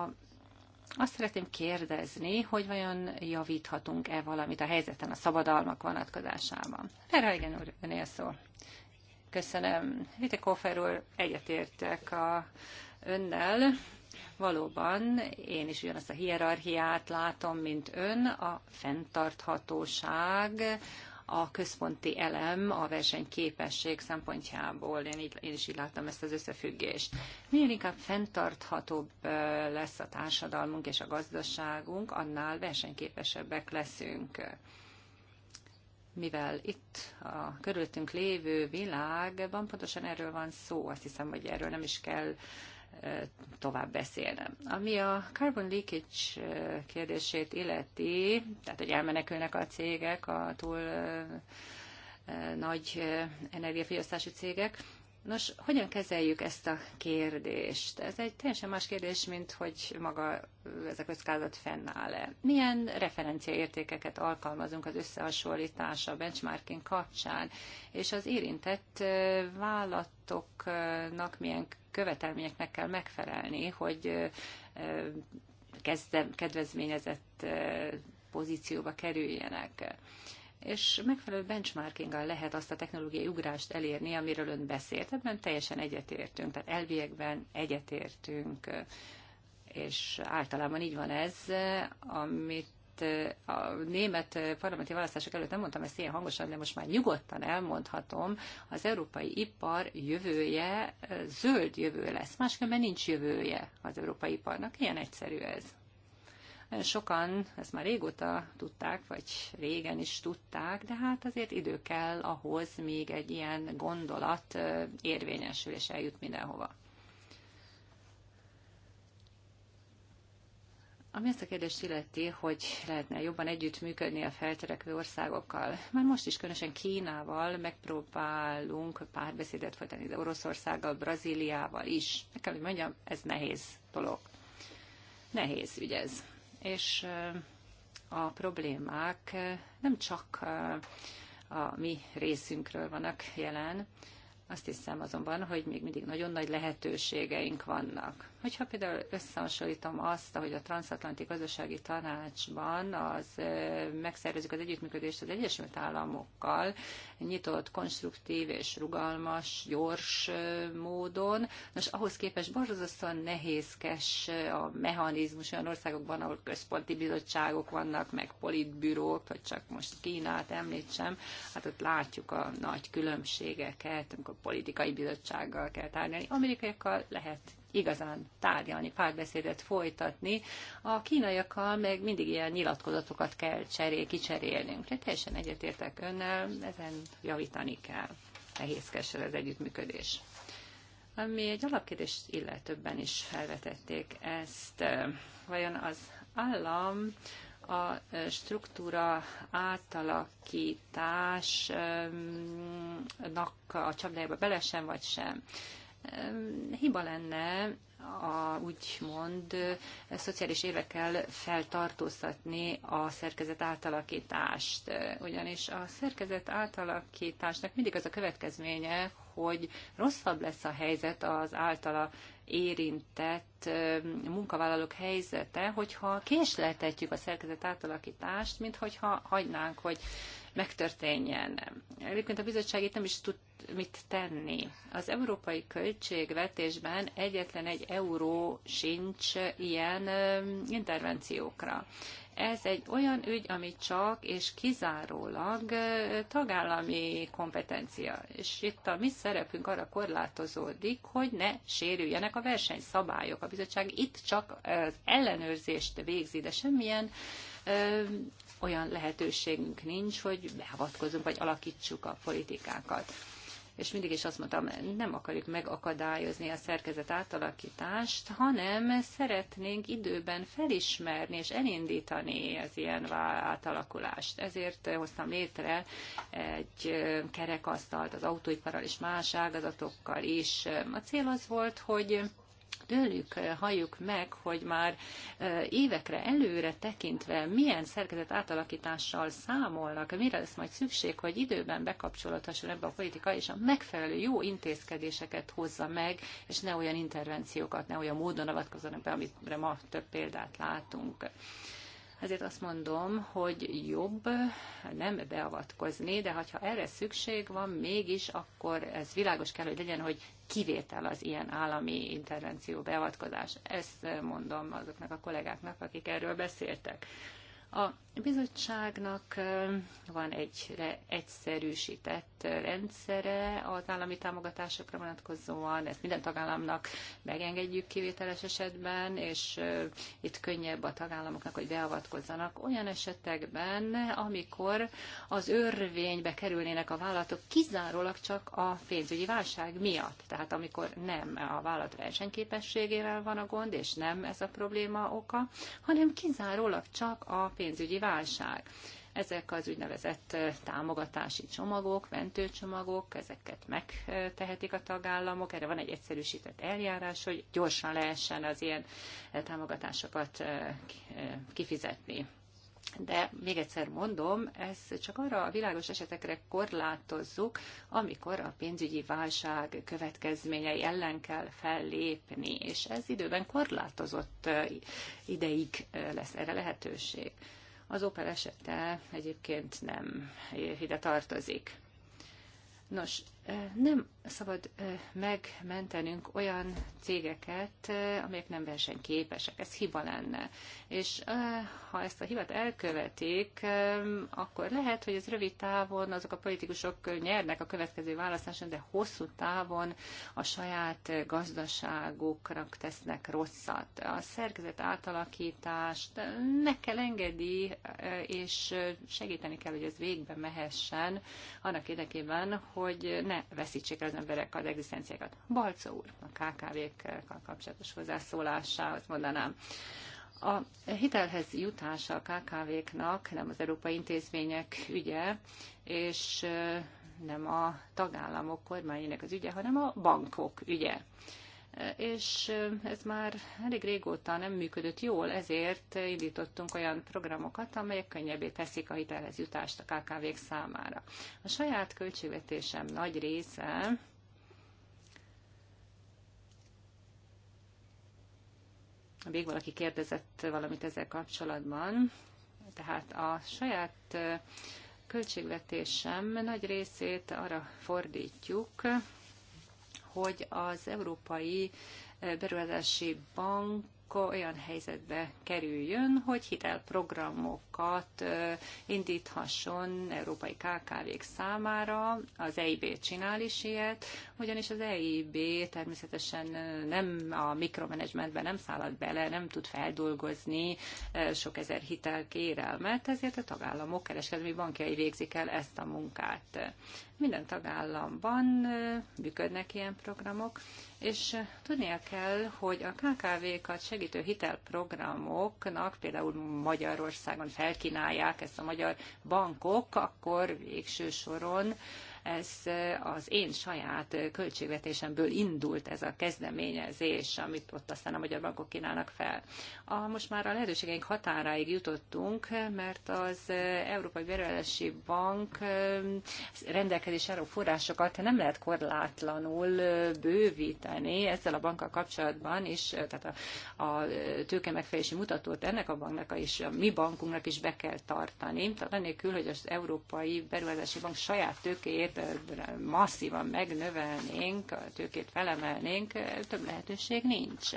azt szeretném kérdezni, hogy vajon javíthatunk-e valamit a helyzeten a szabadalmak vonatkozásában. Erre igen, úr, önél szó. Köszönöm. Vite Koffer úr, egyetértek a önnel. Valóban én is ugyanazt a hierarchiát látom, mint ön, a fenntarthatóság, a központi elem a versenyképesség szempontjából. Én, így, én is így láttam ezt az összefüggést. Minél inkább fenntarthatóbb lesz a társadalmunk és a gazdaságunk, annál versenyképesebbek leszünk mivel itt a körülöttünk lévő világban pontosan erről van szó, azt hiszem, hogy erről nem is kell tovább beszélnem. Ami a carbon leakage kérdését illeti, tehát hogy elmenekülnek a cégek, a túl nagy energiafogyasztású cégek, Nos, hogyan kezeljük ezt a kérdést? Ez egy teljesen más kérdés, mint hogy maga ez a kockázat fennáll-e. Milyen referenciaértékeket alkalmazunk az összehasonlítás a benchmarking kapcsán, és az érintett vállalatoknak milyen követelményeknek kell megfelelni, hogy kezdve, kedvezményezett pozícióba kerüljenek és megfelelő benchmarkinggal lehet azt a technológiai ugrást elérni, amiről ön beszélt. Ebben teljesen egyetértünk, tehát elviekben egyetértünk, és általában így van ez, amit a német parlamenti választások előtt nem mondtam ezt ilyen hangosan, de most már nyugodtan elmondhatom, az európai ipar jövője zöld jövő lesz. Máskülönben nincs jövője az európai iparnak. Ilyen egyszerű ez. Sokan ezt már régóta tudták, vagy régen is tudták, de hát azért idő kell ahhoz, még egy ilyen gondolat érvényesül és eljut mindenhova. Ami ezt a kérdést illeti, hogy lehetne jobban együttműködni a feltörekvő országokkal. Már most is különösen Kínával megpróbálunk párbeszédet folytani, de Oroszországgal, Brazíliával is. Nekem, hogy mondjam, ez nehéz dolog. Nehéz ügy ez és a problémák nem csak a mi részünkről vannak jelen, azt hiszem azonban, hogy még mindig nagyon nagy lehetőségeink vannak. Hogyha például összehasonlítom azt, hogy a Transatlanti Gazdasági Tanácsban az megszervezik az együttműködést az Egyesült Államokkal, nyitott, konstruktív és rugalmas, gyors módon. Nos, ahhoz képest borzasztóan nehézkes a mechanizmus olyan országokban, ahol központi bizottságok vannak, meg politbürók, vagy csak most Kínát említsem, hát ott látjuk a nagy különbségeket, amikor politikai bizottsággal kell tárgyalni. Amerikaiakkal lehet igazán tárgyalni, párbeszédet folytatni. A kínaiakkal meg mindig ilyen nyilatkozatokat kell cserél, kicserélni. Úgyhogy teljesen egyetértek önnel, ezen javítani kell. Nehézkesen az együttműködés. Ami egy alapkérdés, illetőbben is felvetették ezt. Vajon az állam a struktúra átalakításnak a csapdájába belesen vagy sem. Hiba lenne a, úgymond szociális évekkel feltartóztatni a szerkezet átalakítást. Ugyanis a szerkezet átalakításnak mindig az a következménye, hogy rosszabb lesz a helyzet az általa érintett munkavállalók helyzete, hogyha késleltetjük a szerkezet átalakítást, mint hogyha hagynánk, hogy megtörténjen. Egyébként a bizottság itt nem is tud mit tenni. Az európai költségvetésben egyetlen egy euró sincs ilyen intervenciókra. Ez egy olyan ügy, ami csak és kizárólag tagállami kompetencia. És itt a mi szerepünk arra korlátozódik, hogy ne sérüljenek a versenyszabályok. A bizottság itt csak az ellenőrzést végzi, de semmilyen ö, olyan lehetőségünk nincs, hogy beavatkozunk, vagy alakítsuk a politikákat és mindig is azt mondtam, nem akarjuk megakadályozni a szerkezet átalakítást, hanem szeretnénk időben felismerni és elindítani az ilyen átalakulást. Ezért hoztam létre egy kerekasztalt az autóiparral és más ágazatokkal is. A cél az volt, hogy tőlük eh, halljuk meg, hogy már eh, évekre előre tekintve milyen szerkezet átalakítással számolnak, mire lesz majd szükség, hogy időben bekapcsolódhasson ebbe a politika, és a megfelelő jó intézkedéseket hozza meg, és ne olyan intervenciókat, ne olyan módon avatkozzanak be, amire ma több példát látunk. Ezért azt mondom, hogy jobb nem beavatkozni, de ha erre szükség van mégis, akkor ez világos kell, hogy legyen, hogy kivétel az ilyen állami intervenció beavatkozás. Ezt mondom azoknak a kollégáknak, akik erről beszéltek. A bizottságnak van egy egyszerűsített rendszere az állami támogatásokra vonatkozóan, ezt minden tagállamnak megengedjük kivételes esetben, és itt könnyebb a tagállamoknak, hogy beavatkozzanak olyan esetekben, amikor az örvénybe kerülnének a vállalatok kizárólag csak a pénzügyi válság miatt. Tehát amikor nem a vállalat versenyképességével van a gond, és nem ez a probléma oka, hanem kizárólag csak a pénzügyi válság. Ezek az úgynevezett eh, támogatási csomagok, mentőcsomagok, ezeket megtehetik a tagállamok. Erre van egy egyszerűsített eljárás, hogy gyorsan lehessen az ilyen eh, támogatásokat eh, kifizetni de még egyszer mondom, ez csak arra a világos esetekre korlátozzuk, amikor a pénzügyi válság következményei ellen kell fellépni, és ez időben korlátozott ideig lesz erre lehetőség. Az Opel esete egyébként nem ide tartozik. Nos, nem szabad megmentenünk olyan cégeket, amelyek nem versenyképesek. Ez hiba lenne. És ha ezt a hibát elkövetik, akkor lehet, hogy ez rövid távon azok a politikusok nyernek a következő választáson, de hosszú távon a saját gazdaságuknak tesznek rosszat. A szerkezet átalakítást ne kell engedi, és segíteni kell, hogy ez végbe mehessen annak érdekében, hogy ne veszítsék el az emberek az egzisztenciákat. Balca úr, a KKV-kkel kapcsolatos hozzászólásához mondanám. A hitelhez jutása a KKV-knak nem az európai intézmények ügye, és nem a tagállamok kormányének az ügye, hanem a bankok ügye és ez már elég régóta nem működött jól, ezért indítottunk olyan programokat, amelyek könnyebbé teszik a hitelhez jutást a KKV-k számára. A saját költségvetésem nagy része Még valaki kérdezett valamit ezzel kapcsolatban. Tehát a saját költségvetésem nagy részét arra fordítjuk, hogy az Európai eh, Beruházási Bank olyan helyzetbe kerüljön, hogy hitelprogramokat eh, indíthasson európai KKV-k számára. Az EIB csinál is ilyet, ugyanis az EIB természetesen nem a mikromanagementben nem szállad bele, nem tud feldolgozni sok ezer hitel kérelmet, ezért a tagállamok kereskedelmi bankjai végzik el ezt a munkát. Minden tagállamban működnek ilyen programok, és tudnia kell, hogy a KKV-kat segítő hitelprogramoknak például Magyarországon felkínálják ezt a magyar bankok, akkor végső soron ez eh, az én saját eh, költségvetésemből indult ez a kezdeményezés, amit ott aztán a magyar bankok kínálnak fel. A, most már a lehetőségeink határáig jutottunk, mert az eh, Európai Beruházási Bank rendelkezés álló forrásokat nem lehet korlátlanul bővíteni ezzel a bankkal kapcsolatban, és tehát a, a tőke megfelelési mutatót ennek a banknak és a mi bankunknak is be kell tartani. Tehát annélkül, hogy az Európai Beruházási Bank saját tőkéjét Ebből masszívan megnövelnénk, a tőkét felemelnénk, több lehetőség nincs.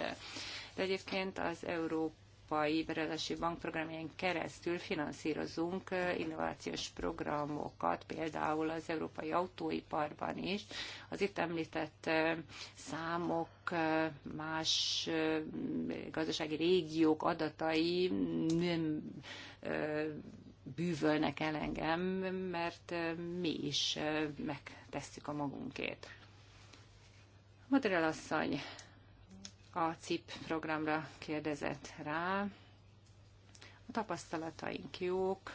De egyébként az Európa Európai Berelesi Bankprogramján keresztül finanszírozunk innovációs programokat, például az európai autóiparban is. Az itt említett számok, más gazdasági régiók adatai nem bűvölnek el engem, mert mi is megtesszük a magunkét. Madrel asszony a CIP programra kérdezett rá. A tapasztalataink jók.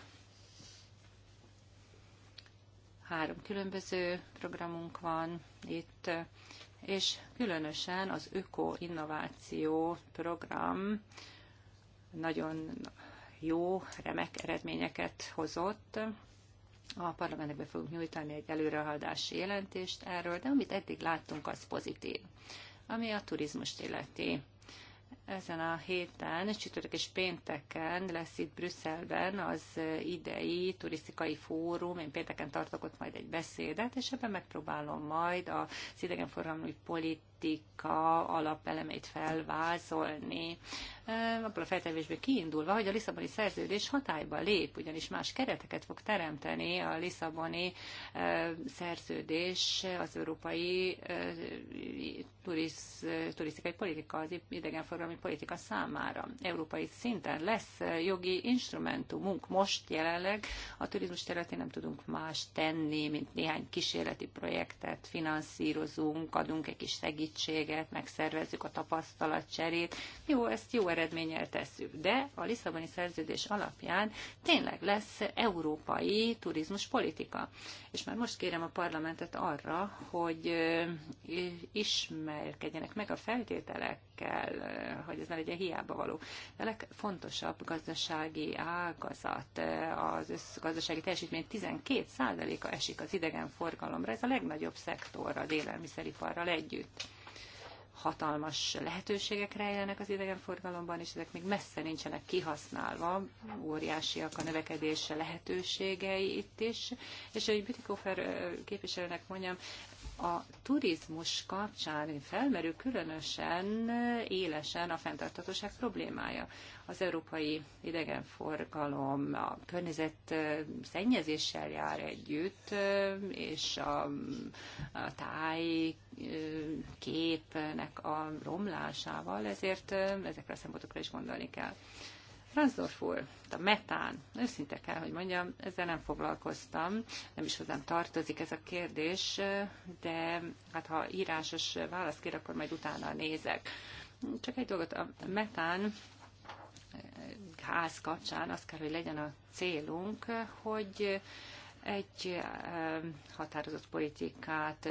Három különböző programunk van itt, és különösen az Öko Innováció program nagyon jó, remek eredményeket hozott. A parlamentekbe fogunk nyújtani egy előrehaladási jelentést erről, de amit eddig láttunk, az pozitív. Ami a turizmust illeti. Ezen a héten, csütörtök és pénteken lesz itt Brüsszelben az idei turisztikai fórum. Én pénteken tartok ott majd egy beszédet, és ebben megpróbálom majd az idegenforgalmi polit politika alapelemeit felvázolni, abból a feltevésből kiindulva, hogy a Lisszaboni szerződés hatályba lép, ugyanis más kereteket fog teremteni a Lisszaboni szerződés az európai turisz, turisztikai politika, az idegenforgalmi politika számára. Európai szinten lesz jogi instrumentumunk. Most jelenleg a turizmus területén nem tudunk más tenni, mint néhány kísérleti projektet finanszírozunk, adunk egy kis segítséget, segítséget, megszervezzük a tapasztalatcserét. Jó, ezt jó eredménnyel tesszük, de a Lisszaboni szerződés alapján tényleg lesz európai turizmuspolitika. És már most kérem a parlamentet arra, hogy ismerkedjenek meg a feltételekkel, hogy ez ne legyen hiába való. A legfontosabb gazdasági ágazat, az összgazdasági teljesítmény 12%-a esik az idegenforgalomra, ez a legnagyobb szektor az élelmiszeriparral együtt hatalmas lehetőségek rejlenek az idegenforgalomban, és ezek még messze nincsenek kihasználva, óriásiak a növekedés lehetőségei itt is. És hogy Bütikofer képviselőnek mondjam, a turizmus kapcsán felmerül különösen eh, élesen a fenntartatóság problémája. Az európai idegenforgalom a környezet eh, szennyezéssel jár együtt, eh, és a, a táj képnek a romlásával, ezért ezekre a szempontokra is gondolni kell. Razdorf a metán, őszinte kell, hogy mondjam, ezzel nem foglalkoztam, nem is hozzám tartozik ez a kérdés, de hát ha írásos választ kér, akkor majd utána nézek. Csak egy dolgot, a metán eh, gáz kapcsán az kell, hogy legyen a célunk, hogy egy határozott politikát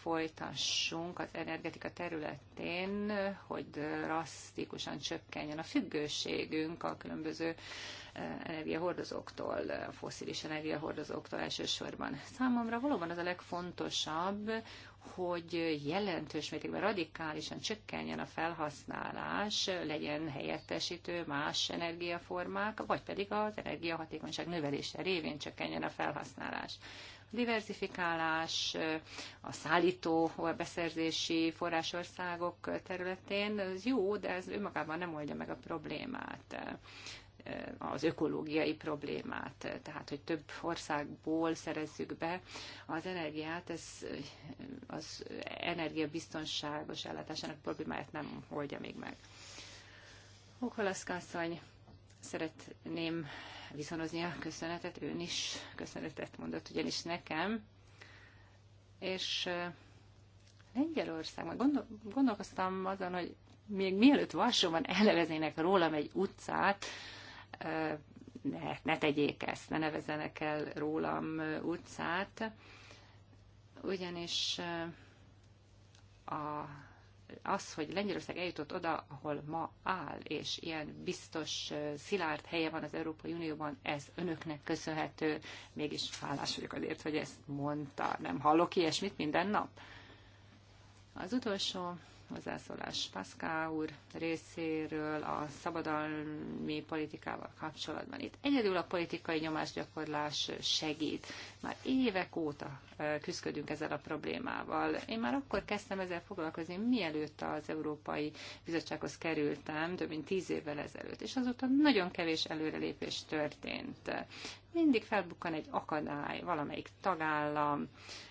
folytassunk az energetika területén, hogy drasztikusan csökkenjen a függőségünk a különböző energiahordozóktól, foszilis energiahordozóktól elsősorban. Számomra valóban az a legfontosabb, hogy jelentős mértékben radikálisan csökkenjen a felhasználás, legyen helyettesítő más energiaformák, vagy pedig az energiahatékonyság növelése révén csökkenjen a felhasználás A diversifikálás, a szállító beszerzési forrásországok területén, ez jó, de ez önmagában nem oldja meg a problémát az ökológiai problémát, tehát hogy több országból szerezzük be az energiát, ez az energiabiztonságos ellátásának problémáját nem oldja még meg. Okolaszkászony, szeretném viszonozni a köszönetet, ön is köszönetet mondott, ugyanis nekem, és Lengyelország, gondol, gondolkoztam azon, hogy még mielőtt Varsóban elneveznének rólam egy utcát, ne, ne tegyék ezt, ne nevezzenek el rólam utcát, ugyanis eh, a, az, hogy Lengyelország eljutott oda, ahol ma áll, és ilyen biztos, eh, szilárd helye van az Európai Unióban, ez önöknek köszönhető. Mégis hálás vagyok azért, hogy ezt mondta. Nem hallok ilyesmit minden nap. Az utolsó hozzászólás Pascal úr részéről a szabadalmi politikával kapcsolatban. Itt egyedül a politikai nyomásgyakorlás segít. Már évek óta küzdködünk ezzel a problémával. Én már akkor kezdtem ezzel foglalkozni, mielőtt az Európai Bizottsághoz kerültem, több mint tíz évvel ezelőtt, és azóta nagyon kevés előrelépés történt. Mindig felbukkan egy akadály, valamelyik tagállam,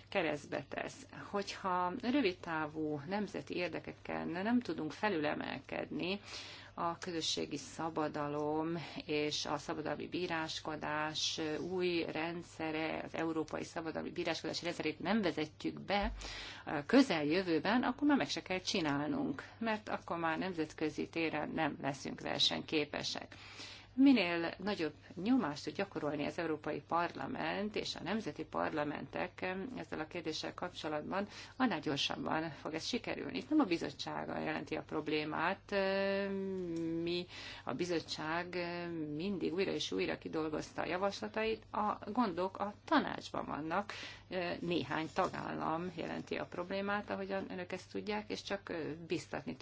keresztbe tesz. Hogyha rövidtávú nemzeti érdekekkel nem tudunk felülemelkedni, a közösségi szabadalom és a szabadalmi bíráskodás új rendszere, az európai szabadalmi bíráskodás rendszerét nem vezetjük be közeljövőben, akkor már meg se kell csinálnunk, mert akkor már nemzetközi téren nem leszünk versenyképesek. képesek minél nagyobb nyomást tud gyakorolni az Európai Parlament és a nemzeti parlamentek ezzel a kérdéssel kapcsolatban, annál gyorsabban fog ez sikerülni. Itt nem a bizottsága jelenti a problémát. Mi, a bizottság mindig újra és újra kidolgozta a javaslatait. A gondok a tanácsban vannak, néhány tagállam jelenti a problémát, ahogyan önök ezt tudják, és csak biztatni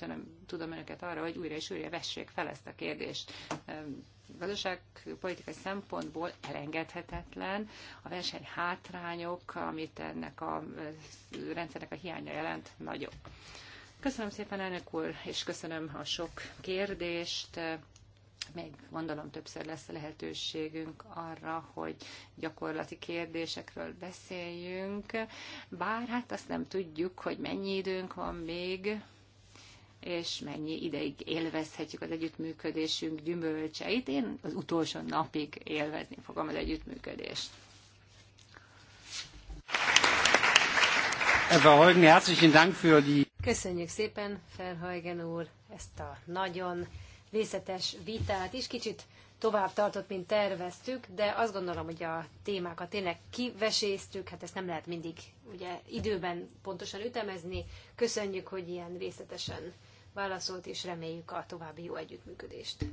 tudom önöket arra, hogy újra és újra vessék fel ezt a kérdést gazdaságpolitikai szempontból elengedhetetlen. A verseny hátrányok, amit ennek a rendszernek a hiánya jelent, nagyok. Köszönöm szépen, elnök úr, és köszönöm a sok kérdést még gondolom többször lesz lehetőségünk arra, hogy gyakorlati kérdésekről beszéljünk, bár hát azt nem tudjuk, hogy mennyi időnk van még, és mennyi ideig élvezhetjük az együttműködésünk gyümölcseit. Én az utolsó napig élvezni fogom az együttműködést. Köszönjük szépen, Ferhajgen úr, ezt a nagyon részletes vitát is. Kicsit tovább tartott, mint terveztük, de azt gondolom, hogy a témákat tényleg kiveséztük, hát ezt nem lehet mindig ugye időben pontosan ütemezni. Köszönjük, hogy ilyen részletesen válaszolt, és reméljük a további jó együttműködést.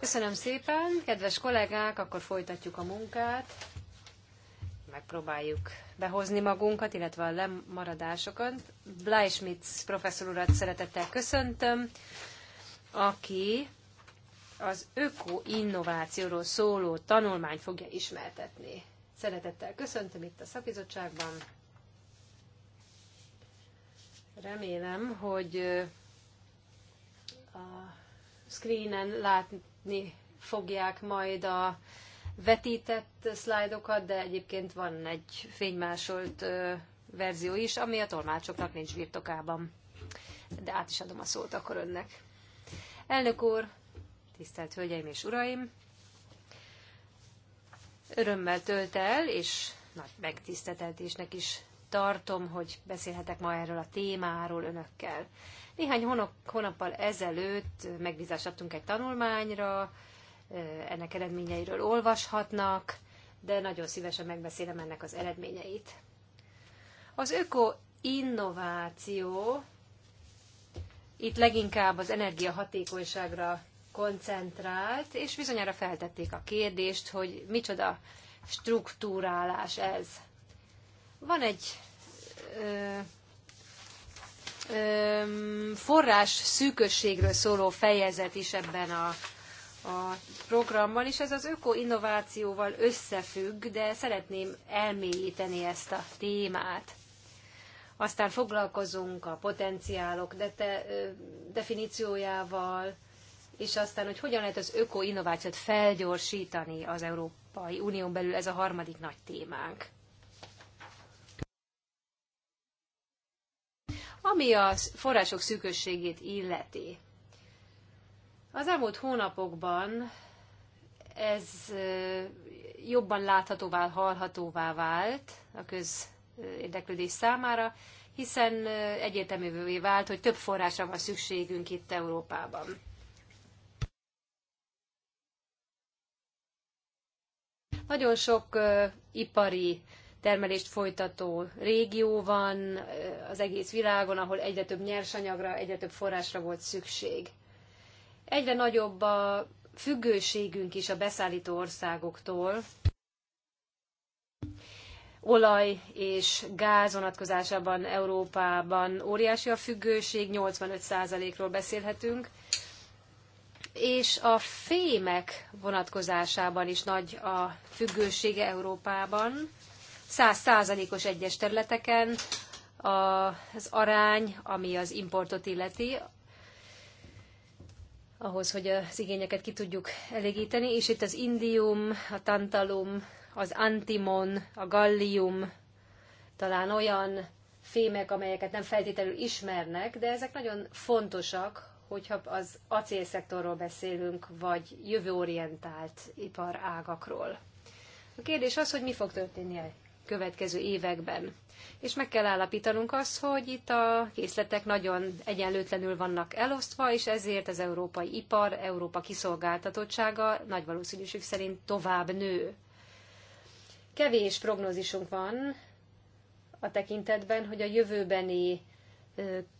Köszönöm szépen, kedves kollégák, akkor folytatjuk a munkát. Megpróbáljuk behozni magunkat, illetve a lemaradásokat. Bleischmitz professzor urat szeretettel köszöntöm, aki az öko-innovációról szóló tanulmányt fogja ismertetni. Szeretettel köszöntöm itt a szakbizottságban. Remélem, hogy a screenen látni fogják majd a vetített szlájdokat, de egyébként van egy fénymásolt verzió is, ami a tolmácsoknak nincs birtokában. De át is adom a szót akkor önnek. Elnök úr, tisztelt Hölgyeim és Uraim! Örömmel tölt el, és nagy megtiszteltetésnek is tartom, hogy beszélhetek ma erről a témáról önökkel. Néhány hónap, hónappal ezelőtt megbízást adtunk egy tanulmányra, ennek eredményeiről olvashatnak, de nagyon szívesen megbeszélem ennek az eredményeit. Az öko innováció itt leginkább az energiahatékonyságra koncentrált, és bizonyára feltették a kérdést, hogy micsoda struktúrálás ez. Van egy forrás szűkösségről szóló fejezet is ebben a, a programban, és ez az öko-innovációval összefügg, de szeretném elmélyíteni ezt a témát. Aztán foglalkozunk a potenciálok de te, definíciójával, és aztán, hogy hogyan lehet az öko-innovációt felgyorsítani az Európai Unión belül, ez a harmadik nagy témánk. Ami a források szűkösségét illeti. Az elmúlt hónapokban ez jobban láthatóvá, hallhatóvá vált a közérdeklődés számára, hiszen egyértelművé vált, hogy több forrásra van szükségünk itt Európában. Nagyon sok ipari termelést folytató régió van eh, az egész világon, ahol egyre több nyersanyagra, egyre több forrásra volt szükség. Egyre nagyobb a függőségünk is a beszállító országoktól. Olaj és gáz vonatkozásában Európában óriási a függőség, 85%-ról beszélhetünk, és a fémek vonatkozásában is nagy a függősége Európában száz egyes területeken az arány, ami az importot illeti, ahhoz, hogy az igényeket ki tudjuk elégíteni, és itt az indium, a tantalum, az antimon, a gallium, talán olyan fémek, amelyeket nem feltétlenül ismernek, de ezek nagyon fontosak, hogyha az acélszektorról beszélünk, vagy jövőorientált iparágakról. A kérdés az, hogy mi fog történni következő években. És meg kell állapítanunk azt, hogy itt a készletek nagyon egyenlőtlenül vannak elosztva, és ezért az európai ipar, Európa kiszolgáltatottsága nagy valószínűség szerint tovább nő. Kevés prognózisunk van a tekintetben, hogy a jövőbeni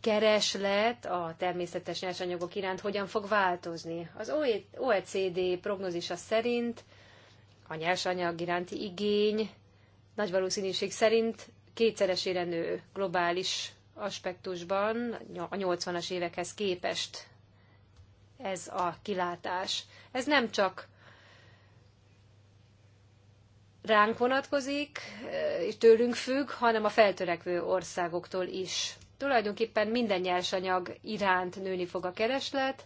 kereslet a természetes nyersanyagok iránt hogyan fog változni. Az OECD e prognózisa szerint a nyersanyag iránti igény nagy valószínűség szerint kétszeresére nő globális aspektusban a 80-as évekhez képest ez a kilátás. Ez nem csak ránk vonatkozik, és tőlünk függ, hanem a feltörekvő országoktól is. Tulajdonképpen minden nyersanyag iránt nőni fog a kereslet,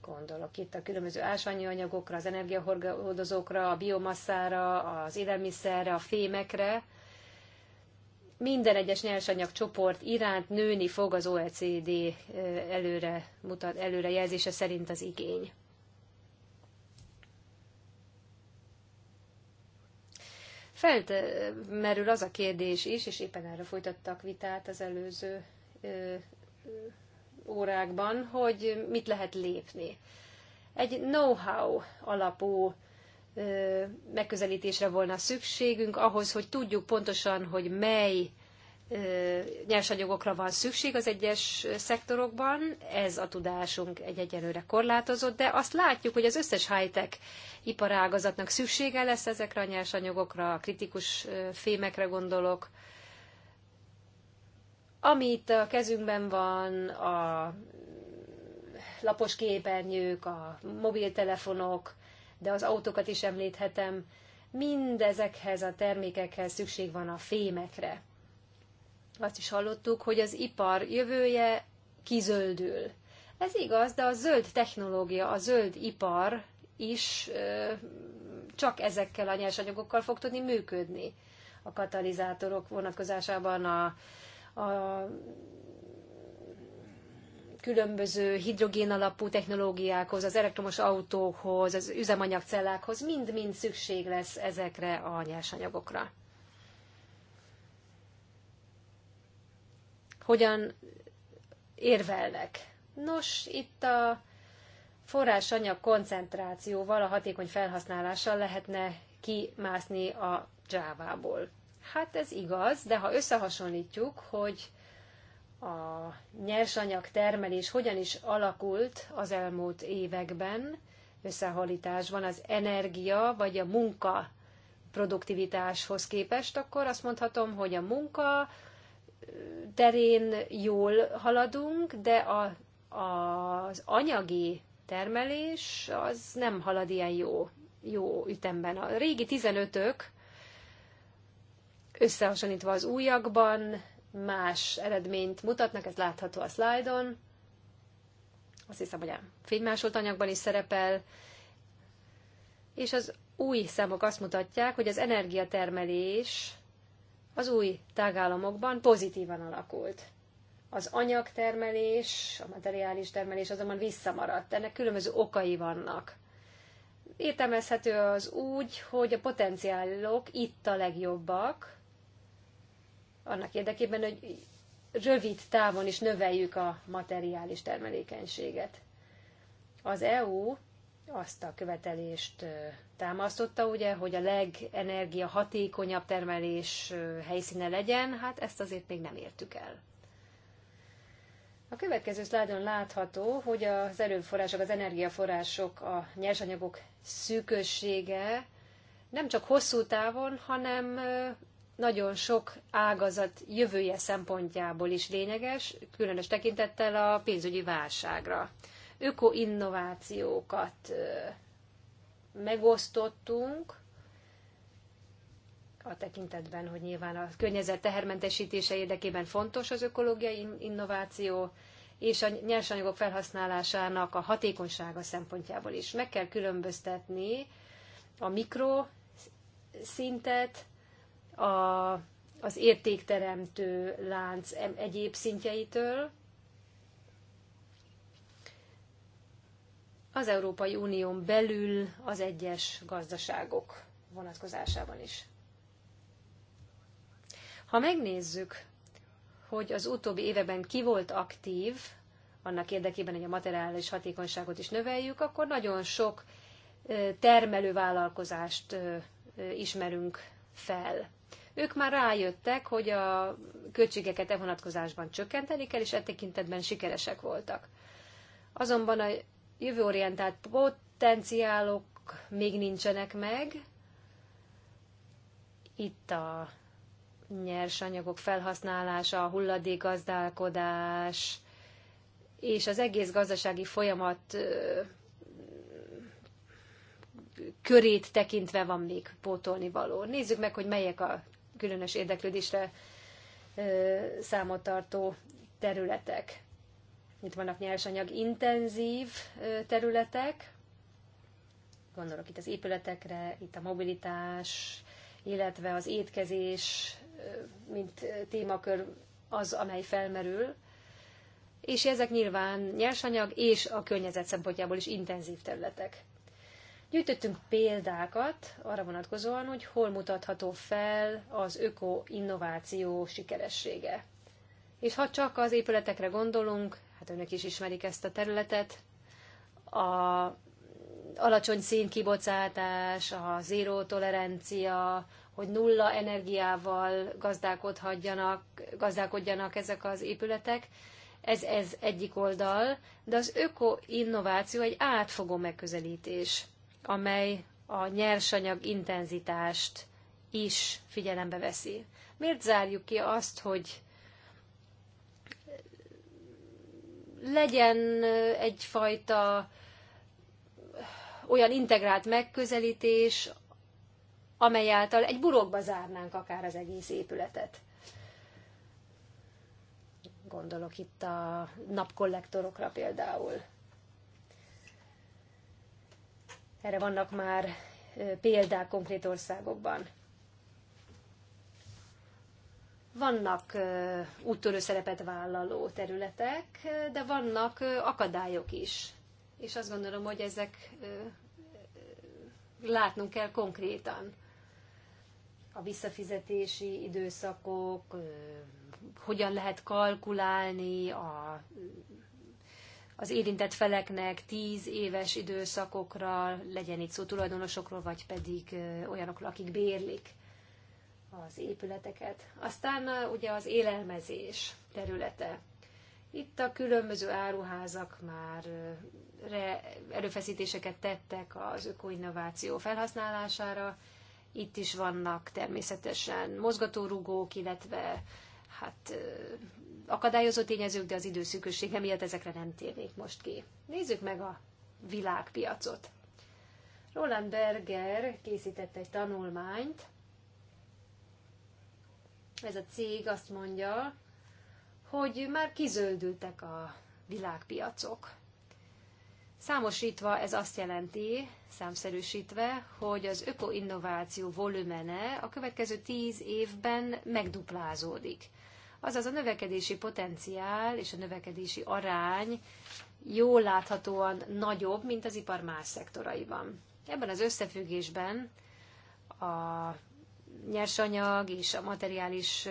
gondolok itt a különböző ásványi anyagokra, az energiahordozókra, a biomasszára, az élelmiszerre, a fémekre. Minden egyes nyersanyag csoport iránt nőni fog az OECD előre, mutat, előre jelzése szerint az igény. Felmerül az a kérdés is, és éppen erre folytattak vitát az előző órákban, hogy mit lehet lépni. Egy know-how alapú megközelítésre volna szükségünk ahhoz, hogy tudjuk pontosan, hogy mely nyersanyagokra van szükség az egyes szektorokban, ez a tudásunk egy egyenlőre korlátozott, de azt látjuk, hogy az összes high-tech iparágazatnak szüksége lesz ezekre a nyersanyagokra, a kritikus fémekre gondolok, amit a kezünkben van, a lapos képernyők, a mobiltelefonok, de az autókat is említhetem, mindezekhez a termékekhez szükség van a fémekre. Azt is hallottuk, hogy az ipar jövője kizöldül. Ez igaz, de a zöld technológia, a zöld ipar is csak ezekkel a nyersanyagokkal fog tudni működni. A katalizátorok vonatkozásában a a különböző hidrogén alapú technológiákhoz, az elektromos autókhoz, az üzemanyagcellákhoz, mind-mind szükség lesz ezekre a nyersanyagokra. Hogyan érvelnek? Nos, itt a forrásanyag koncentrációval, a hatékony felhasználással lehetne kimászni a java Hát ez igaz, de ha összehasonlítjuk, hogy a nyersanyag termelés hogyan is alakult az elmúlt években, van az energia vagy a munka produktivitáshoz képest, akkor azt mondhatom, hogy a munka terén jól haladunk, de a, a, az anyagi termelés az nem halad ilyen jó, jó ütemben. A régi 15-ök összehasonlítva az újakban más eredményt mutatnak, ez látható a szlájdon. Azt hiszem, hogy a fénymásolt anyagban is szerepel. És az új számok azt mutatják, hogy az energiatermelés az új tágállamokban pozitívan alakult. Az anyagtermelés, a materiális termelés azonban visszamaradt. Ennek különböző okai vannak. Értelmezhető az úgy, hogy a potenciálok itt a legjobbak, annak érdekében, hogy rövid távon is növeljük a materiális termelékenységet. Az EU azt a követelést támasztotta, ugye, hogy a legenergia hatékonyabb termelés helyszíne legyen, hát ezt azért még nem értük el. A következő szlájdon látható, hogy az erőforrások, az energiaforrások, a nyersanyagok szűkössége nem csak hosszú távon, hanem nagyon sok ágazat jövője szempontjából is lényeges, különös tekintettel a pénzügyi válságra. Ökoinnovációkat megosztottunk, a tekintetben, hogy nyilván a környezet tehermentesítése érdekében fontos az ökológiai innováció, és a nyersanyagok felhasználásának a hatékonysága szempontjából is. Meg kell különböztetni a mikroszintet a, az értékteremtő lánc egyéb szintjeitől. Az Európai Unión belül az egyes gazdaságok vonatkozásában is. Ha megnézzük, hogy az utóbbi éveben ki volt aktív, annak érdekében, hogy a materiális hatékonyságot is növeljük, akkor nagyon sok termelővállalkozást ismerünk fel. Ők már rájöttek, hogy a költségeket e vonatkozásban csökkenteni kell, és e tekintetben sikeresek voltak. Azonban a jövőorientált potenciálok még nincsenek meg. Itt a nyersanyagok felhasználása, a hulladékgazdálkodás és az egész gazdasági folyamat körét tekintve van még pótolni való. Nézzük meg, hogy melyek a különös érdeklődésre számot tartó területek. Itt vannak nyersanyag intenzív területek, gondolok itt az épületekre, itt a mobilitás, illetve az étkezés, mint témakör az, amely felmerül, és ezek nyilván nyersanyag és a környezet szempontjából is intenzív területek. Gyűjtöttünk példákat arra vonatkozóan, hogy hol mutatható fel az öko-innováció sikeressége. És ha csak az épületekre gondolunk, hát önök is ismerik ezt a területet, a alacsony színkibocátás, a zéró tolerancia, hogy nulla energiával gazdálkodhatjanak, gazdálkodjanak ezek az épületek. Ez, ez egyik oldal, de az öko-innováció egy átfogó megközelítés amely a nyersanyag intenzitást is figyelembe veszi. Miért zárjuk ki azt, hogy legyen egyfajta olyan integrált megközelítés, amely által egy burokba zárnánk akár az egész épületet. Gondolok itt a napkollektorokra például. Erre vannak már példák konkrét országokban. Vannak úttörő szerepet vállaló területek, de vannak akadályok is. És azt gondolom, hogy ezek látnunk kell konkrétan. A visszafizetési időszakok, hogyan lehet kalkulálni a az érintett feleknek tíz éves időszakokra, legyen itt szó tulajdonosokról, vagy pedig olyanokról, akik bérlik az épületeket. Aztán ugye az élelmezés területe. Itt a különböző áruházak már erőfeszítéseket tettek az ökoinnováció felhasználására. Itt is vannak természetesen mozgatórugók, illetve hát akadályozó tényezők, de az időszűkösség miatt ezekre nem térnék most ki. Nézzük meg a világpiacot. Roland Berger készített egy tanulmányt. Ez a cég azt mondja, hogy már kizöldültek a világpiacok. Számosítva ez azt jelenti, számszerűsítve, hogy az ökoinnováció volumene a következő tíz évben megduplázódik azaz a növekedési potenciál és a növekedési arány jól láthatóan nagyobb, mint az ipar más szektoraiban. Ebben az összefüggésben a nyersanyag és a materiális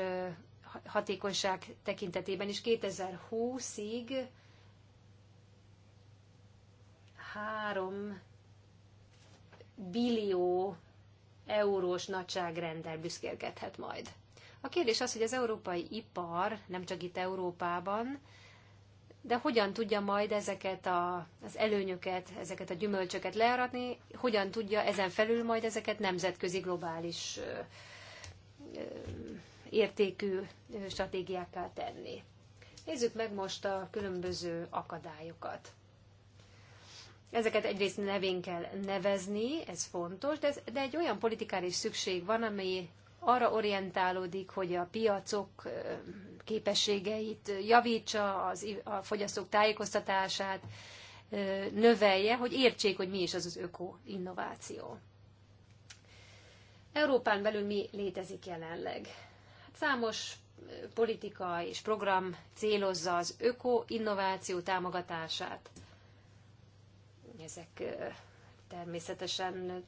hatékonyság tekintetében is 2020-ig három billió eurós nagyságrendel büszkélkedhet majd. A kérdés az, hogy az európai ipar, nem csak itt Európában, de hogyan tudja majd ezeket a, az előnyöket, ezeket a gyümölcsöket learatni, hogyan tudja ezen felül majd ezeket nemzetközi globális ö, ö, értékű stratégiákká tenni. Nézzük meg most a különböző akadályokat. Ezeket egyrészt nevén kell nevezni, ez fontos, de, ez, de egy olyan politikális szükség van, ami arra orientálódik, hogy a piacok képességeit javítsa, az, a fogyasztók tájékoztatását növelje, hogy értsék, hogy mi is az az öko-innováció. Európán belül mi létezik jelenleg? Hát számos politika és program célozza az öko-innováció támogatását. Ezek Természetesen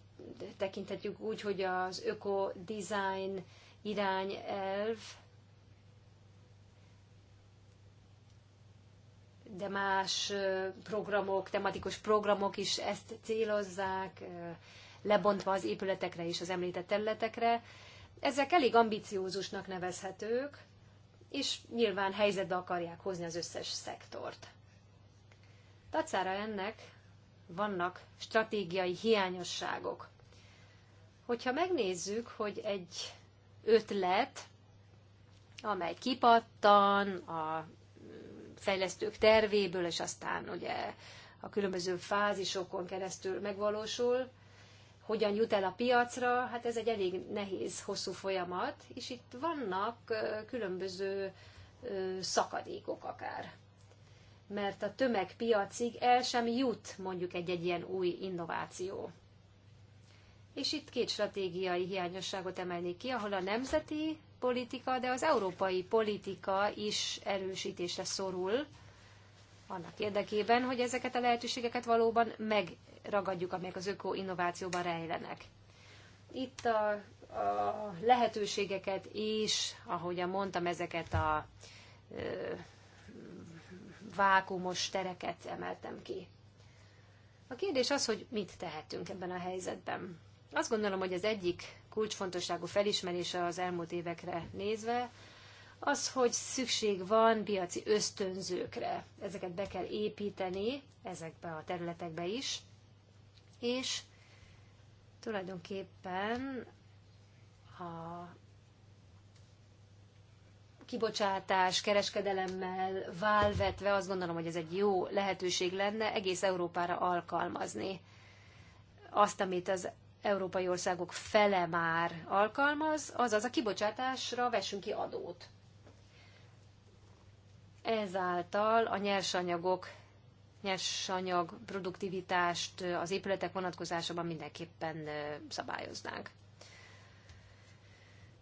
tekinthetjük úgy, hogy az öko-design elv, de más programok, tematikus programok is ezt célozzák, lebontva az épületekre és az említett területekre. Ezek elég ambiciózusnak nevezhetők, és nyilván helyzetbe akarják hozni az összes szektort. Tacára ennek vannak stratégiai hiányosságok. Hogyha megnézzük, hogy egy ötlet, amely kipattan a fejlesztők tervéből, és aztán ugye a különböző fázisokon keresztül megvalósul, hogyan jut el a piacra, hát ez egy elég nehéz, hosszú folyamat, és itt vannak különböző szakadékok akár mert a tömegpiacig el sem jut mondjuk egy-egy ilyen új innováció. És itt két stratégiai hiányosságot emelnék ki, ahol a nemzeti politika, de az európai politika is erősítésre szorul, annak érdekében, hogy ezeket a lehetőségeket valóban megragadjuk, amelyek az öko-innovációban rejlenek. Itt a, a lehetőségeket is, ahogyan mondtam, ezeket a vákumos tereket emeltem ki. A kérdés az, hogy mit tehetünk ebben a helyzetben. Azt gondolom, hogy az egyik kulcsfontosságú felismerése az elmúlt évekre nézve, az, hogy szükség van piaci ösztönzőkre. Ezeket be kell építeni ezekbe a területekbe is, és tulajdonképpen a kibocsátás kereskedelemmel válvetve azt gondolom, hogy ez egy jó lehetőség lenne egész Európára alkalmazni azt, amit az európai országok fele már alkalmaz, azaz a kibocsátásra vessünk ki adót. Ezáltal a nyersanyagok, nyersanyag produktivitást az épületek vonatkozásában mindenképpen szabályoznánk.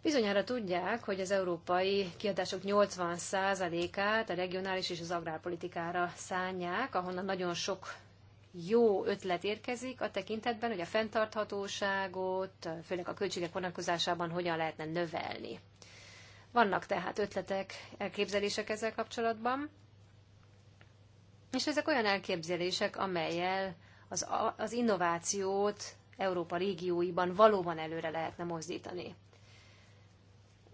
Bizonyára tudják, hogy az európai kiadások 80%-át a regionális és az agrárpolitikára szánják, ahonnan nagyon sok jó ötlet érkezik a tekintetben, hogy a fenntarthatóságot, főleg a költségek vonatkozásában hogyan lehetne növelni. Vannak tehát ötletek, elképzelések ezzel kapcsolatban, és ezek olyan elképzelések, amelyel az, az innovációt Európa régióiban valóban előre lehetne mozdítani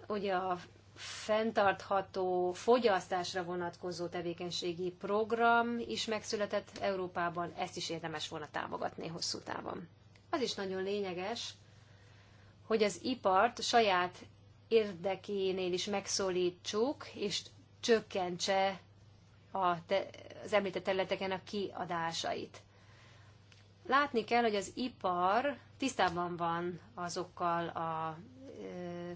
ugye a fenntartható fogyasztásra vonatkozó tevékenységi program is megszületett Európában, ezt is érdemes volna támogatni hosszú távon. Az is nagyon lényeges, hogy az ipart saját érdekénél is megszólítsuk, és csökkentse a te, az említett területeken a kiadásait. Látni kell, hogy az ipar tisztában van azokkal a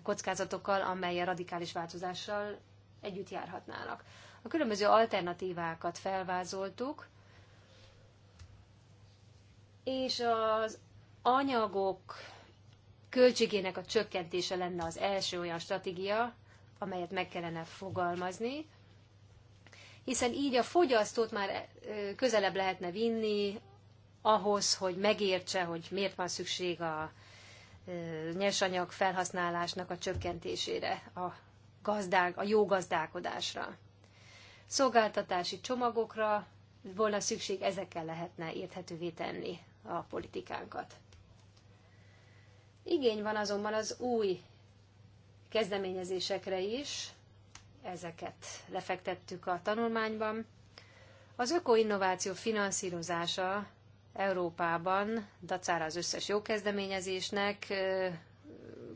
kockázatokkal, amely a radikális változással együtt járhatnának. A különböző alternatívákat felvázoltuk, és az anyagok költségének a csökkentése lenne az első olyan stratégia, amelyet meg kellene fogalmazni, hiszen így a fogyasztót már közelebb lehetne vinni ahhoz, hogy megértse, hogy miért van szükség a nyersanyag felhasználásnak a csökkentésére, a, gazdál, a jó gazdálkodásra. Szolgáltatási csomagokra volna szükség, ezekkel lehetne érthetővé tenni a politikánkat. Igény van azonban az új kezdeményezésekre is, ezeket lefektettük a tanulmányban. Az ökoinnováció finanszírozása Európában, dacára az összes jó kezdeményezésnek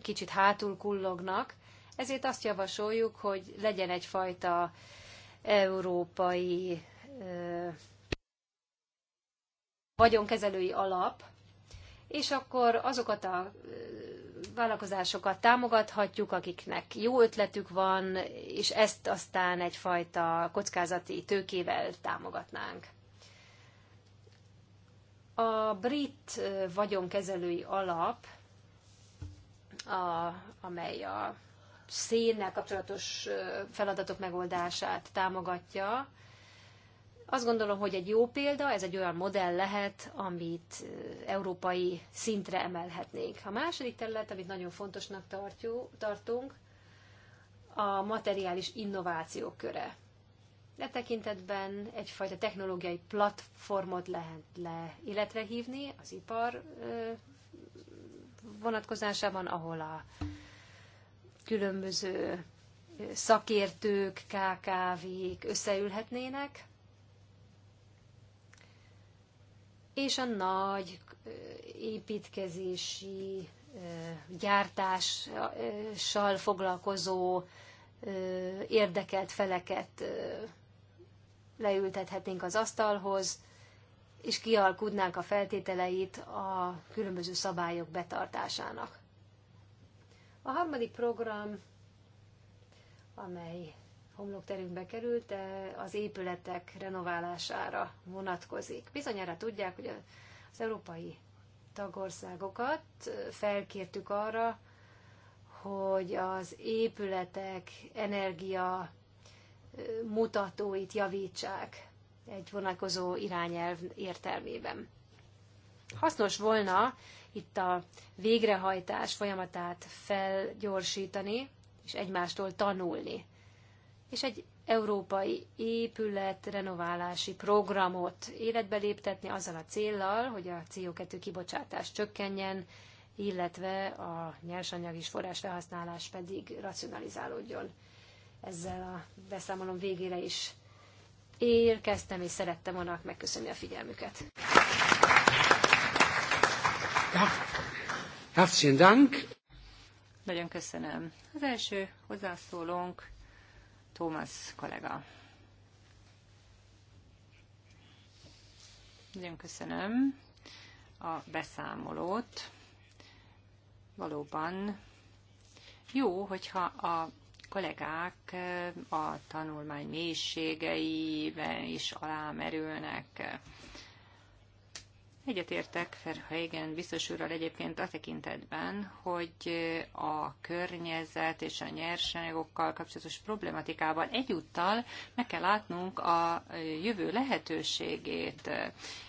kicsit hátul kullognak, ezért azt javasoljuk, hogy legyen egyfajta európai vagyonkezelői alap, és akkor azokat a vállalkozásokat támogathatjuk, akiknek jó ötletük van, és ezt aztán egyfajta kockázati tőkével támogatnánk. A brit vagyonkezelői alap, a, amely a szénnel kapcsolatos feladatok megoldását támogatja, azt gondolom, hogy egy jó példa, ez egy olyan modell lehet, amit európai szintre emelhetnénk. A második terület, amit nagyon fontosnak tartjuk, tartunk, a materiális innovációk köre. E tekintetben egyfajta technológiai platformot lehet le, illetve hívni az ipar vonatkozásában, ahol a különböző szakértők, KKV-k összeülhetnének, és a nagy építkezési gyártással foglalkozó érdekelt feleket leültethetnénk az asztalhoz, és kialkudnánk a feltételeit a különböző szabályok betartásának. A harmadik program, amely homlokterünkbe került, az épületek renoválására vonatkozik. Bizonyára tudják, hogy az európai tagországokat felkértük arra, hogy az épületek energia mutatóit javítsák egy vonalkozó irányelv értelmében. Hasznos volna itt a végrehajtás folyamatát felgyorsítani, és egymástól tanulni. És egy európai épület renoválási programot életbe léptetni azzal a céllal, hogy a CO2 kibocsátás csökkenjen, illetve a nyersanyag és felhasználás pedig racionalizálódjon ezzel a beszámolom végére is érkeztem, és szerettem volna megköszönni a figyelmüket. Herzlichen Dank. Nagyon köszönöm. Az első hozzászólónk Thomas kollega. Nagyon köszönöm a beszámolót. Valóban jó, hogyha a kollégák eh, a tanulmány mélységeiben is alámerülnek. Egyetértek Ferhagen biztos úrral egyébként a tekintetben, hogy a környezet és a nyersanyagokkal kapcsolatos problematikával egyúttal meg kell látnunk a jövő lehetőségét,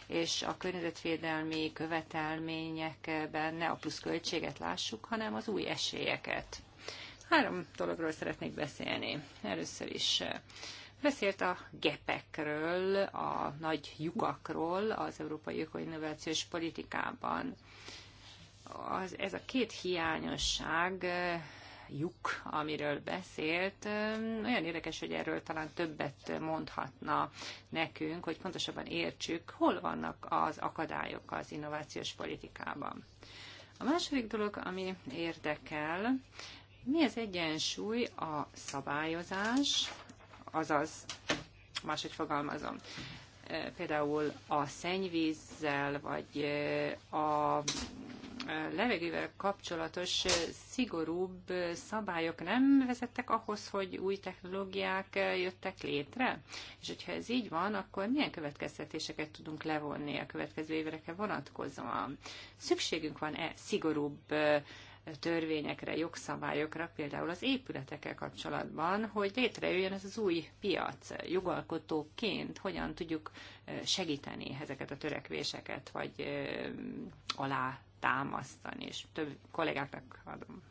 és a környezetvédelmi követelményekben ne a pluszköltséget lássuk, hanem az új esélyeket. Három dologról szeretnék beszélni. Először is eh, beszélt a gepekről, a nagy lyukakról az Európai innovációs Politikában. Az, ez a két hiányosság eh, lyuk, amiről beszélt. Eh, olyan érdekes, hogy erről talán többet mondhatna nekünk, hogy pontosabban értsük, hol vannak az akadályok az innovációs politikában. A második dolog, ami érdekel, mi az egyensúly a szabályozás, azaz, máshogy fogalmazom, e, például a szennyvízzel, vagy e, a e, levegővel kapcsolatos szigorúbb szabályok nem vezettek ahhoz, hogy új technológiák jöttek létre? És hogyha ez így van, akkor milyen következtetéseket tudunk levonni a következő évekre vonatkozóan? Szükségünk van-e szigorúbb törvényekre, jogszabályokra, például az épületekkel kapcsolatban, hogy létrejöjjön ez az új piac. Jogalkotóként hogyan tudjuk segíteni ezeket a törekvéseket, vagy alá támasztani, és több kollégáknak adom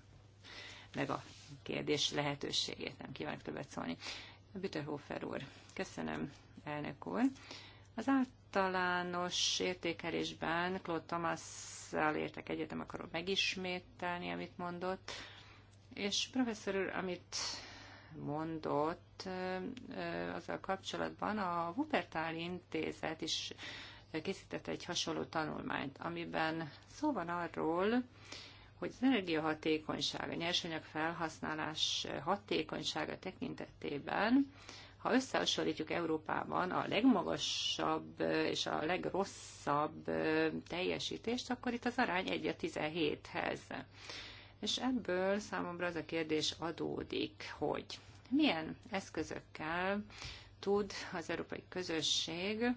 meg a kérdés lehetőségét, nem kívánok többet szólni. Bütterhofer úr, köszönöm, elnök úr. Az át általános értékelésben Claude Thomas-szal értek egyet, nem akarom megismételni, amit mondott. És professzor úr, amit mondott azzal kapcsolatban, a Wuppertal Intézet is készített egy hasonló tanulmányt, amiben szó van arról, hogy az energiahatékonyság, a nyersanyag felhasználás hatékonysága tekintetében ha összehasonlítjuk Európában a legmagasabb és a legrosszabb teljesítést, akkor itt az arány 1 a 17-hez. És ebből számomra az a kérdés adódik, hogy milyen eszközökkel tud az európai közösség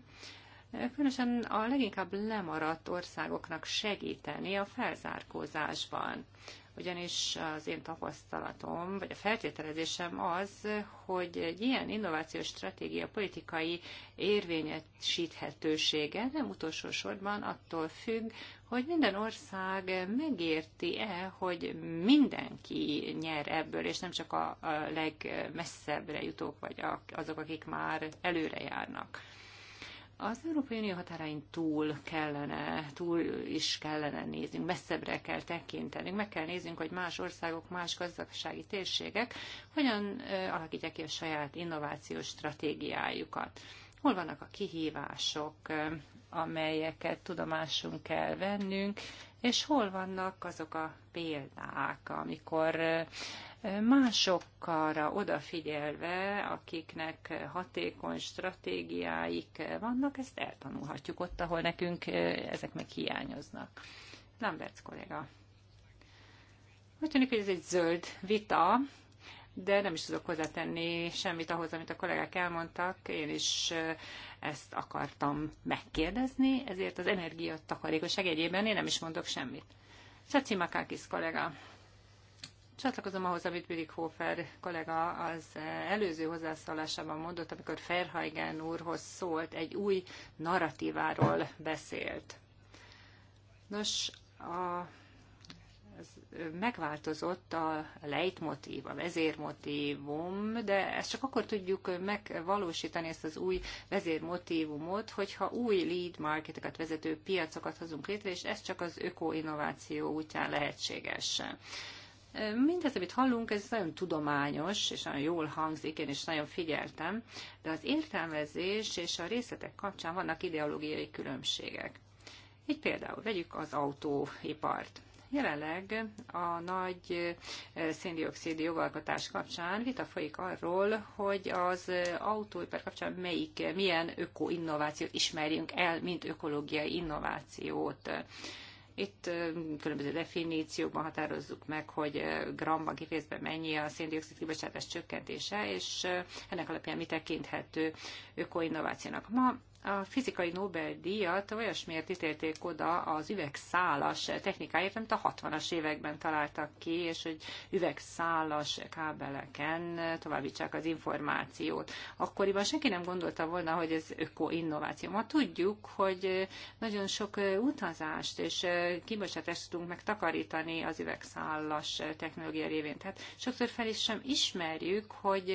különösen a leginkább lemaradt országoknak segíteni a felzárkózásban ugyanis az én tapasztalatom, vagy a feltételezésem az, hogy egy ilyen innovációs stratégia politikai érvényesíthetősége nem utolsó sorban attól függ, hogy minden ország megérti-e, hogy mindenki nyer ebből, és nem csak a, legmesszebbre jutók, vagy azok, akik már előre járnak. Az Európai Unió határain túl kellene, túl is kellene néznünk, messzebbre kell tekintenünk, meg kell néznünk, hogy más országok, más gazdasági térségek hogyan alakítják ki a saját innovációs stratégiájukat. Hol vannak a kihívások, amelyeket tudomásunk kell vennünk, és hol vannak azok a példák, amikor másokkalra odafigyelve, akiknek hatékony stratégiáik vannak, ezt eltanulhatjuk ott, ahol nekünk ezek meg hiányoznak. Lamberts kolléga. Úgy tűnik, hogy ez egy zöld vita, de nem is tudok hozzátenni semmit ahhoz, amit a kollégák elmondtak. Én is ezt akartam megkérdezni, ezért az energiatakarékosság egyében én nem is mondok semmit. Szaci Makákis kollega. Csatlakozom ahhoz, amit Birik Hofer kollega az előző hozzászólásában mondott, amikor Ferhajgen úrhoz szólt, egy új narratíváról beszélt. Nos, a, ez megváltozott a lejtmotív, a vezérmotívum, de ezt csak akkor tudjuk megvalósítani ezt az új vezérmotívumot, hogyha új lead marketeket, vezető piacokat hozunk létre, és ez csak az öko-innováció útján lehetséges. Mindez, amit hallunk, ez nagyon tudományos, és nagyon jól hangzik, én is nagyon figyeltem, de az értelmezés és a részletek kapcsán vannak ideológiai különbségek. Így például vegyük az autóipart. Jelenleg a nagy eh, széndiokszid jogalkotás kapcsán vita folyik arról, hogy az autóipar kapcsán melyik, milyen öko-innovációt ismerjünk el, mint ökológiai innovációt. Itt különböző definíciókban határozzuk meg, hogy gramban kifejezve mennyi a széndiokszid kibocsátás csökkentése, és ennek alapján mi tekinthető ökoinnovációnak. Ma a fizikai Nobel-díjat olyasmiért ítélték oda az üvegszálas technikáért, amit a 60-as években találtak ki, és hogy üvegszálas kábeleken továbbítsák az információt. Akkoriban senki nem gondolta volna, hogy ez öko-innováció. Ma tudjuk, hogy nagyon sok utazást és kibocsátást tudunk megtakarítani az üvegszálas technológia révén. Tehát sokszor fel is sem ismerjük, hogy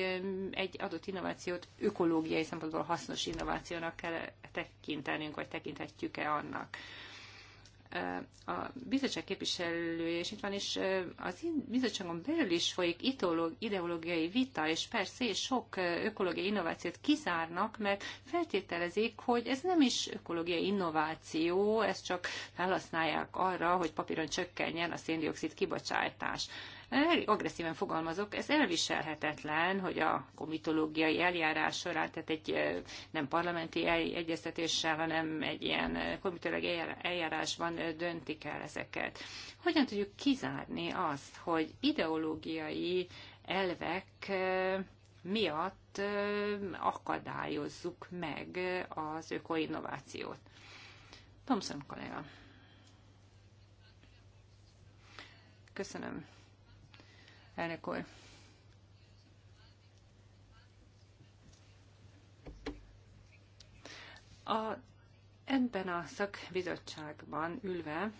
egy adott innovációt ökológiai szempontból hasznos innovációnak kell tekintenünk, vagy tekinthetjük-e annak a bizottság képviselője, és itt van is, az bizottságon belül is folyik ideológiai vita, és persze sok ökológiai innovációt kizárnak, mert feltételezik, hogy ez nem is ökológiai innováció, ezt csak felhasználják arra, hogy papíron csökkenjen a széndiokszid kibocsátás agresszíven fogalmazok, ez elviselhetetlen, hogy a komitológiai eljárás során, tehát egy nem parlamenti egyeztetéssel, hanem egy ilyen komitológiai eljárásban döntik el ezeket. Hogyan tudjuk kizárni azt, hogy ideológiai elvek miatt akadályozzuk meg az ökoinnovációt. Thompson kollega. Köszönöm, elnök úr. A, ebben a szakbizottságban ülve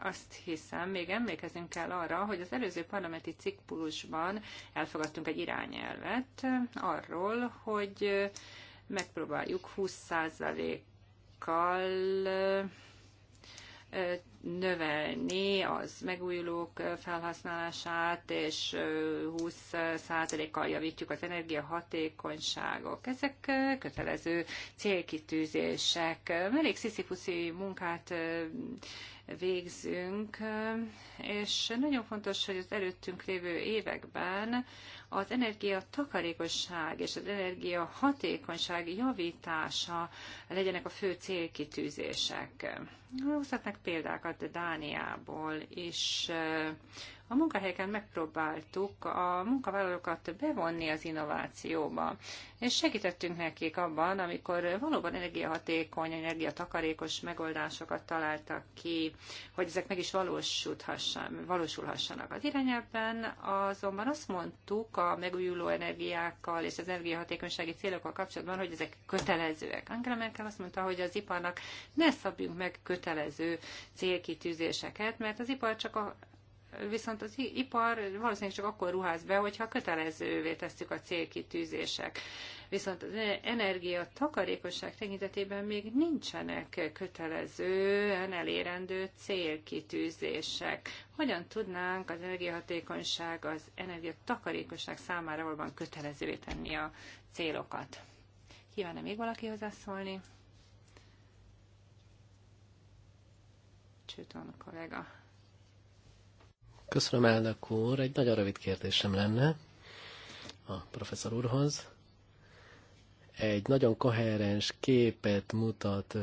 azt hiszem, még emlékezünk kell arra, hogy az előző parlamenti ciklusban elfogadtunk egy irányelvet arról, hogy megpróbáljuk 20%-kal növelni az megújulók felhasználását, és 20%-kal javítjuk az energiahatékonyságot. Ezek kötelező célkitűzések. Elég sziszifuszi munkát végzünk, és nagyon fontos, hogy az előttünk lévő években az energia takarékosság és az energia hatékonyság javítása legyenek a fő célkitűzések. Hozhatnak példákat Dániából és a munkahelyeken megpróbáltuk a munkavállalókat bevonni az innovációba, és segítettünk nekik abban, amikor valóban energiahatékony, energiatakarékos megoldásokat találtak ki, hogy ezek meg is valósulhassanak. Az irányelvben azonban azt mondtuk a megújuló energiákkal és az energiahatékonysági célokkal kapcsolatban, hogy ezek kötelezőek. Angela Merkel azt mondta, hogy az iparnak ne szabjunk meg kötelező célkitűzéseket, mert az ipar csak a viszont az ipar valószínűleg csak akkor ruház be, hogyha kötelezővé tesszük a célkitűzések. Viszont az energia takarékosság tekintetében még nincsenek kötelezően elérendő célkitűzések. Hogyan tudnánk az energiahatékonyság, az energiatakarékosság számára valóban kötelezővé tenni a célokat? Kívánna még valaki hozzászólni? a kollega. Köszönöm, elnök úr. Egy nagyon rövid kérdésem lenne a professzor úrhoz. Egy nagyon koherens képet mutat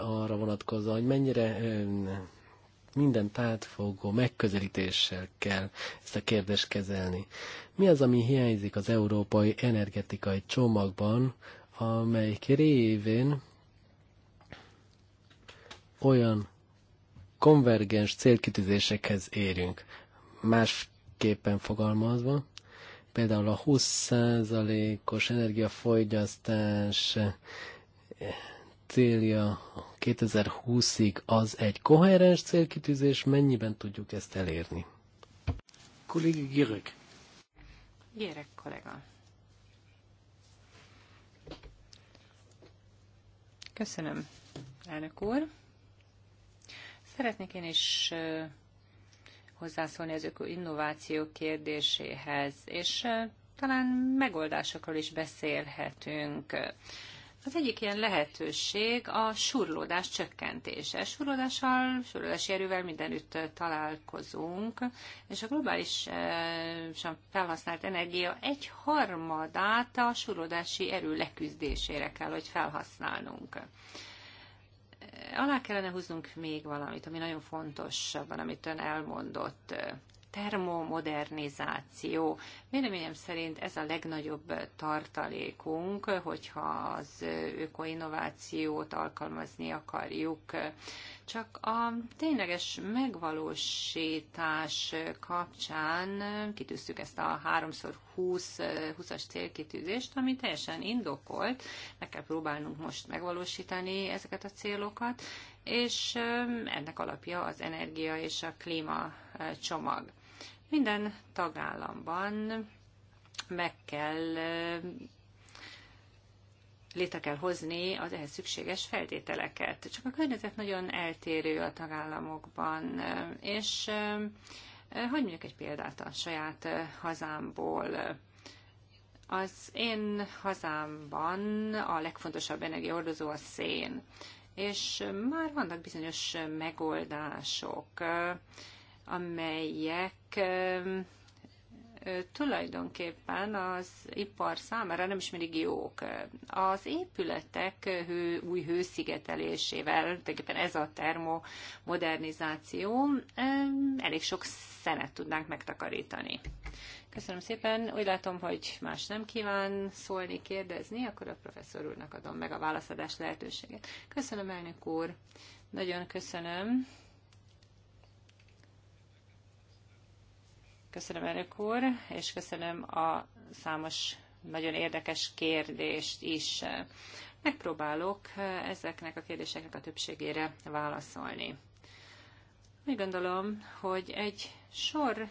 arra vonatkozóan, hogy mennyire minden tátfogó megközelítéssel kell ezt a kérdést kezelni. Mi az, ami hiányzik az európai energetikai csomagban, amelyik révén olyan konvergens célkitűzésekhez érünk. Másképpen fogalmazva, például a 20%-os energiafogyasztás célja 2020-ig az egy koherens célkitűzés, mennyiben tudjuk ezt elérni? Kollégi Gyerek. Gyerek kollega. Köszönöm, elnök úr. Szeretnék én is hozzászólni az innováció kérdéséhez, és talán megoldásokról is beszélhetünk. Az egyik ilyen lehetőség a surlódás csökkentése. Surlódással, surlódási erővel mindenütt találkozunk, és a globálisan felhasznált energia egy harmadát a surlódási erő leküzdésére kell, hogy felhasználnunk alá kellene húznunk még valamit, ami nagyon fontos abban, amit ön elmondott termomodernizáció. Véleményem szerint ez a legnagyobb tartalékunk, hogyha az ökoinnovációt alkalmazni akarjuk. Csak a tényleges megvalósítás kapcsán kitűztük ezt a 3x20-as célkitűzést, ami teljesen indokolt. Meg kell próbálnunk most megvalósítani ezeket a célokat, és ennek alapja az energia és a klíma csomag. Minden tagállamban meg kell létre kell hozni az ehhez szükséges feltételeket. Csak a környezet nagyon eltérő a tagállamokban, és hogy mondjuk egy példát a saját hazámból. Az én hazámban a legfontosabb energiaordozó a szén, és már vannak bizonyos megoldások, amelyek tulajdonképpen az ipar számára nem is mindig jók. Az épületek hő, új hőszigetelésével, tulajdonképpen ez a termomodernizáció, elég sok szenet tudnánk megtakarítani. Köszönöm szépen. Úgy látom, hogy más nem kíván szólni, kérdezni, akkor a professzor úrnak adom meg a válaszadás lehetőséget. Köszönöm, elnök úr. Nagyon köszönöm Köszönöm, elnök úr, és köszönöm a számos nagyon érdekes kérdést is. Megpróbálok ezeknek a kérdéseknek a többségére válaszolni. Úgy gondolom, hogy egy sor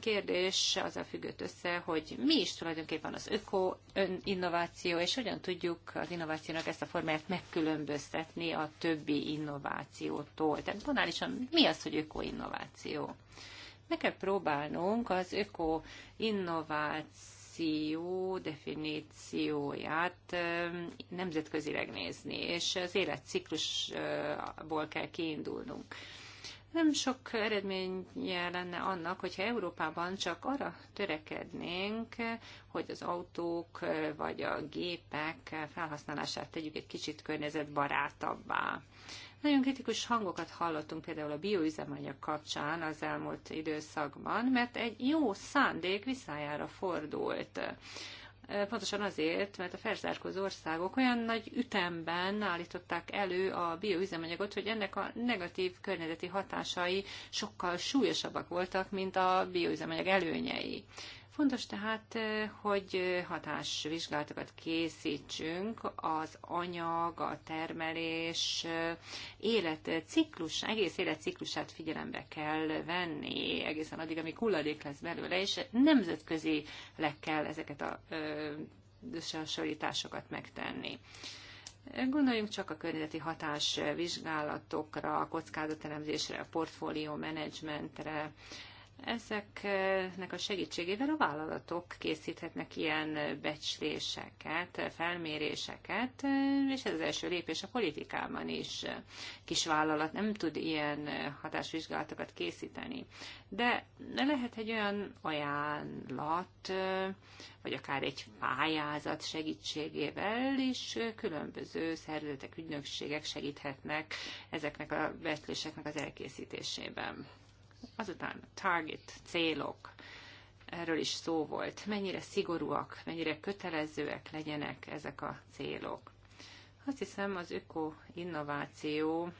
kérdés a függött össze, hogy mi is tulajdonképpen az öko innováció, és hogyan tudjuk az innovációnak ezt a formáját megkülönböztetni a többi innovációtól. Tehát banálisan mi az, hogy öko innováció? Meg kell próbálnunk az öko innováció definícióját nemzetközileg nézni, és az életciklusból kell kiindulnunk nem sok eredménye lenne annak, hogyha Európában csak arra törekednénk, hogy az autók vagy a gépek felhasználását tegyük egy kicsit környezetbarátabbá. Nagyon kritikus hangokat hallottunk például a bioüzemanyag kapcsán az elmúlt időszakban, mert egy jó szándék visszájára fordult. Pontosan azért, mert a felzárkózó országok olyan nagy ütemben állították elő a bioüzemanyagot, hogy ennek a negatív környezeti hatásai sokkal súlyosabbak voltak, mint a bioüzemanyag előnyei. Fontos tehát, eh, hogy eh, hatásvizsgálatokat készítsünk az anyag, a termelés eh, életciklus, egész életciklusát figyelembe kell venni, egészen addig, amíg hulladék lesz belőle, és nemzetközi le kell ezeket a összehasonlításokat megtenni. Gondoljunk csak a környezeti hatás vizsgálatokra, a kockázatelemzésre, a portfólió menedzsmentre. Ezeknek a segítségével a vállalatok készíthetnek ilyen becsléseket, felméréseket, és ez az első lépés a politikában is. Kis vállalat nem tud ilyen hatásvizsgálatokat készíteni. De lehet egy olyan ajánlat, vagy akár egy pályázat segítségével is különböző szervezetek, ügynökségek segíthetnek ezeknek a becsléseknek az elkészítésében. Azután target, célok, erről is szó volt. Mennyire szigorúak, mennyire kötelezőek legyenek ezek a célok. Azt hiszem az öko-innováció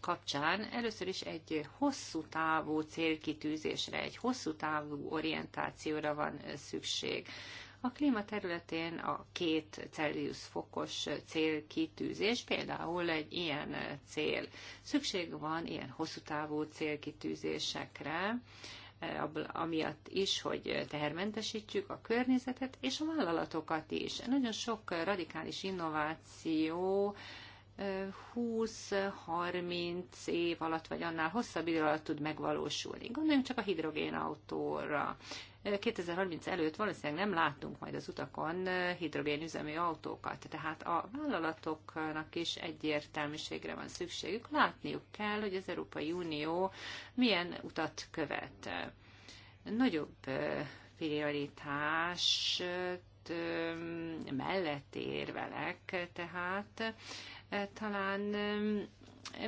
kapcsán először is egy hosszú távú célkitűzésre, egy hosszú távú orientációra van szükség. A klíma területén a két Celsius fokos célkitűzés például egy ilyen cél. Szükség van ilyen hosszú távú célkitűzésekre, amiatt is, hogy tehermentesítjük a környezetet és a vállalatokat is. Nagyon sok radikális innováció 20-30 év alatt, vagy annál hosszabb idő alatt tud megvalósulni. Gondoljunk csak a hidrogénautóra. 2030 előtt valószínűleg nem látunk majd az utakon eh, hidrogénüzemű autókat. Tehát a vállalatoknak is egyértelműségre van szükségük. Látniuk kell, hogy az Európai Unió milyen utat követ. Nagyobb eh, prioritás eh, mellett érvelek, tehát talán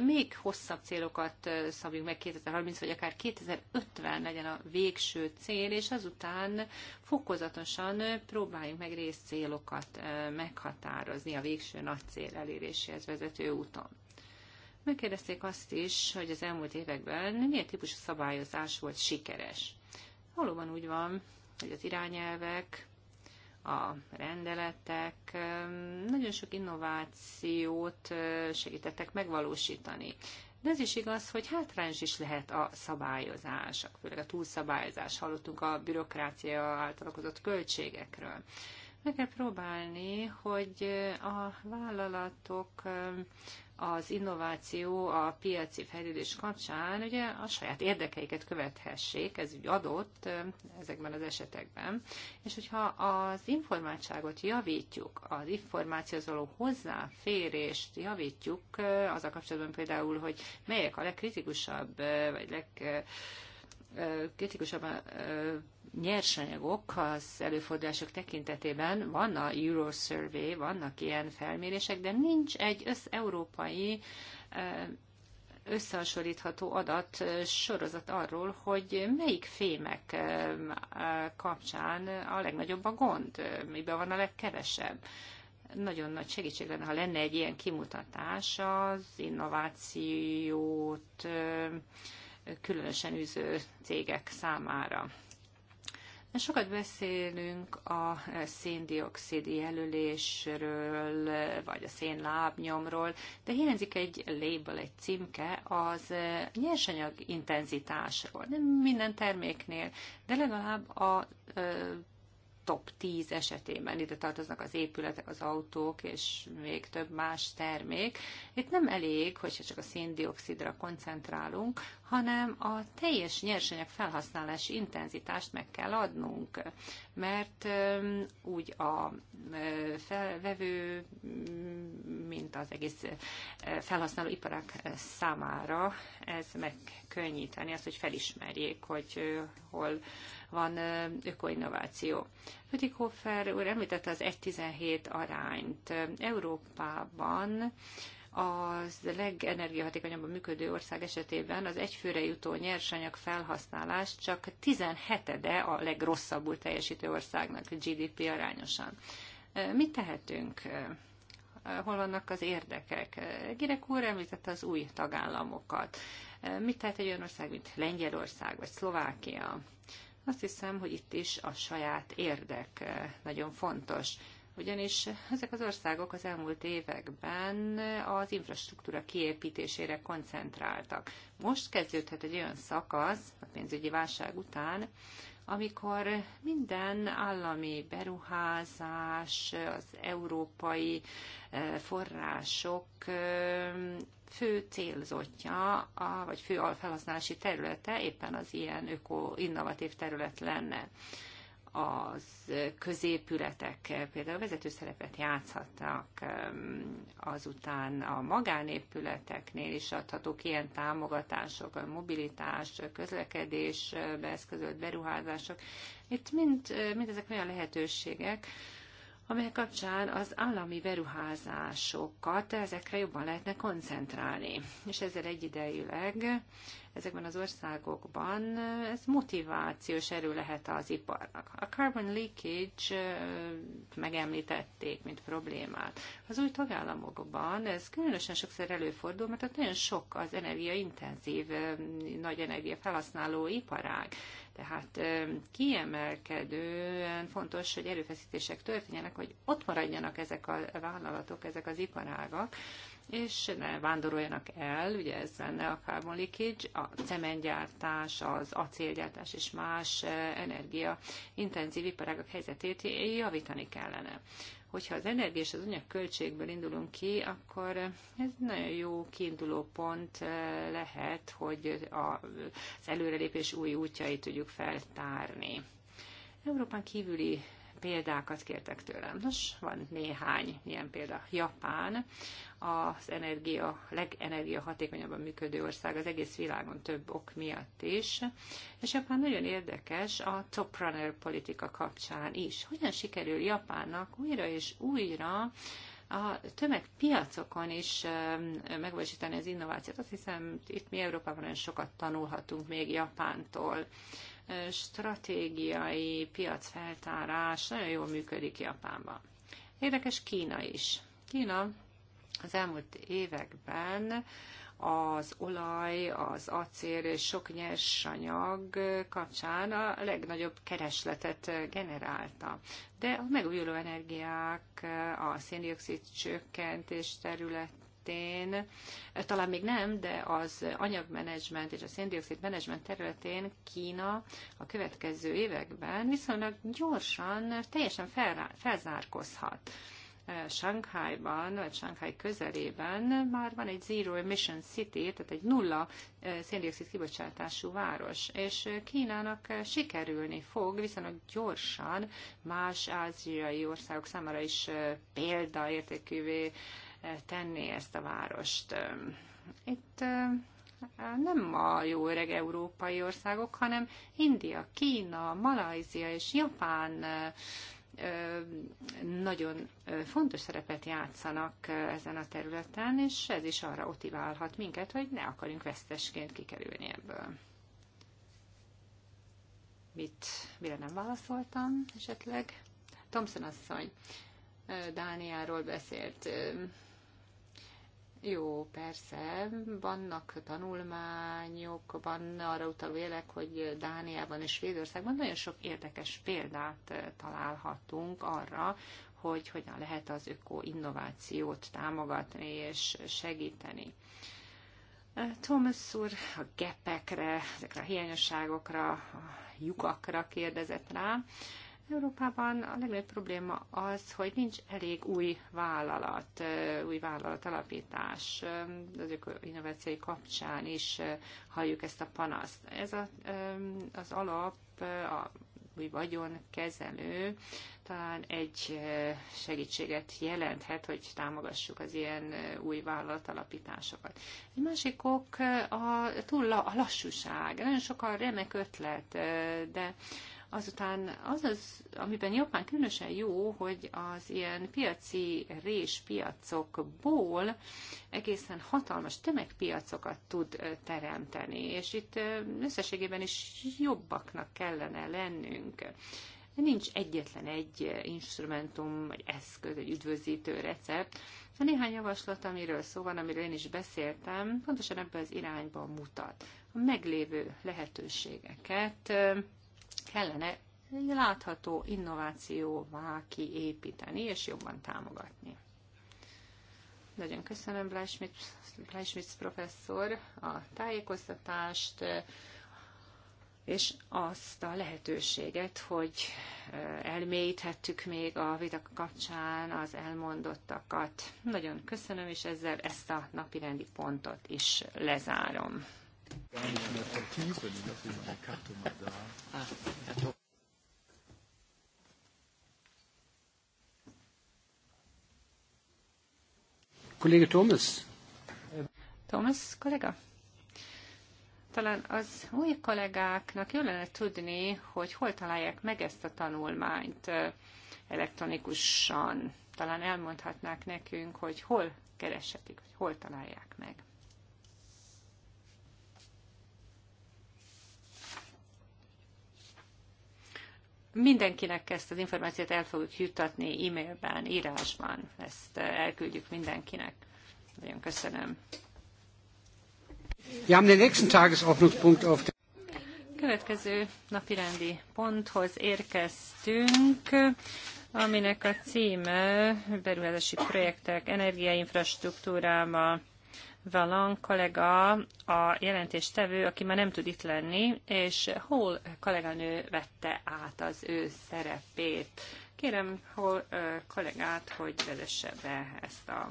még hosszabb célokat szabjuk meg 2030, vagy akár 2050 legyen a végső cél, és azután fokozatosan próbáljunk meg részcélokat meghatározni a végső nagy cél eléréséhez vezető úton. Megkérdezték azt is, hogy az elmúlt években milyen típusú szabályozás volt sikeres. Valóban úgy van, hogy az irányelvek, a rendeletek nagyon sok innovációt segítettek megvalósítani. De ez is igaz, hogy hátrányos is lehet a szabályozás, főleg a túlszabályozás. Hallottunk a bürokrácia által okozott költségekről. Meg kell próbálni, hogy a vállalatok az innováció a piaci fejlődés kapcsán ugye a saját érdekeiket követhessék, ez úgy adott ezekben az esetekben. És hogyha az informátságot javítjuk, az információhoz való hozzáférést javítjuk, az a kapcsolatban például, hogy melyek a legkritikusabb, vagy leg nyersanyagok az előfordulások tekintetében van a Eurosurvey, vannak ilyen felmérések, de nincs egy összeurópai összehasonlítható adat sorozat arról, hogy melyik fémek kapcsán a legnagyobb a gond, miben van a legkevesebb. Nagyon nagy segítség lenne, ha lenne egy ilyen kimutatás az innovációt különösen üző cégek számára. Sokat beszélünk a széndiokszid jelölésről, vagy a szénlábnyomról, de hiányzik egy label, egy címke az nyersanyag intenzitásról. Nem minden terméknél, de legalább a top 10 esetében ide tartoznak az épületek, az autók és még több más termék. Itt nem elég, hogyha csak a széndiokszidra koncentrálunk, hanem a teljes nyersanyag felhasználási intenzitást meg kell adnunk, mert úgy a felvevő, mint az egész felhasználó iparák számára ez megkönnyíteni azt, hogy felismerjék, hogy hol van ökoinnováció. Hötikhofer úr említette az 1,17 arányt. Európában az legenergiahatékonyabban működő ország esetében az egyfőre jutó nyersanyag felhasználás csak 17-e a legrosszabbul teljesítő országnak GDP arányosan. Mit tehetünk? Hol vannak az érdekek? Girek úr említette az új tagállamokat. Mit tehet egy olyan ország, mint Lengyelország vagy Szlovákia? Azt hiszem, hogy itt is a saját érdek eh, nagyon fontos ugyanis ezek az országok az elmúlt években az infrastruktúra kiépítésére koncentráltak. Most kezdődhet egy olyan szakasz a pénzügyi válság után, amikor minden állami beruházás, az európai eh, források eh, fő célzottja, a, vagy fő alfelhasználási területe éppen az ilyen öko-innovatív terület lenne. Az középületek például vezető szerepet játszhatnak, azután a magánépületeknél is adhatók ilyen támogatások, a mobilitás, közlekedés, beeszközölt beruházások. Itt mind, mind ezek olyan lehetőségek, amely kapcsán az állami beruházásokat ezekre jobban lehetne koncentrálni. És ezzel egyidejűleg ezekben az országokban ez motivációs erő lehet az iparnak. A carbon leakage megemlítették, mint problémát. Az új tagállamokban ez különösen sokszor előfordul, mert ott nagyon sok az energiaintenzív, nagy energiafelhasználó iparág, tehát kiemelkedően fontos, hogy erőfeszítések történjenek, hogy ott maradjanak ezek a vállalatok, ezek az iparágak, és ne vándoroljanak el, ugye ez lenne a carbon leakage, a cementgyártás, az acélgyártás és más energia intenzív iparágak helyzetét javítani kellene hogyha az energia és az anyagköltségből indulunk ki, akkor ez nagyon jó kiinduló pont eh, lehet, hogy az előrelépés új útjait tudjuk feltárni. Európán kívüli példákat kértek tőlem. Nos, van néhány ilyen példa. Japán az energia, legenergia hatékonyabban működő ország az egész világon több ok miatt is, és Japán nagyon érdekes a top runner politika kapcsán is. Hogyan sikerül Japánnak újra és újra a tömegpiacokon is megvalósítani az innovációt. Azt hiszem, itt mi Európában nagyon sokat tanulhatunk még Japántól stratégiai piacfeltárás nagyon jól működik Japánban. Érdekes Kína is. Kína az elmúlt években az olaj, az acél és sok nyersanyag kapcsán a legnagyobb keresletet generálta. De a megújuló energiák, a széndiokszid csökkentés terület területén, talán még nem, de az anyagmenedzsment és a széndiokszid menedzsment területén Kína a következő években viszonylag gyorsan teljesen fel, felzárkozhat. Eh, Shanghai-ban, vagy Shanghai közelében már van egy Zero Emission City, tehát egy nulla eh, széndiokszid kibocsátású város, és Kínának eh, sikerülni fog viszonylag gyorsan más ázsiai országok számára is példaértékűvé tenni ezt a várost. Itt nem a jó öreg európai országok, hanem India, Kína, Malajzia és Japán nagyon fontos szerepet játszanak ezen a területen, és ez is arra motiválhat minket, hogy ne akarjunk vesztesként kikerülni ebből. Mit, mire nem válaszoltam esetleg? Thompson asszony Dániáról beszélt. Jó, persze, vannak tanulmányok, van arra utaló jelek, hogy Dániában és Svédországban nagyon sok érdekes példát eh, találhatunk arra, hogy hogyan lehet az öko-innovációt támogatni és segíteni. Eh, Thomas úr a gepekre, ezekre a hiányosságokra, a lyukakra kérdezett rá. Európában a legnagyobb probléma az, hogy nincs elég új vállalat, új vállalat alapítás. Az innovációi kapcsán is halljuk ezt a panaszt. Ez a, az alap, a új vagyonkezelő talán egy segítséget jelenthet, hogy támogassuk az ilyen új alapításokat. Egy másik ok a túl a lassúság. Nagyon sokan remek ötlet, de Azután az, az amiben Japán különösen jó, hogy az ilyen piaci réspiacokból egészen hatalmas tömegpiacokat tud teremteni, és itt összességében is jobbaknak kellene lennünk. Nincs egyetlen egy instrumentum, vagy eszköz, egy üdvözítő recept. A néhány javaslat, amiről szó van, amiről én is beszéltem, pontosan ebbe az irányba mutat. A meglévő lehetőségeket kellene látható innovációvá kiépíteni és jobban támogatni. Nagyon köszönöm Bleischmitz professzor a tájékoztatást, és azt a lehetőséget, hogy elmélyíthettük még a vita kapcsán az elmondottakat. Nagyon köszönöm, és ezzel ezt a napirendi pontot is lezárom. Kolléga Thomas. Thomas kollega? Talán az új kollégáknak jól lenne tudni, hogy hol találják meg ezt a tanulmányt elektronikusan. Talán elmondhatnák nekünk, hogy hol kereshetik, hogy hol találják meg. Mindenkinek ezt az információt el fogjuk juttatni e-mailben, írásban. Ezt elküldjük mindenkinek. Nagyon köszönöm. Következő napi rendi következő napirendi ponthoz érkeztünk, aminek a címe beruházási projektek energiainfrastruktúrával Valan kollega a jelentéstevő, aki már nem tud itt lenni, és Hol kolléganő vette át az ő szerepét. Kérem Hol kollégát, hogy vezesse be ezt a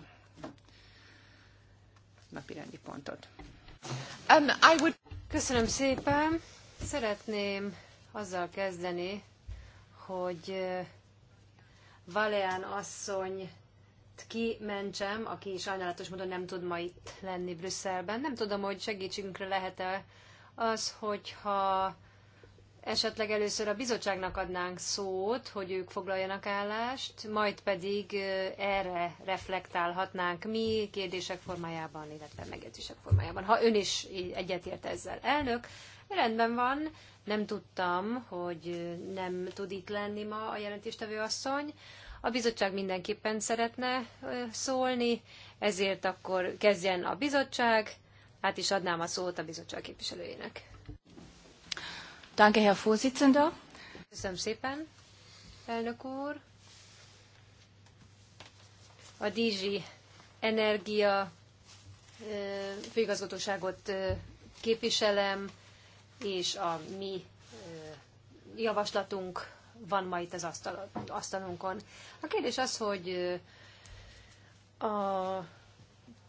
napirendi pontot. Um, I would... Köszönöm szépen. Szeretném azzal kezdeni, hogy Valéán asszony kimentsem, aki sajnálatos módon nem tud ma itt lenni Brüsszelben. Nem tudom, hogy segítségünkre lehet-e az, hogyha esetleg először a bizottságnak adnánk szót, hogy ők foglaljanak állást, majd pedig erre reflektálhatnánk mi kérdések formájában, illetve megjegyzések formájában, ha ön is egyetért ezzel. Elnök, rendben van, nem tudtam, hogy nem tud itt lenni ma a jelentéstevő asszony. A bizottság mindenképpen szeretne szólni, ezért akkor kezdjen a bizottság. Hát is adnám a szót a bizottság képviselőjének. Danke, Herr Vorsitzender. Köszönöm szépen, elnök úr. A DG Energia főigazgatóságot képviselem, és a mi javaslatunk van ma itt az asztal, asztalunkon. A kérdés az, hogy a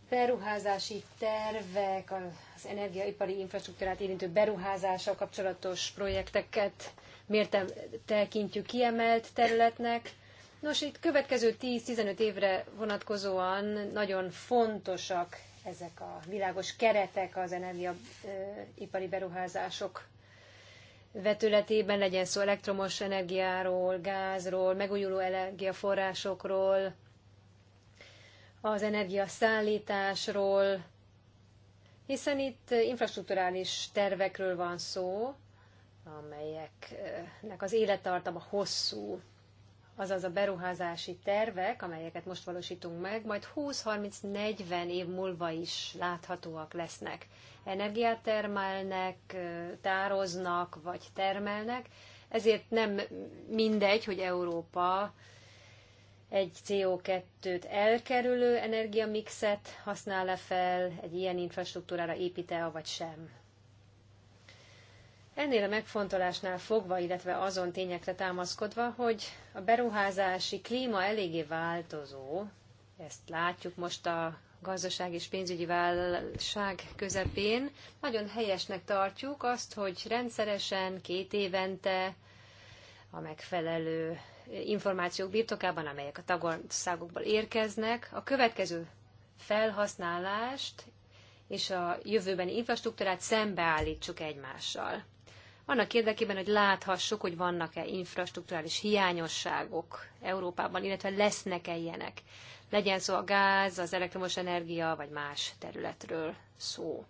beruházási tervek, az energiaipari infrastruktúrát érintő beruházással kapcsolatos projekteket miért tekintjük kiemelt területnek. Nos, itt következő 10-15 évre vonatkozóan nagyon fontosak ezek a világos keretek az energiaipari beruházások vetületében, legyen szó elektromos energiáról, gázról, megújuló energiaforrásokról, az energiaszállításról, hiszen itt infrastruktúrális tervekről van szó, amelyeknek az élettartama hosszú azaz a beruházási tervek, amelyeket most valósítunk meg, majd 20-30-40 év múlva is láthatóak lesznek. Energiát termelnek, tároznak vagy termelnek, ezért nem mindegy, hogy Európa egy CO2-t elkerülő energiamixet használ-e fel, egy ilyen infrastruktúrára építe -e, vagy sem. Ennél a megfontolásnál fogva, illetve azon tényekre támaszkodva, hogy a beruházási klíma eléggé változó, ezt látjuk most a gazdaság és pénzügyi válság közepén, nagyon helyesnek tartjuk azt, hogy rendszeresen, két évente a megfelelő információk birtokában, amelyek a tagországokból érkeznek, a következő felhasználást és a jövőbeni infrastruktúrát szembeállítsuk egymással annak érdekében, hogy láthassuk, hogy vannak-e infrastruktúrális hiányosságok Európában, illetve lesznek-e ilyenek. Legyen szó a gáz, az elektromos energia, vagy más területről szó.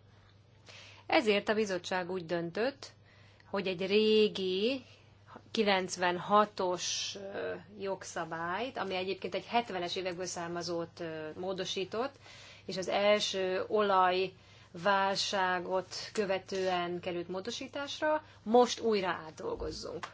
Ezért a bizottság úgy döntött, hogy egy régi 96-os jogszabályt, ami egyébként egy 70-es évekből származót módosított, és az első olaj válságot követően került módosításra, most újra átdolgozzunk.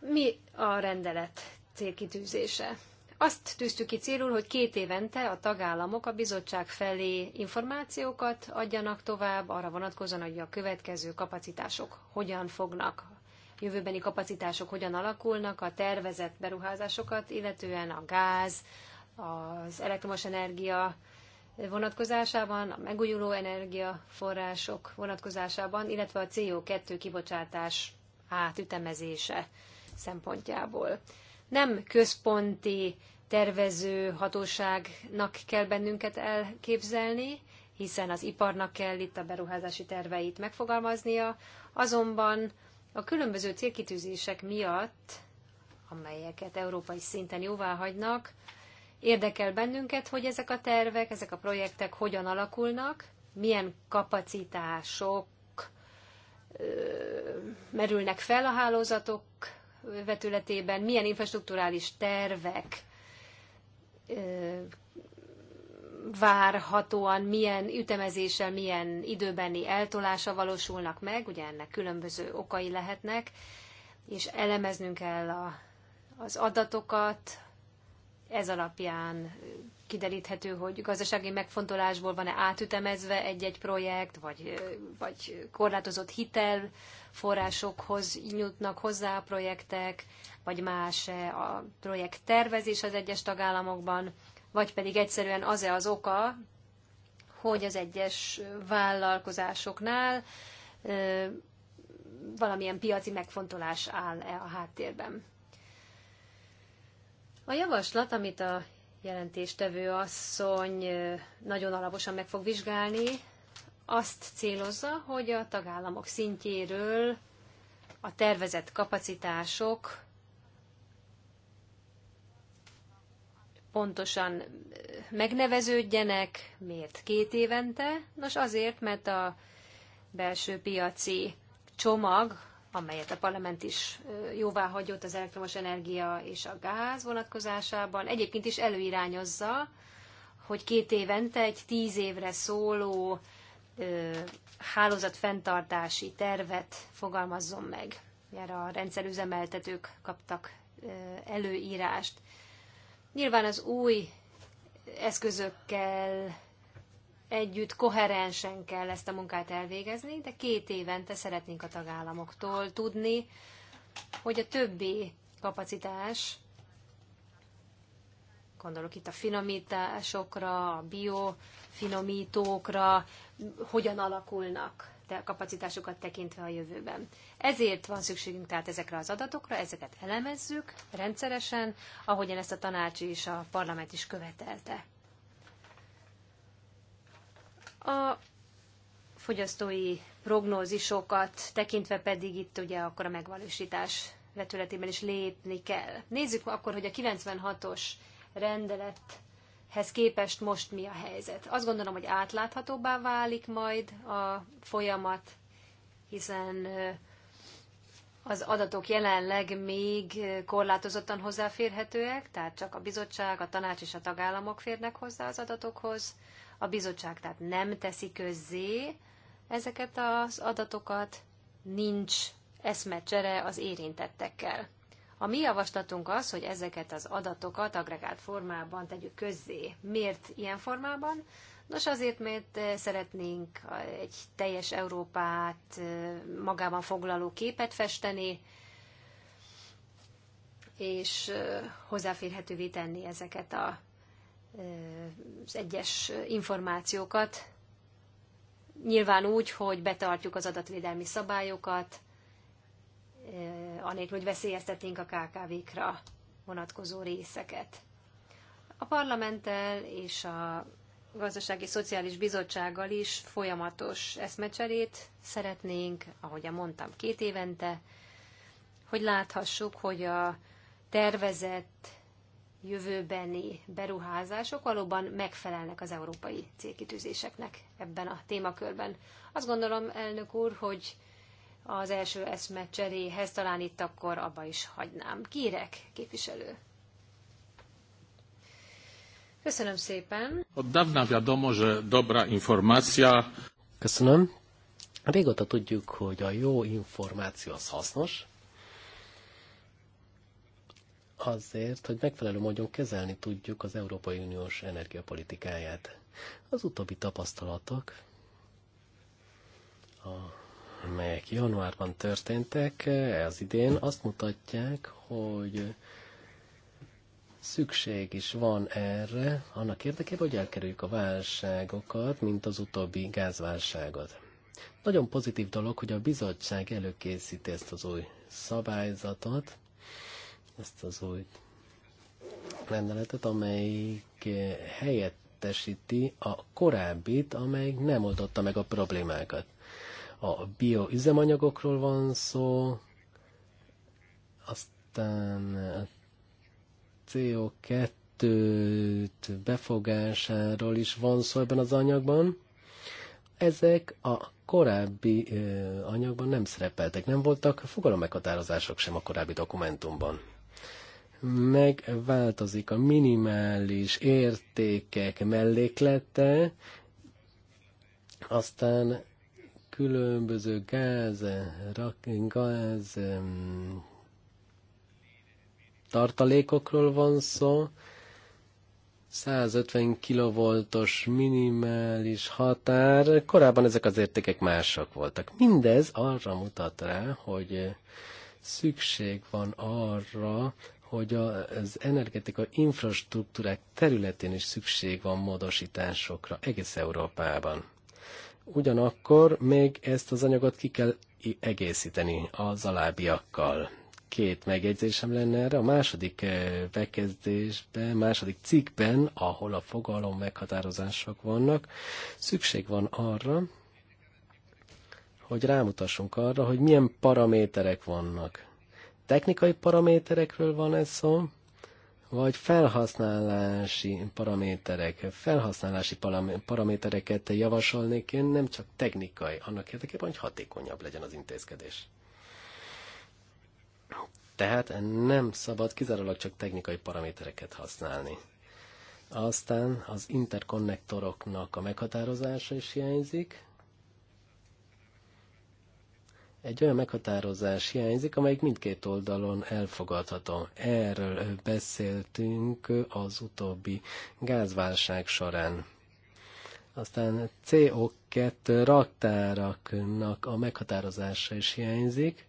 Mi a rendelet célkitűzése? Azt tűztük ki célul, hogy két évente a tagállamok a bizottság felé információkat adjanak tovább, arra vonatkozóan, hogy a következő kapacitások hogyan fognak jövőbeni kapacitások hogyan alakulnak, a tervezett beruházásokat, illetően a gáz, az elektromos energia vonatkozásában, a megújuló energiaforrások vonatkozásában, illetve a CO2 kibocsátás átütemezése szempontjából. Nem központi tervező hatóságnak kell bennünket elképzelni, hiszen az iparnak kell itt a beruházási terveit megfogalmaznia, azonban a különböző célkitűzések miatt, amelyeket európai szinten jóvá hagynak, Érdekel bennünket, hogy ezek a tervek, ezek a projektek hogyan alakulnak, milyen kapacitások merülnek fel a hálózatok vetületében, milyen infrastruktúrális tervek várhatóan milyen ütemezéssel, milyen időbeni eltolása valósulnak meg, ugye ennek különböző okai lehetnek, és elemeznünk kell a, az adatokat, ez alapján kideríthető, hogy gazdasági megfontolásból van-e átütemezve egy-egy projekt, vagy, vagy korlátozott hitel forrásokhoz nyújtnak hozzá a projektek, vagy más a projekt tervezés az egyes tagállamokban, vagy pedig egyszerűen az-e az oka, hogy az egyes vállalkozásoknál valamilyen piaci megfontolás áll-e a háttérben. A javaslat, amit a jelentéstevő asszony nagyon alaposan meg fog vizsgálni, azt célozza, hogy a tagállamok szintjéről a tervezett kapacitások pontosan megneveződjenek, miért két évente? Nos azért, mert a belső piaci csomag amelyet a parlament is jóvá hagyott az elektromos energia és a gáz vonatkozásában, egyébként is előirányozza, hogy két évente egy tíz évre szóló hálózatfenntartási tervet fogalmazzon meg. Erre a rendszerüzemeltetők kaptak előírást. Nyilván az új eszközökkel együtt koherensen kell ezt a munkát elvégezni, de két évente szeretnénk a tagállamoktól tudni, hogy a többi kapacitás, gondolok itt a finomításokra, a biofinomítókra, hogyan alakulnak te kapacitásokat tekintve a jövőben. Ezért van szükségünk tehát ezekre az adatokra, ezeket elemezzük rendszeresen, ahogyan ezt a tanács és a parlament is követelte. A fogyasztói prognózisokat tekintve pedig itt ugye akkor a megvalósítás vetületében is lépni kell. Nézzük akkor, hogy a 96-os rendelethez képest most mi a helyzet. Azt gondolom, hogy átláthatóbbá válik majd a folyamat, hiszen az adatok jelenleg még korlátozottan hozzáférhetőek, tehát csak a bizottság, a tanács és a tagállamok férnek hozzá az adatokhoz. A bizottság tehát nem teszi közzé ezeket az adatokat, nincs eszmecsere az érintettekkel. A mi javaslatunk az, hogy ezeket az adatokat agregált formában tegyük közzé. Miért ilyen formában? Nos, azért, mert eh, szeretnénk eh, egy teljes Európát eh, magában foglaló képet festeni, és hozzáférhetővé tenni ezeket a az egyes információkat, nyilván úgy, hogy betartjuk az adatvédelmi szabályokat, eh, anélkül, hogy veszélyeztetnénk a KKV-kra vonatkozó részeket. A parlamenttel és a Gazdasági Szociális Bizottsággal is folyamatos eszmecserét szeretnénk, ahogy mondtam, két évente, hogy láthassuk, hogy a tervezett jövőbeni beruházások valóban megfelelnek az európai célkitűzéseknek ebben a témakörben. Azt gondolom, elnök úr, hogy az első eszme cseréhez talán itt akkor abba is hagynám. Kérek, képviselő. Köszönöm szépen. Od dawna wiadomo, dobra informacja. Köszönöm. Régóta tudjuk, hogy a jó információ az hasznos, azért, hogy megfelelő módon kezelni tudjuk az Európai Uniós energiapolitikáját. Az utóbbi tapasztalatok, amelyek januárban történtek, eh, az idén azt mutatják, hogy szükség is van erre, annak érdekében, hogy elkerüljük a válságokat, mint az utóbbi gázválságot. Nagyon pozitív dolog, hogy a bizottság előkészíti ezt az új szabályzatot, ezt az új rendeletet, amelyik helyettesíti a korábbit, amelyik nem oldotta meg a problémákat. A bioüzemanyagokról van szó, aztán a CO2-t befogásáról is van szó ebben az anyagban. Ezek a korábbi anyagban nem szerepeltek, nem voltak fogalommeghatározások sem a korábbi dokumentumban megváltozik a minimális értékek melléklete, aztán különböző gáz, rak, gáz tartalékokról van szó, 150 kilovoltos minimális határ, korábban ezek az értékek mások voltak. Mindez arra mutat rá, hogy szükség van arra, hogy az energetika infrastruktúrák területén is szükség van módosításokra egész Európában. Ugyanakkor még ezt az anyagot ki kell egészíteni az alábbiakkal. Két megjegyzésem lenne erre. A második eh, bekezdésben, második cikkben, ahol a fogalom meghatározások vannak, szükség van arra, hogy rámutassunk arra, hogy milyen paraméterek vannak technikai paraméterekről van ez szó, vagy felhasználási paraméterek, felhasználási paramétereket javasolnék én, nem csak technikai, annak érdekében, hogy hatékonyabb legyen az intézkedés. Tehát nem szabad kizárólag csak technikai paramétereket használni. Aztán az interkonnektoroknak a meghatározása is hiányzik, egy olyan meghatározás hiányzik, amelyik mindkét oldalon elfogadható. Erről beszéltünk az utóbbi gázválság során. Aztán CO2 raktáraknak a meghatározása is hiányzik.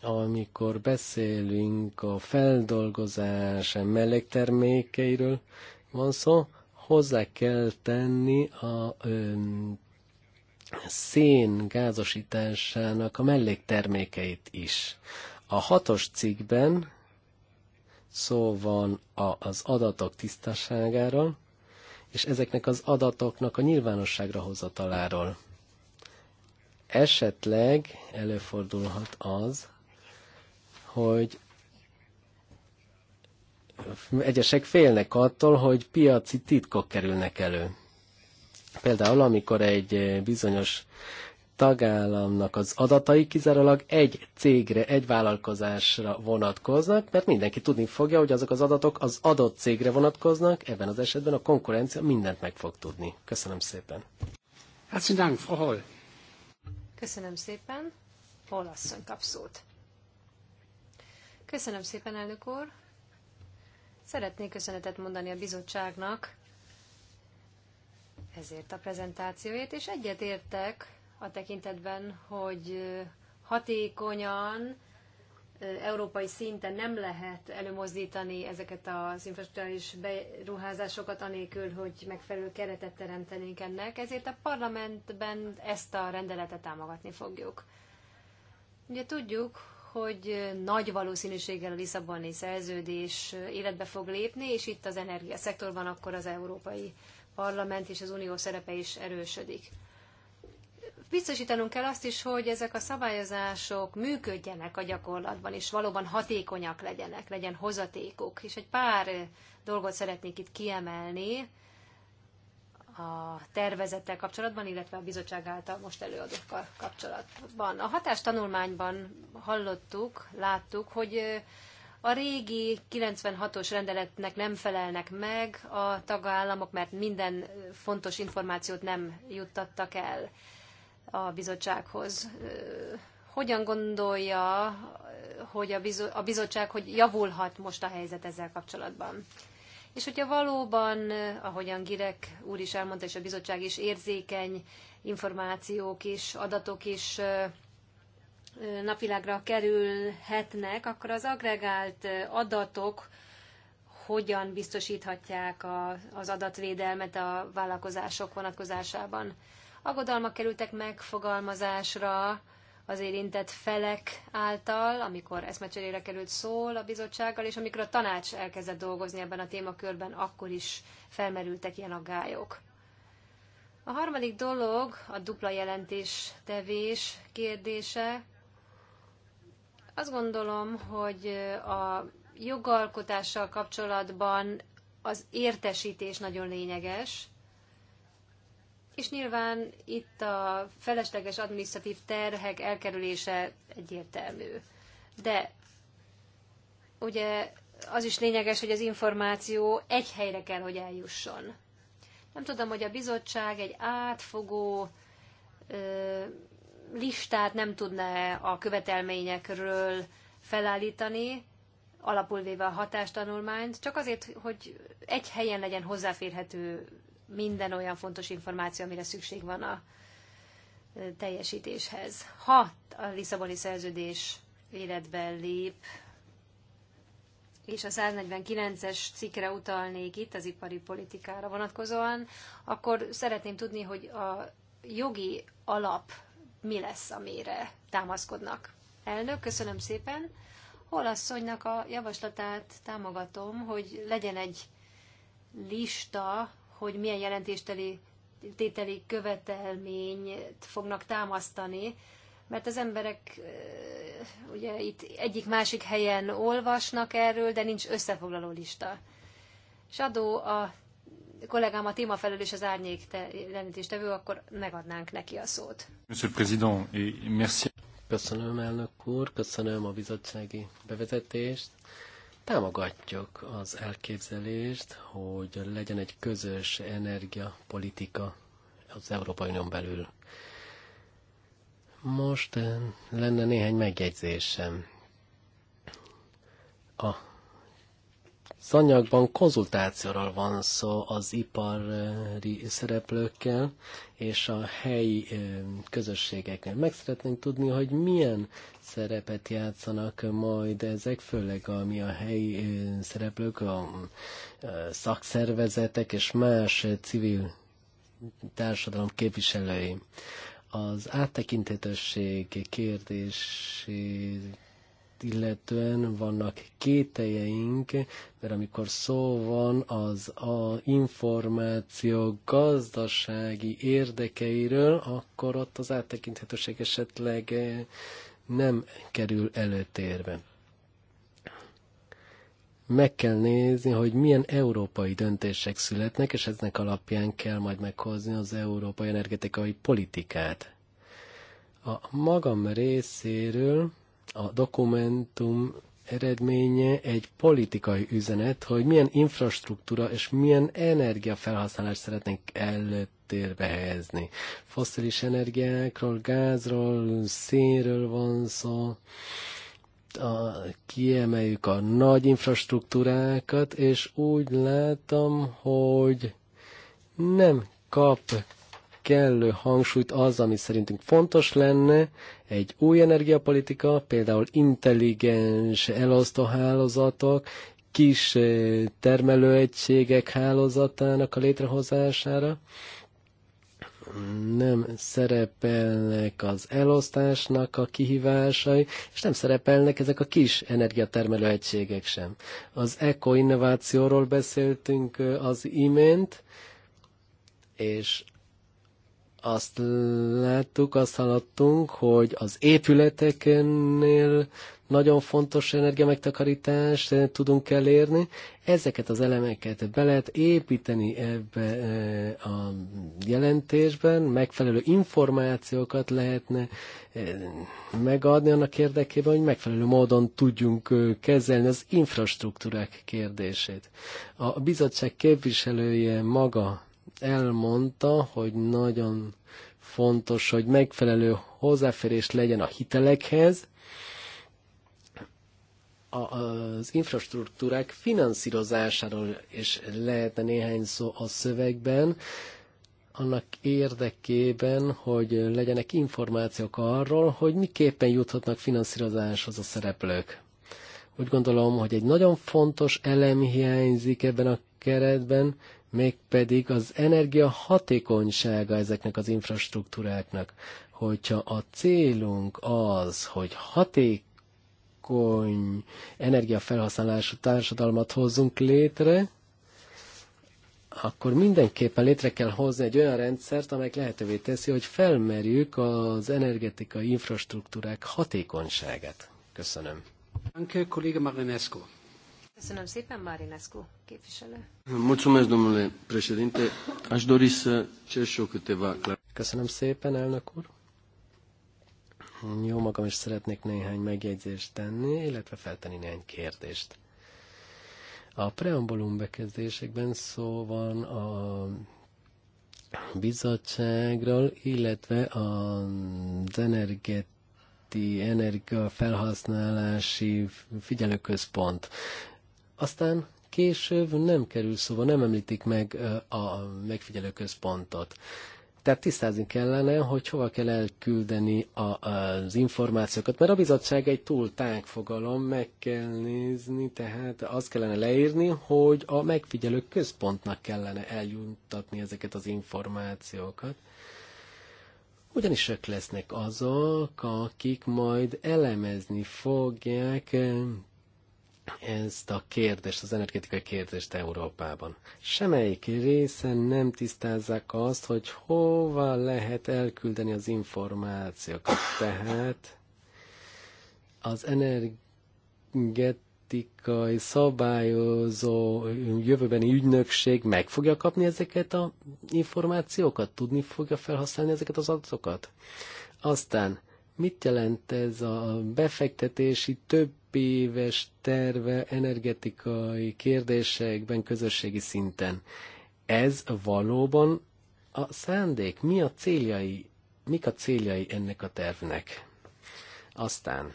Amikor beszélünk a feldolgozás melegtermékeiről, van szó, hozzá kell tenni a szén gázosításának a melléktermékeit is. A hatos cikkben szó van az adatok tisztaságáról, és ezeknek az adatoknak a nyilvánosságra hozataláról. Esetleg előfordulhat az, hogy egyesek félnek attól, hogy piaci titkok kerülnek elő. Például, amikor egy eh, bizonyos tagállamnak az adatai kizárólag egy cégre, egy vállalkozásra vonatkoznak, mert mindenki tudni fogja, hogy azok az adatok az adott cégre vonatkoznak, ebben az esetben a konkurencia mindent meg fog tudni. Köszönöm szépen. Herzlichen Dank, Frau Hall. Köszönöm szépen. Hol asszony kap szót. Köszönöm szépen, elnök úr. Szeretnék köszönetet mondani a bizottságnak ezért a prezentációért, és egyetértek a tekintetben, hogy hatékonyan európai szinten nem lehet előmozdítani ezeket az infrastruktúrális beruházásokat anélkül, hogy megfelelő keretet teremtenénk ennek, ezért a parlamentben ezt a rendeletet támogatni fogjuk. Ugye tudjuk, hogy nagy valószínűséggel a Lisszaboni szerződés életbe fog lépni, és itt az energiaszektorban akkor az európai parlament és az unió szerepe is erősödik. Biztosítanunk kell azt is, hogy ezek a szabályozások működjenek a gyakorlatban, és valóban hatékonyak legyenek, legyen hozatékuk. És egy pár dolgot szeretnék itt kiemelni a tervezettel kapcsolatban, illetve a bizottság által most előadókkal kapcsolatban. A hatástanulmányban hallottuk, láttuk, hogy a régi 96-os rendeletnek nem felelnek meg a tagállamok, mert minden fontos információt nem juttattak el a bizottsághoz. Hogyan gondolja, hogy a bizottság hogy javulhat most a helyzet ezzel kapcsolatban? És hogyha valóban, ahogyan Girek úr is elmondta, és a bizottság is érzékeny információk és adatok is napvilágra kerülhetnek, akkor az agregált adatok hogyan biztosíthatják a, az adatvédelmet a vállalkozások vonatkozásában. Aggodalmak kerültek megfogalmazásra az érintett felek által, amikor eszmecserére került szól a bizottsággal, és amikor a tanács elkezdett dolgozni ebben a témakörben, akkor is felmerültek ilyen aggályok. A harmadik dolog a dupla jelentés tevés kérdése, azt gondolom, hogy a jogalkotással kapcsolatban az értesítés nagyon lényeges, és nyilván itt a felesleges administratív terhek elkerülése egyértelmű. De ugye az is lényeges, hogy az információ egy helyre kell, hogy eljusson. Nem tudom, hogy a bizottság egy átfogó listát nem tudná a követelményekről felállítani, alapul véve a hatástanulmányt, csak azért, hogy egy helyen legyen hozzáférhető minden olyan fontos információ, amire szükség van a teljesítéshez. Ha a Lisszaboni szerződés életbe lép, és a 149-es cikkre utalnék itt az ipari politikára vonatkozóan, akkor szeretném tudni, hogy a jogi alap mi lesz, amire támaszkodnak. Elnök, köszönöm szépen. asszonynak a javaslatát támogatom, hogy legyen egy lista, hogy milyen jelentésteli tételi követelményt fognak támasztani, mert az emberek eh, ugye itt egyik-másik helyen olvasnak erről, de nincs összefoglaló lista. És adó a kollégám a témafelelős az árnyék jelentéstevő, akkor megadnánk neki a szót. Monsieur le Président, et merci. Köszönöm, elnök úr, köszönöm a bizottsági bevezetést. Támogatjuk az elképzelést, hogy legyen egy közös energiapolitika az Európai Unión belül. Most lenne néhány megjegyzésem. A anyagban konzultációról van szó az ipari szereplőkkel és a helyi közösségekkel. Meg szeretnénk tudni, hogy milyen szerepet játszanak majd ezek, főleg ami a helyi szereplők, a szakszervezetek és más civil társadalom képviselői. Az áttekintetőség kérdését illetően vannak kételjeink, mert amikor szó van az a információ gazdasági érdekeiről, akkor ott az áttekinthetőség esetleg eh, nem kerül előtérbe. Meg kell nézni, hogy milyen európai döntések születnek, és eznek alapján kell majd meghozni az európai energetikai politikát. A magam részéről a dokumentum eredménye egy politikai üzenet, hogy milyen infrastruktúra és milyen energiafelhasználást szeretnénk előtérbe helyezni. Fosszilis energiákról, gázról, szénről van szó, a, kiemeljük a nagy infrastruktúrákat, és úgy látom, hogy nem kap kellő hangsúlyt az, ami szerintünk fontos lenne, egy új energiapolitika, például intelligens elosztóhálózatok, kis termelőegységek hálózatának a létrehozására. Nem szerepelnek az elosztásnak a kihívásai, és nem szerepelnek ezek a kis energiatermelő egységek sem. Az eko-innovációról beszéltünk az imént, és azt láttuk, azt hallottunk, hogy az épületeknél nagyon fontos energiamegtakarítást eh, tudunk elérni. Ezeket az elemeket be lehet építeni ebbe eh, a jelentésben, megfelelő információkat lehetne eh, megadni annak érdekében, hogy megfelelő módon tudjunk kezelni az infrastruktúrák kérdését. A bizottság képviselője maga elmondta, hogy nagyon fontos, hogy megfelelő hozzáférés legyen a hitelekhez, az infrastruktúrák finanszírozásáról is lehetne néhány szó a szövegben, annak érdekében, hogy legyenek információk arról, hogy miképpen juthatnak finanszírozáshoz a szereplők. Úgy gondolom, hogy egy nagyon fontos elem hiányzik ebben a keretben, mégpedig az energia hatékonysága ezeknek az infrastruktúráknak. Hogyha a célunk az, hogy hatékony energiafelhasználású társadalmat hozzunk létre, akkor mindenképpen létre kell hozni egy olyan rendszert, amely lehetővé teszi, hogy felmerjük az energetikai infrastruktúrák hatékonyságát. Köszönöm. Köszönöm. kollega Marinescu. Köszönöm szépen, Marinescu képviselő. Mulțumesc, domnule președinte. Aș dori să cer și eu câteva Köszönöm szépen, elnök úr. Jó magam is szeretnék néhány megjegyzést tenni, illetve feltenni néhány kérdést. A preambulum bekezdésekben szó van a bizottságról, illetve az energeti energia felhasználási figyelőközpont aztán később nem kerül szóba, nem említik meg a megfigyelőközpontot. Tehát tisztázni kellene, hogy hova kell elküldeni a, az információkat, mert a bizottság egy túl tág fogalom, meg kell nézni, tehát azt kellene leírni, hogy a megfigyelő központnak kellene eljuttatni ezeket az információkat. Ugyanis ők lesznek azok, akik majd elemezni fogják ezt a kérdést, az energetikai kérdést Európában. Semmelyik részen nem tisztázzák azt, hogy hova lehet elküldeni az információkat. Tehát az energetikai szabályozó jövőbeni ügynökség meg fogja kapni ezeket az információkat, tudni fogja felhasználni ezeket az adatokat. Aztán mit jelent ez a befektetési több éves terve energetikai kérdésekben közösségi szinten. Ez valóban a szándék, mi a céljai, mik a céljai ennek a tervnek? Aztán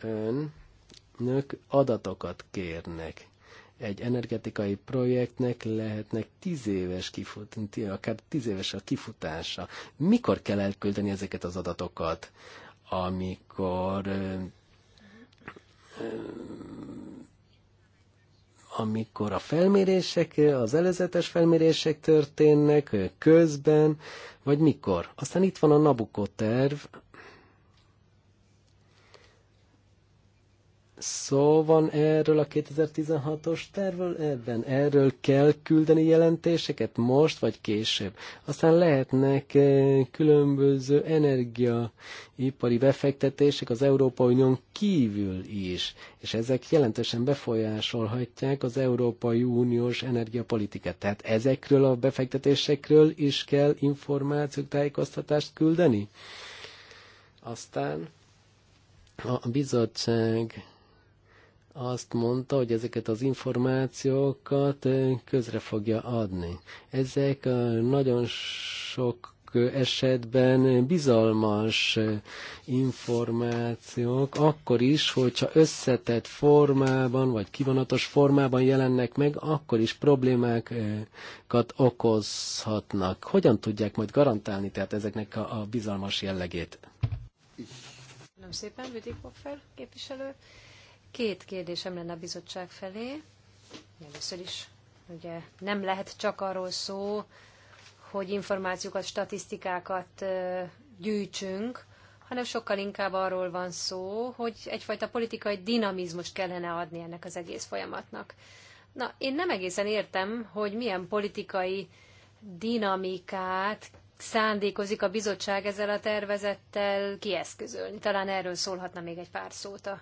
ön nők adatokat kérnek. Egy energetikai projektnek lehetnek tíz éves kifut, akár tíz éves a kifutása. Mikor kell elküldeni ezeket az adatokat? Amikor amikor a felmérések, az előzetes felmérések történnek közben, vagy mikor. Aztán itt van a Nabukó terv, szó van erről a 2016-os tervről, ebben erről kell küldeni jelentéseket most vagy később. Aztán lehetnek eh, különböző energiaipari befektetések az Európai Unión kívül is, és ezek jelentősen befolyásolhatják az Európai Uniós energiapolitikát. Tehát ezekről a befektetésekről is kell információk, tájékoztatást küldeni. Aztán a bizottság azt mondta, hogy ezeket az információkat közre fogja adni. Ezek nagyon sok esetben bizalmas információk, akkor is, hogyha összetett formában, vagy kivonatos formában jelennek meg, akkor is problémákat okozhatnak. Hogyan tudják majd garantálni tehát ezeknek a, a bizalmas jellegét? Nem szépen, Büdikoffer képviselő. Két kérdésem lenne a bizottság felé. Először is ugye nem lehet csak arról szó, hogy információkat, statisztikákat gyűjtsünk, hanem sokkal inkább arról van szó, hogy egyfajta politikai dinamizmust kellene adni ennek az egész folyamatnak. Na, én nem egészen értem, hogy milyen politikai dinamikát szándékozik a bizottság ezzel a tervezettel kieszközölni. Talán erről szólhatna még egy pár szót a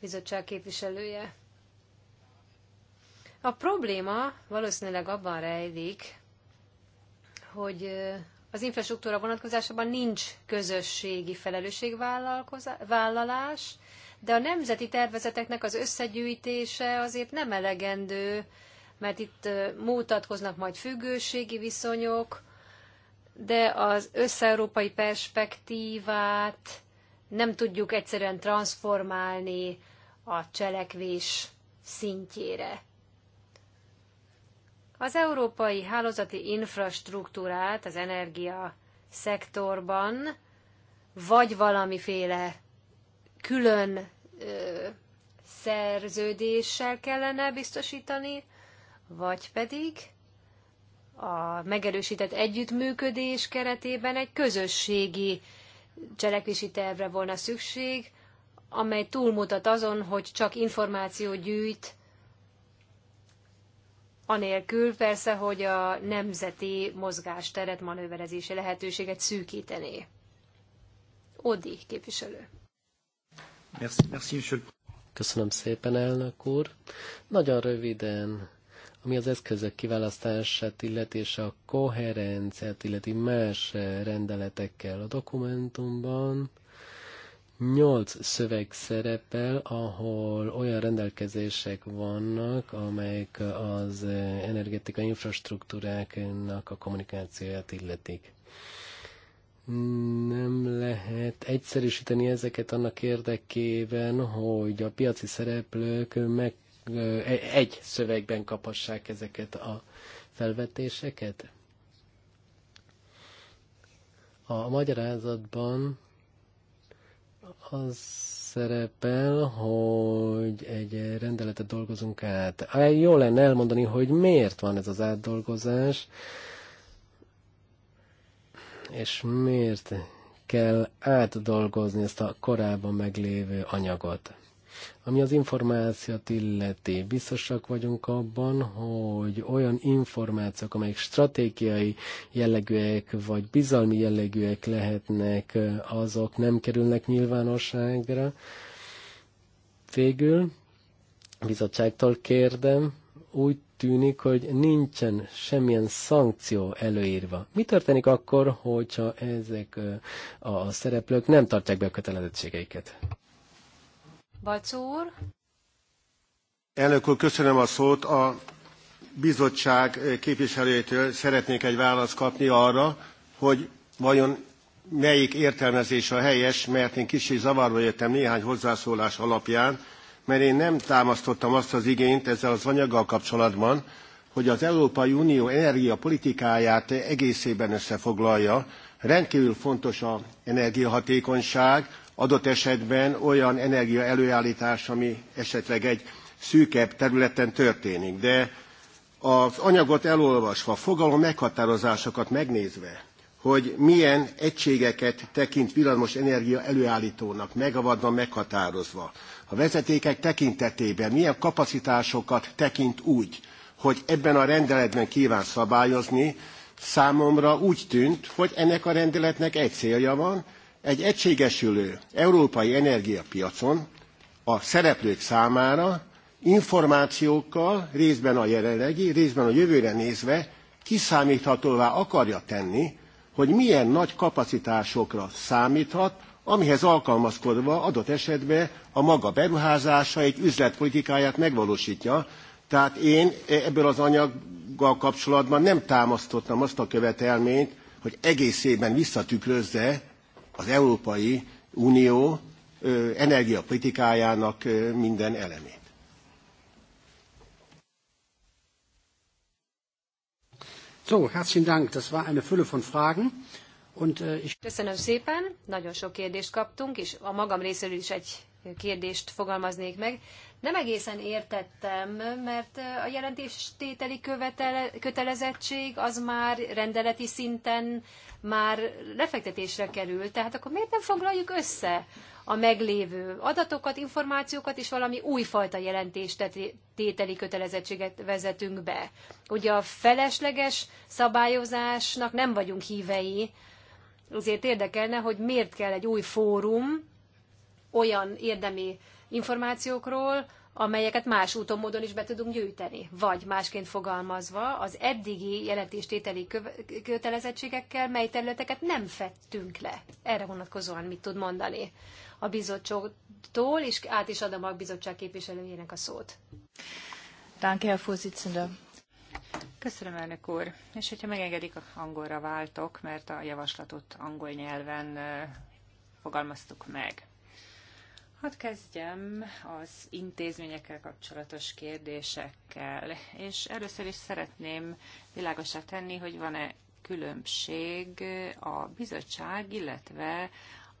bizottság képviselője. A probléma valószínűleg abban rejlik, hogy az infrastruktúra vonatkozásában nincs közösségi felelősségvállalás, de a nemzeti tervezeteknek az összegyűjtése azért nem elegendő, mert itt mutatkoznak majd függőségi viszonyok, de az összeurópai perspektívát nem tudjuk egyszerűen transformálni a cselekvés szintjére. Az európai hálózati infrastruktúrát az energia szektorban vagy valamiféle külön ö, szerződéssel kellene biztosítani, vagy pedig a megerősített együttműködés keretében egy közösségi cselekvési tervre volna szükség, amely túlmutat azon, hogy csak információ gyűjt, anélkül persze, hogy a nemzeti mozgásteret, manőverezési lehetőséget szűkítené. Odi képviselő. Köszönöm szépen, elnök úr. Nagyon röviden ami az eszközök kiválasztását illeti, és a koherenciát illeti más rendeletekkel a dokumentumban, nyolc szöveg szerepel, ahol olyan rendelkezések vannak, amelyek az energetika infrastruktúráknak a kommunikációját illetik. Nem lehet egyszerűsíteni ezeket annak érdekében, hogy a piaci szereplők meg E- egy szövegben kaphassák ezeket a felvetéseket? A magyarázatban az szerepel, hogy egy rendeletet dolgozunk át. Jó lenne elmondani, hogy miért van ez az átdolgozás, és miért kell átdolgozni ezt a korábban meglévő anyagot. Ami az információt illeti, biztosak vagyunk abban, hogy olyan információk, amelyek stratégiai jellegűek vagy bizalmi jellegűek lehetnek, azok nem kerülnek nyilvánosságra. Végül bizottságtól kérdem, úgy tűnik, hogy nincsen semmilyen szankció előírva. Mi történik akkor, hogyha ezek a szereplők nem tartják be a kötelezettségeiket? Balc Elnök úr, köszönöm a szót. A bizottság képviselőjétől szeretnék egy választ kapni arra, hogy vajon melyik értelmezés a helyes, mert én kicsit zavarba jöttem néhány hozzászólás alapján, mert én nem támasztottam azt az igényt ezzel az anyaggal kapcsolatban, hogy az Európai Unió energiapolitikáját egészében összefoglalja. Rendkívül fontos a energiahatékonyság, adott esetben olyan energia ami esetleg egy szűkebb területen történik. De az anyagot elolvasva, fogalom meghatározásokat megnézve, hogy milyen egységeket tekint villamos energia előállítónak, megavadva meghatározva. A vezetékek tekintetében milyen kapacitásokat tekint úgy, hogy ebben a rendeletben kíván szabályozni, számomra úgy tűnt, hogy ennek a rendeletnek egy célja van, egy egységesülő európai energiapiacon a szereplők számára információkkal, részben a jelenlegi, részben a jövőre nézve kiszámíthatóvá akarja tenni, hogy milyen nagy kapacitásokra számíthat, amihez alkalmazkodva adott esetben a maga beruházásait, üzletpolitikáját megvalósítja. Tehát én ebből az anyaggal kapcsolatban nem támasztottam azt a követelményt, hogy egészében visszatükrözze az Európai Unió energiapolitikájának minden elemét. So, herzlichen Dank. Das war eine Fülle von Fragen. Und, uh, ich Köszönöm szépen, nagyon sok kérdést kaptunk, és a magam részéről is egy kérdést fogalmaznék meg nem egészen értettem, mert a jelentéstételi követele, kötelezettség az már rendeleti szinten már lefektetésre kerül, tehát akkor miért nem foglaljuk össze a meglévő adatokat, információkat, és valami újfajta jelentéstételi kötelezettséget vezetünk be. Ugye a felesleges szabályozásnak nem vagyunk hívei, azért érdekelne, hogy miért kell egy új fórum, olyan érdemi információkról, amelyeket más úton, módon is be tudunk gyűjteni. Vagy másként fogalmazva, az eddigi jelentéstételi kötelezettségekkel mely területeket nem fettünk le. Erre vonatkozóan mit tud mondani a bizottságtól, és át is adom a bizottság képviselőjének a szót. Danke, Herr Vorsitzender. Köszönöm, elnök úr. És hogyha megengedik, angolra váltok, mert a javaslatot angol nyelven fogalmaztuk meg. Hadd kezdjem az intézményekkel kapcsolatos kérdésekkel, és először is szeretném világosá tenni, hogy van-e különbség a bizottság, illetve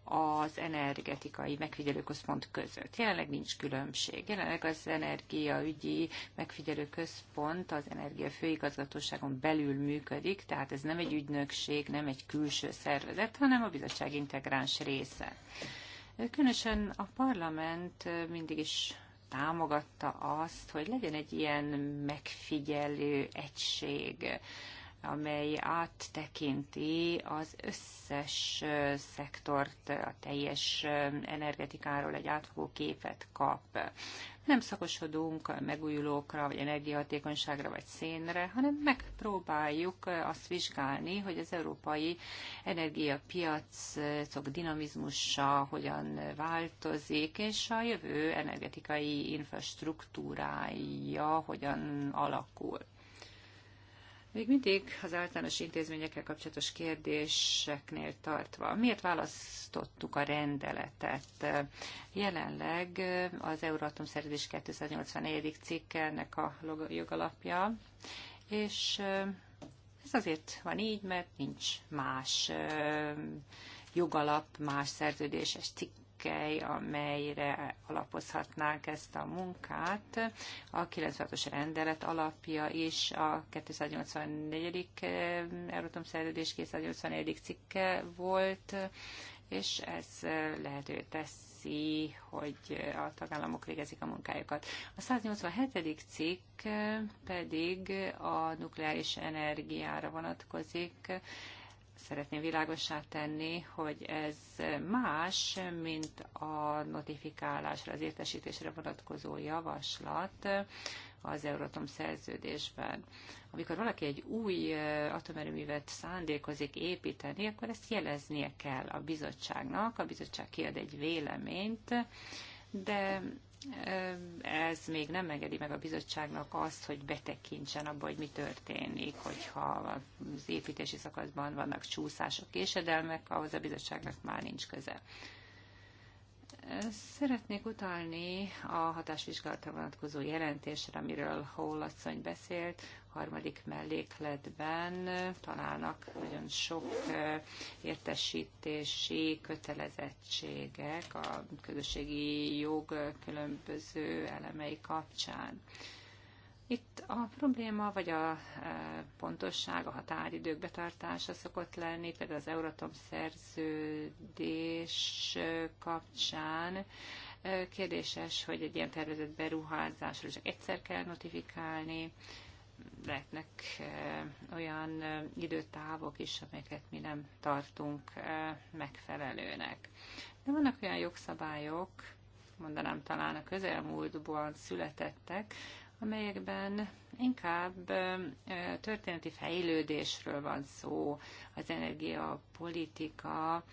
az energetikai megfigyelőközpont között. Jelenleg nincs különbség. Jelenleg az energiaügyi megfigyelőközpont az energia főigazgatóságon belül működik, tehát ez nem egy ügynökség, nem egy külső szervezet, hanem a bizottság integráns része. Különösen a parlament mindig is támogatta azt, hogy legyen egy ilyen megfigyelő egység, amely áttekinti az összes szektort, a teljes energetikáról egy átfogó képet kap. Nem szakosodunk megújulókra, vagy energiahatékonyságra, vagy szénre, hanem megpróbáljuk azt vizsgálni, hogy az európai energiapiacok dinamizmusa hogyan változik, és a jövő energetikai infrastruktúrája hogyan alakul. Még mindig az általános intézményekkel kapcsolatos kérdéseknél tartva, miért választottuk a rendeletet? Jelenleg az Euratom szerződés 284. cikke ennek a jogalapja, és eh, ez azért van így, mert nincs más eh, jogalap, más szerződéses cikk tengely, amelyre alapozhatnánk ezt a munkát. A 96-os rendelet alapja is a 284. Eh, Euróton szerződés 284. cikke volt, és ez lehető teszi, hogy a tagállamok végezik a munkájukat. A 187. cikk pedig a nukleáris energiára vonatkozik, szeretném világossá tenni, hogy ez más, mint a notifikálásra, az értesítésre vonatkozó javaslat az Euratom szerződésben. Amikor valaki egy új atomerőművet szándékozik építeni, akkor ezt jeleznie kell a bizottságnak, a bizottság kiad egy véleményt, de ez még nem engedi meg a bizottságnak azt, hogy betekintsen abba, hogy mi történik, hogyha az építési szakaszban vannak csúszások, késedelmek, ahhoz a bizottságnak már nincs köze. Szeretnék utalni a hatásvizsgálatra vonatkozó jelentésre, amiről Hall asszony beszélt harmadik mellékletben találnak nagyon sok értesítési kötelezettségek a közösségi jog különböző elemei kapcsán. Itt a probléma, vagy a pontosság, a határidők betartása szokott lenni, például az Euratom szerződés kapcsán. Kérdéses, hogy egy ilyen tervezett beruházásról csak egyszer kell notifikálni, lehetnek eh, olyan eh, időtávok is, amelyeket mi nem tartunk eh, megfelelőnek. De vannak olyan jogszabályok, mondanám talán a közelmúltban születettek, amelyekben inkább történeti fejlődésről van szó, az energiapolitika,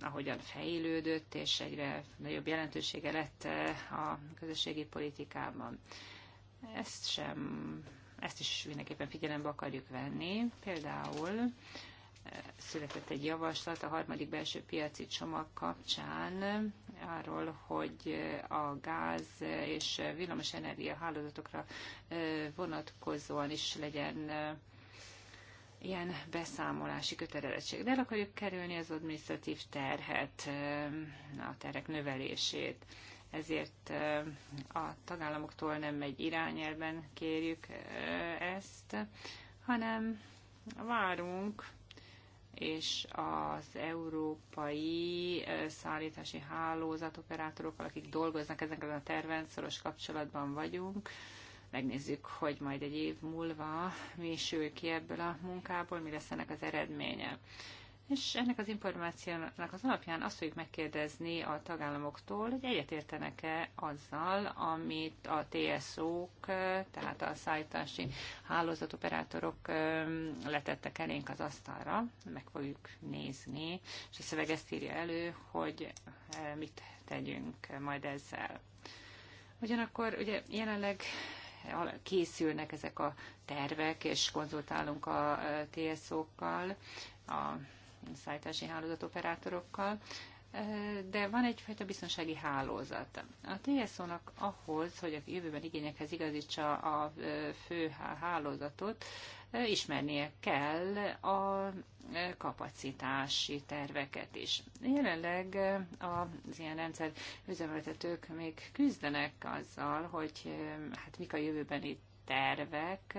ahogyan fejlődött, és egyre nagyobb jelentősége lett a közösségi politikában. Ezt sem, ezt is mindenképpen figyelembe akarjuk venni. Például eh, született egy javaslat a harmadik belső piaci csomag kapcsán eh, arról, hogy eh, a gáz és villamos energia hálózatokra vonatkozóan is legyen ilyen beszámolási kötelezettség. De el akarjuk kerülni az administratív terhet, a terek növelését ezért a tagállamoktól nem egy irányelben kérjük ezt, hanem várunk, és az európai szállítási hálózat operátorok, akik dolgoznak ezen a terven, szoros kapcsolatban vagyunk. Megnézzük, hogy majd egy év múlva mi sül ki ebből a munkából, mi lesz ennek az eredménye. És ennek az információnak az alapján azt fogjuk megkérdezni a tagállamoktól, hogy egyetértenek-e azzal, amit a TSO-k, tehát a szállítási hálózatoperátorok letettek elénk az asztalra. Meg fogjuk nézni, és a szöveg ezt írja elő, hogy mit tegyünk majd ezzel. Ugyanakkor ugye jelenleg készülnek ezek a tervek, és konzultálunk a TSO-kkal, a szállítási hálózat operátorokkal, de van egyfajta biztonsági hálózat. A TSO-nak ahhoz, hogy a jövőben igényekhez igazítsa a fő hálózatot, ismernie kell a kapacitási terveket is. Jelenleg az ilyen rendszer üzemeltetők még küzdenek azzal, hogy hát mik a jövőbeni tervek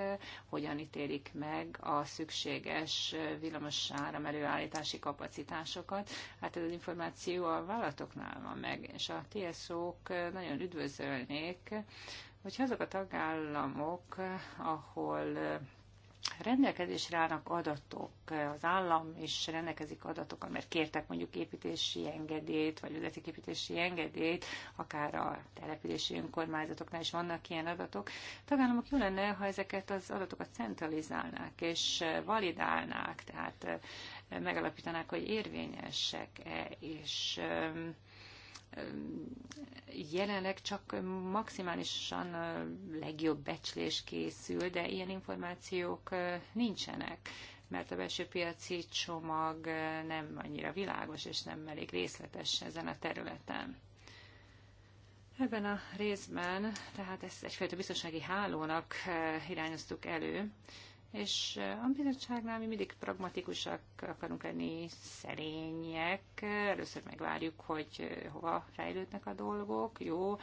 hogyan ítélik meg a szükséges villamos áram előállítási kapacitásokat. Hát ez az információ a vállalatoknál van meg, és a TSO-k nagyon üdvözölnék, hogyha azok a tagállamok, ahol rendelkezésre állnak adatok, az állam és rendelkezik adatok, mert kértek mondjuk építési engedélyt, vagy építési engedélyt, akár a települési önkormányzatoknál is vannak ilyen adatok. Tagállamok jó lenne, ha ezeket az adatokat centralizálnák és validálnák, tehát megalapítanák, hogy érvényesek-e, és jelenleg csak maximálisan legjobb becslés készül, de ilyen információk nincsenek, mert a belső piaci csomag nem annyira világos és nem elég részletes ezen a területen. Ebben a részben, tehát ezt egyfajta biztonsági hálónak irányoztuk elő, és a bizottságnál mi mindig pragmatikusak akarunk lenni, szerények. Először megvárjuk, hogy hova fejlődnek a dolgok. Jó,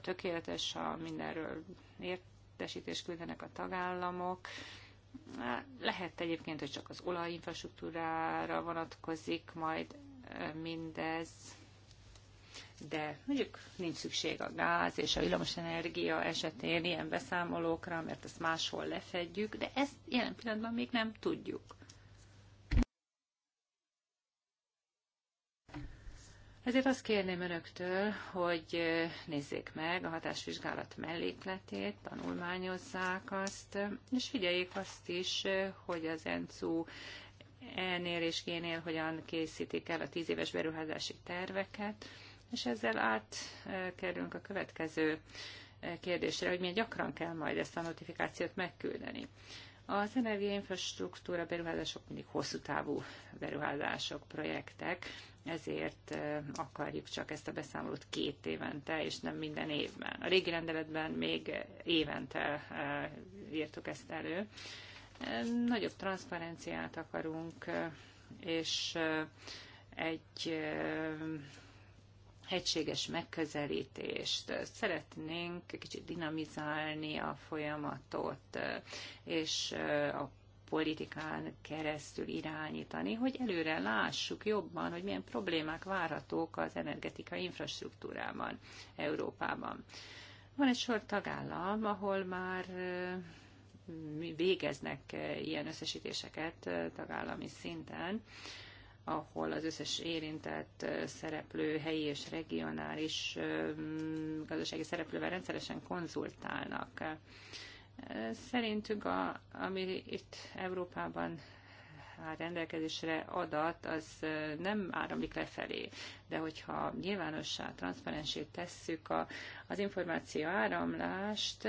tökéletes, ha mindenről értesítést küldenek a tagállamok. Lehet egyébként, hogy csak az olajinfrastruktúrára vonatkozik majd mindez de mondjuk nincs szükség a gáz és a villamosenergia esetén ilyen beszámolókra, mert ezt máshol lefedjük, de ezt jelen pillanatban még nem tudjuk. Ezért azt kérném önöktől, hogy nézzék meg a hatásvizsgálat mellékletét, tanulmányozzák azt, és figyeljék azt is, hogy az ENCU ennél és génél hogyan készítik el a tíz éves beruházási terveket, és ezzel átkerülünk a következő eh, kérdésre, hogy milyen gyakran kell majd ezt a notifikációt megküldeni. Az energiainfrastruktúra beruházások mindig hosszú távú beruházások, projektek, ezért eh, akarjuk csak ezt a beszámolót két évente, és nem minden évben. A régi rendeletben még évente eh, írtuk ezt elő. Nagyobb transzparenciát akarunk, és egy hegységes megközelítést. Szeretnénk kicsit dinamizálni a folyamatot, és a politikán keresztül irányítani, hogy előre lássuk jobban, hogy milyen problémák várhatók az energetikai infrastruktúrában Európában. Van egy sor tagállam, ahol már végeznek ilyen összesítéseket tagállami szinten, ahol az összes érintett szereplő, helyi és regionális gazdasági szereplővel rendszeresen konzultálnak. Szerintünk, a, ami itt Európában áll rendelkezésre adat, az nem áramlik lefelé. De hogyha nyilvánossá, transzparensét tesszük a, az információ áramlást,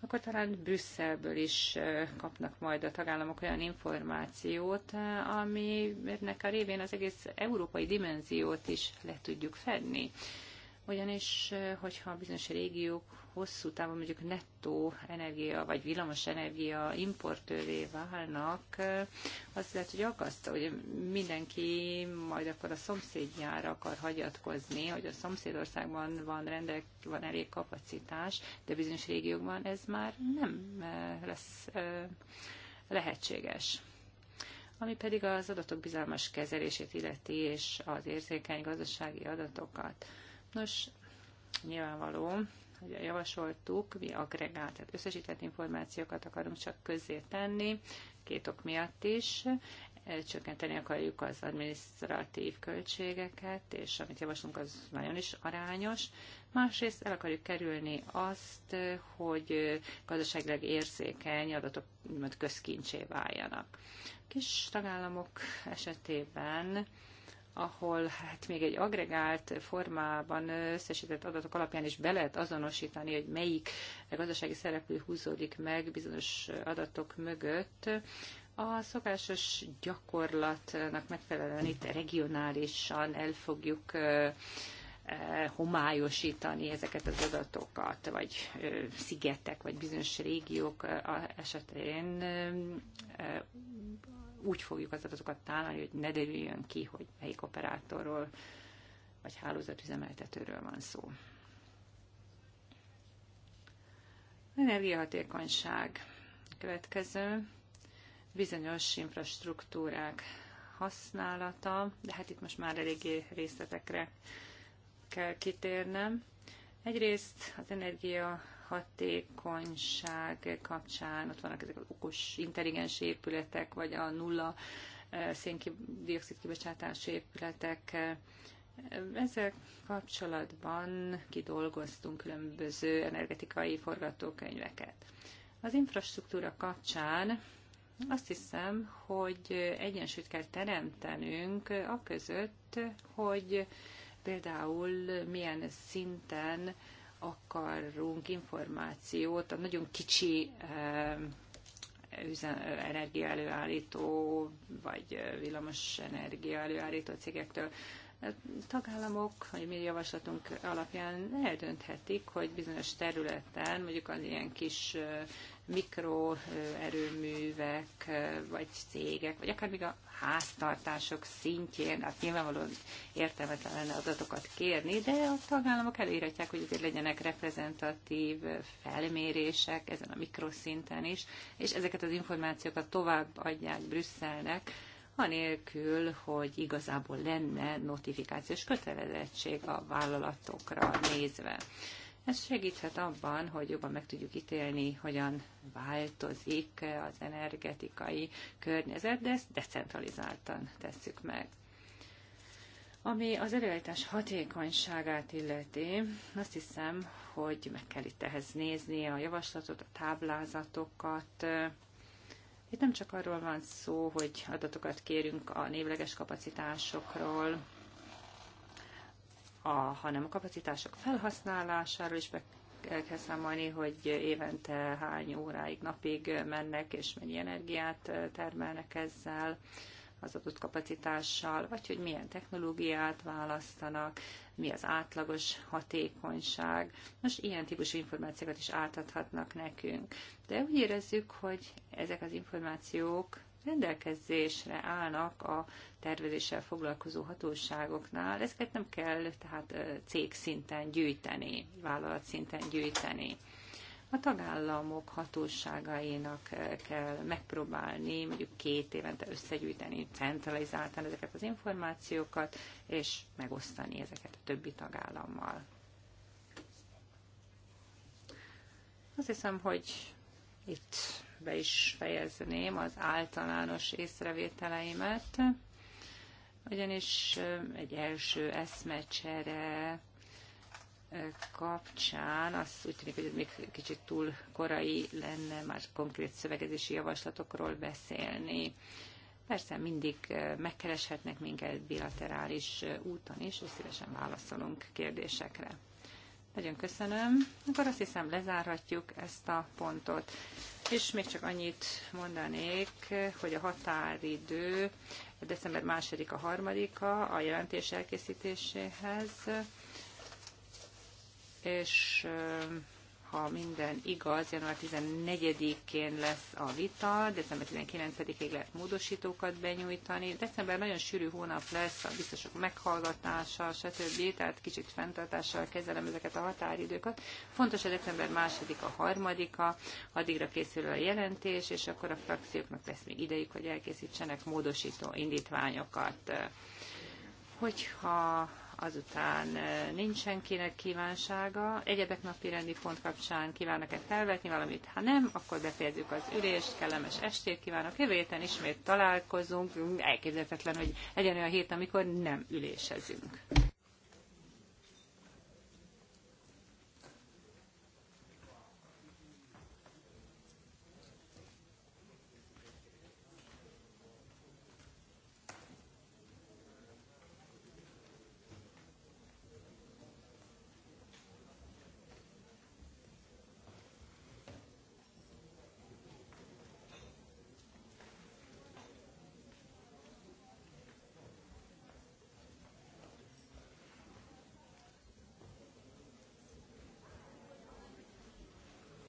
akkor talán Brüsszelből is kapnak majd a tagállamok olyan információt, ami, ennek a révén az egész európai dimenziót is le tudjuk fedni. Ugyanis, hogyha bizonyos régiók hosszú távon mondjuk nettó energia vagy villamos energia importőré válnak, az lehet, hogy akaszt, hogy mindenki majd akkor a szomszédjára akar hagyatkozni, hogy a szomszédországban van, rendek, van elég kapacitás, de bizonyos régiókban ez már nem eh, lesz eh, lehetséges ami pedig az adatok bizalmas kezelését illeti, és az érzékeny gazdasági adatokat. Nos, nyilvánvaló, ahogyan javasoltuk, mi agregált, tehát összesített információkat akarunk csak közzé tenni, két ok miatt is. Csökkenteni akarjuk az administratív költségeket, és amit javaslunk, az nagyon is arányos. Másrészt el akarjuk kerülni azt, hogy gazdaságilag érzékeny adatok közkincsé váljanak. Kis tagállamok esetében ahol hát még egy agregált formában összesített adatok alapján is be lehet azonosítani, hogy melyik gazdasági szereplő húzódik meg bizonyos adatok mögött, a szokásos gyakorlatnak megfelelően itt regionálisan el fogjuk homályosítani ezeket az adatokat, vagy szigetek, vagy bizonyos régiók esetén úgy fogjuk az adatokat tálni, hogy ne derüljön ki, hogy melyik operátorról vagy hálózatüzemeltetőről van szó. Energiahatékonyság. Következő. Bizonyos infrastruktúrák használata, de hát itt most már eléggé részletekre kell kitérnem. Egyrészt az energia energiahatékonyság kapcsán, ott vannak ezek az okos, intelligens épületek, vagy a nulla eh, széndiokszid kibocsátású épületek. Eh, ezzel kapcsolatban kidolgoztunk különböző energetikai forgatókönyveket. Az infrastruktúra kapcsán azt hiszem, hogy egyensúlyt kell teremtenünk a között, hogy például milyen szinten akarunk információt a nagyon kicsi energiaelőállító vagy villamos energiaelőállító cégektől, a tagállamok, a mi javaslatunk alapján eldönthetik, hogy bizonyos területen, mondjuk az ilyen kis mikroerőművek, vagy cégek, vagy akár még a háztartások szintjén, hát nyilvánvalóan értelmetlen lenne adatokat kérni, de a tagállamok előírhatják, hogy azért legyenek reprezentatív felmérések ezen a mikroszinten is, és ezeket az információkat tovább adják Brüsszelnek, anélkül, hogy igazából lenne notifikációs kötelezettség a vállalatokra nézve. Ez segíthet abban, hogy jobban meg tudjuk ítélni, hogyan változik az energetikai környezet, de ezt decentralizáltan tesszük meg. Ami az előállítás hatékonyságát illeti, azt hiszem, hogy meg kell itt ehhez nézni a javaslatot, a táblázatokat, itt nem csak arról van szó, hogy adatokat kérünk a névleges kapacitásokról, a, hanem a kapacitások felhasználásáról is be kell számolni, hogy évente hány óráig, napig mennek, és mennyi energiát termelnek ezzel az adott kapacitással, vagy hogy milyen technológiát választanak, mi az átlagos hatékonyság. Most ilyen típusú információkat is átadhatnak nekünk. De úgy érezzük, hogy ezek az információk rendelkezésre állnak a tervezéssel foglalkozó hatóságoknál. Ezeket nem kell tehát cégszinten gyűjteni, vállalat szinten gyűjteni. A tagállamok hatóságainak eh, kell megpróbálni mondjuk két évente összegyűjteni centralizáltan ezeket az információkat, és megosztani ezeket a többi tagállammal. Azt hiszem, hogy itt be is fejezném az általános észrevételeimet, ugyanis eh, egy első eszmecsere kapcsán azt úgy tűnik, hogy ez még kicsit túl korai lenne már konkrét szövegezési javaslatokról beszélni. Persze mindig megkereshetnek minket bilaterális úton is, és szívesen válaszolunk kérdésekre. Nagyon köszönöm. Akkor azt hiszem lezárhatjuk ezt a pontot. És még csak annyit mondanék, hogy a határidő december 2 a harmadika a jelentés elkészítéséhez és ha minden igaz, január 14-én lesz a vita, december 19-ig lehet módosítókat benyújtani. December nagyon sűrű hónap lesz, a biztosok meghallgatása, stb. Tehát kicsit fenntartással kezelem ezeket a határidőket. Fontos a december 2-a, 3-a, addigra készül a jelentés, és akkor a frakcióknak lesz még idejük, hogy elkészítsenek módosító indítványokat. Hogyha azután nincs senkinek kívánsága. Egyedek napi rendi pont kapcsán kívánnak-e felvetni valamit? Ha nem, akkor befejezzük az ülést, kellemes estét kívánok. Jövő héten ismét találkozunk. Elképzelhetetlen, hogy legyen olyan hét, amikor nem ülésezünk.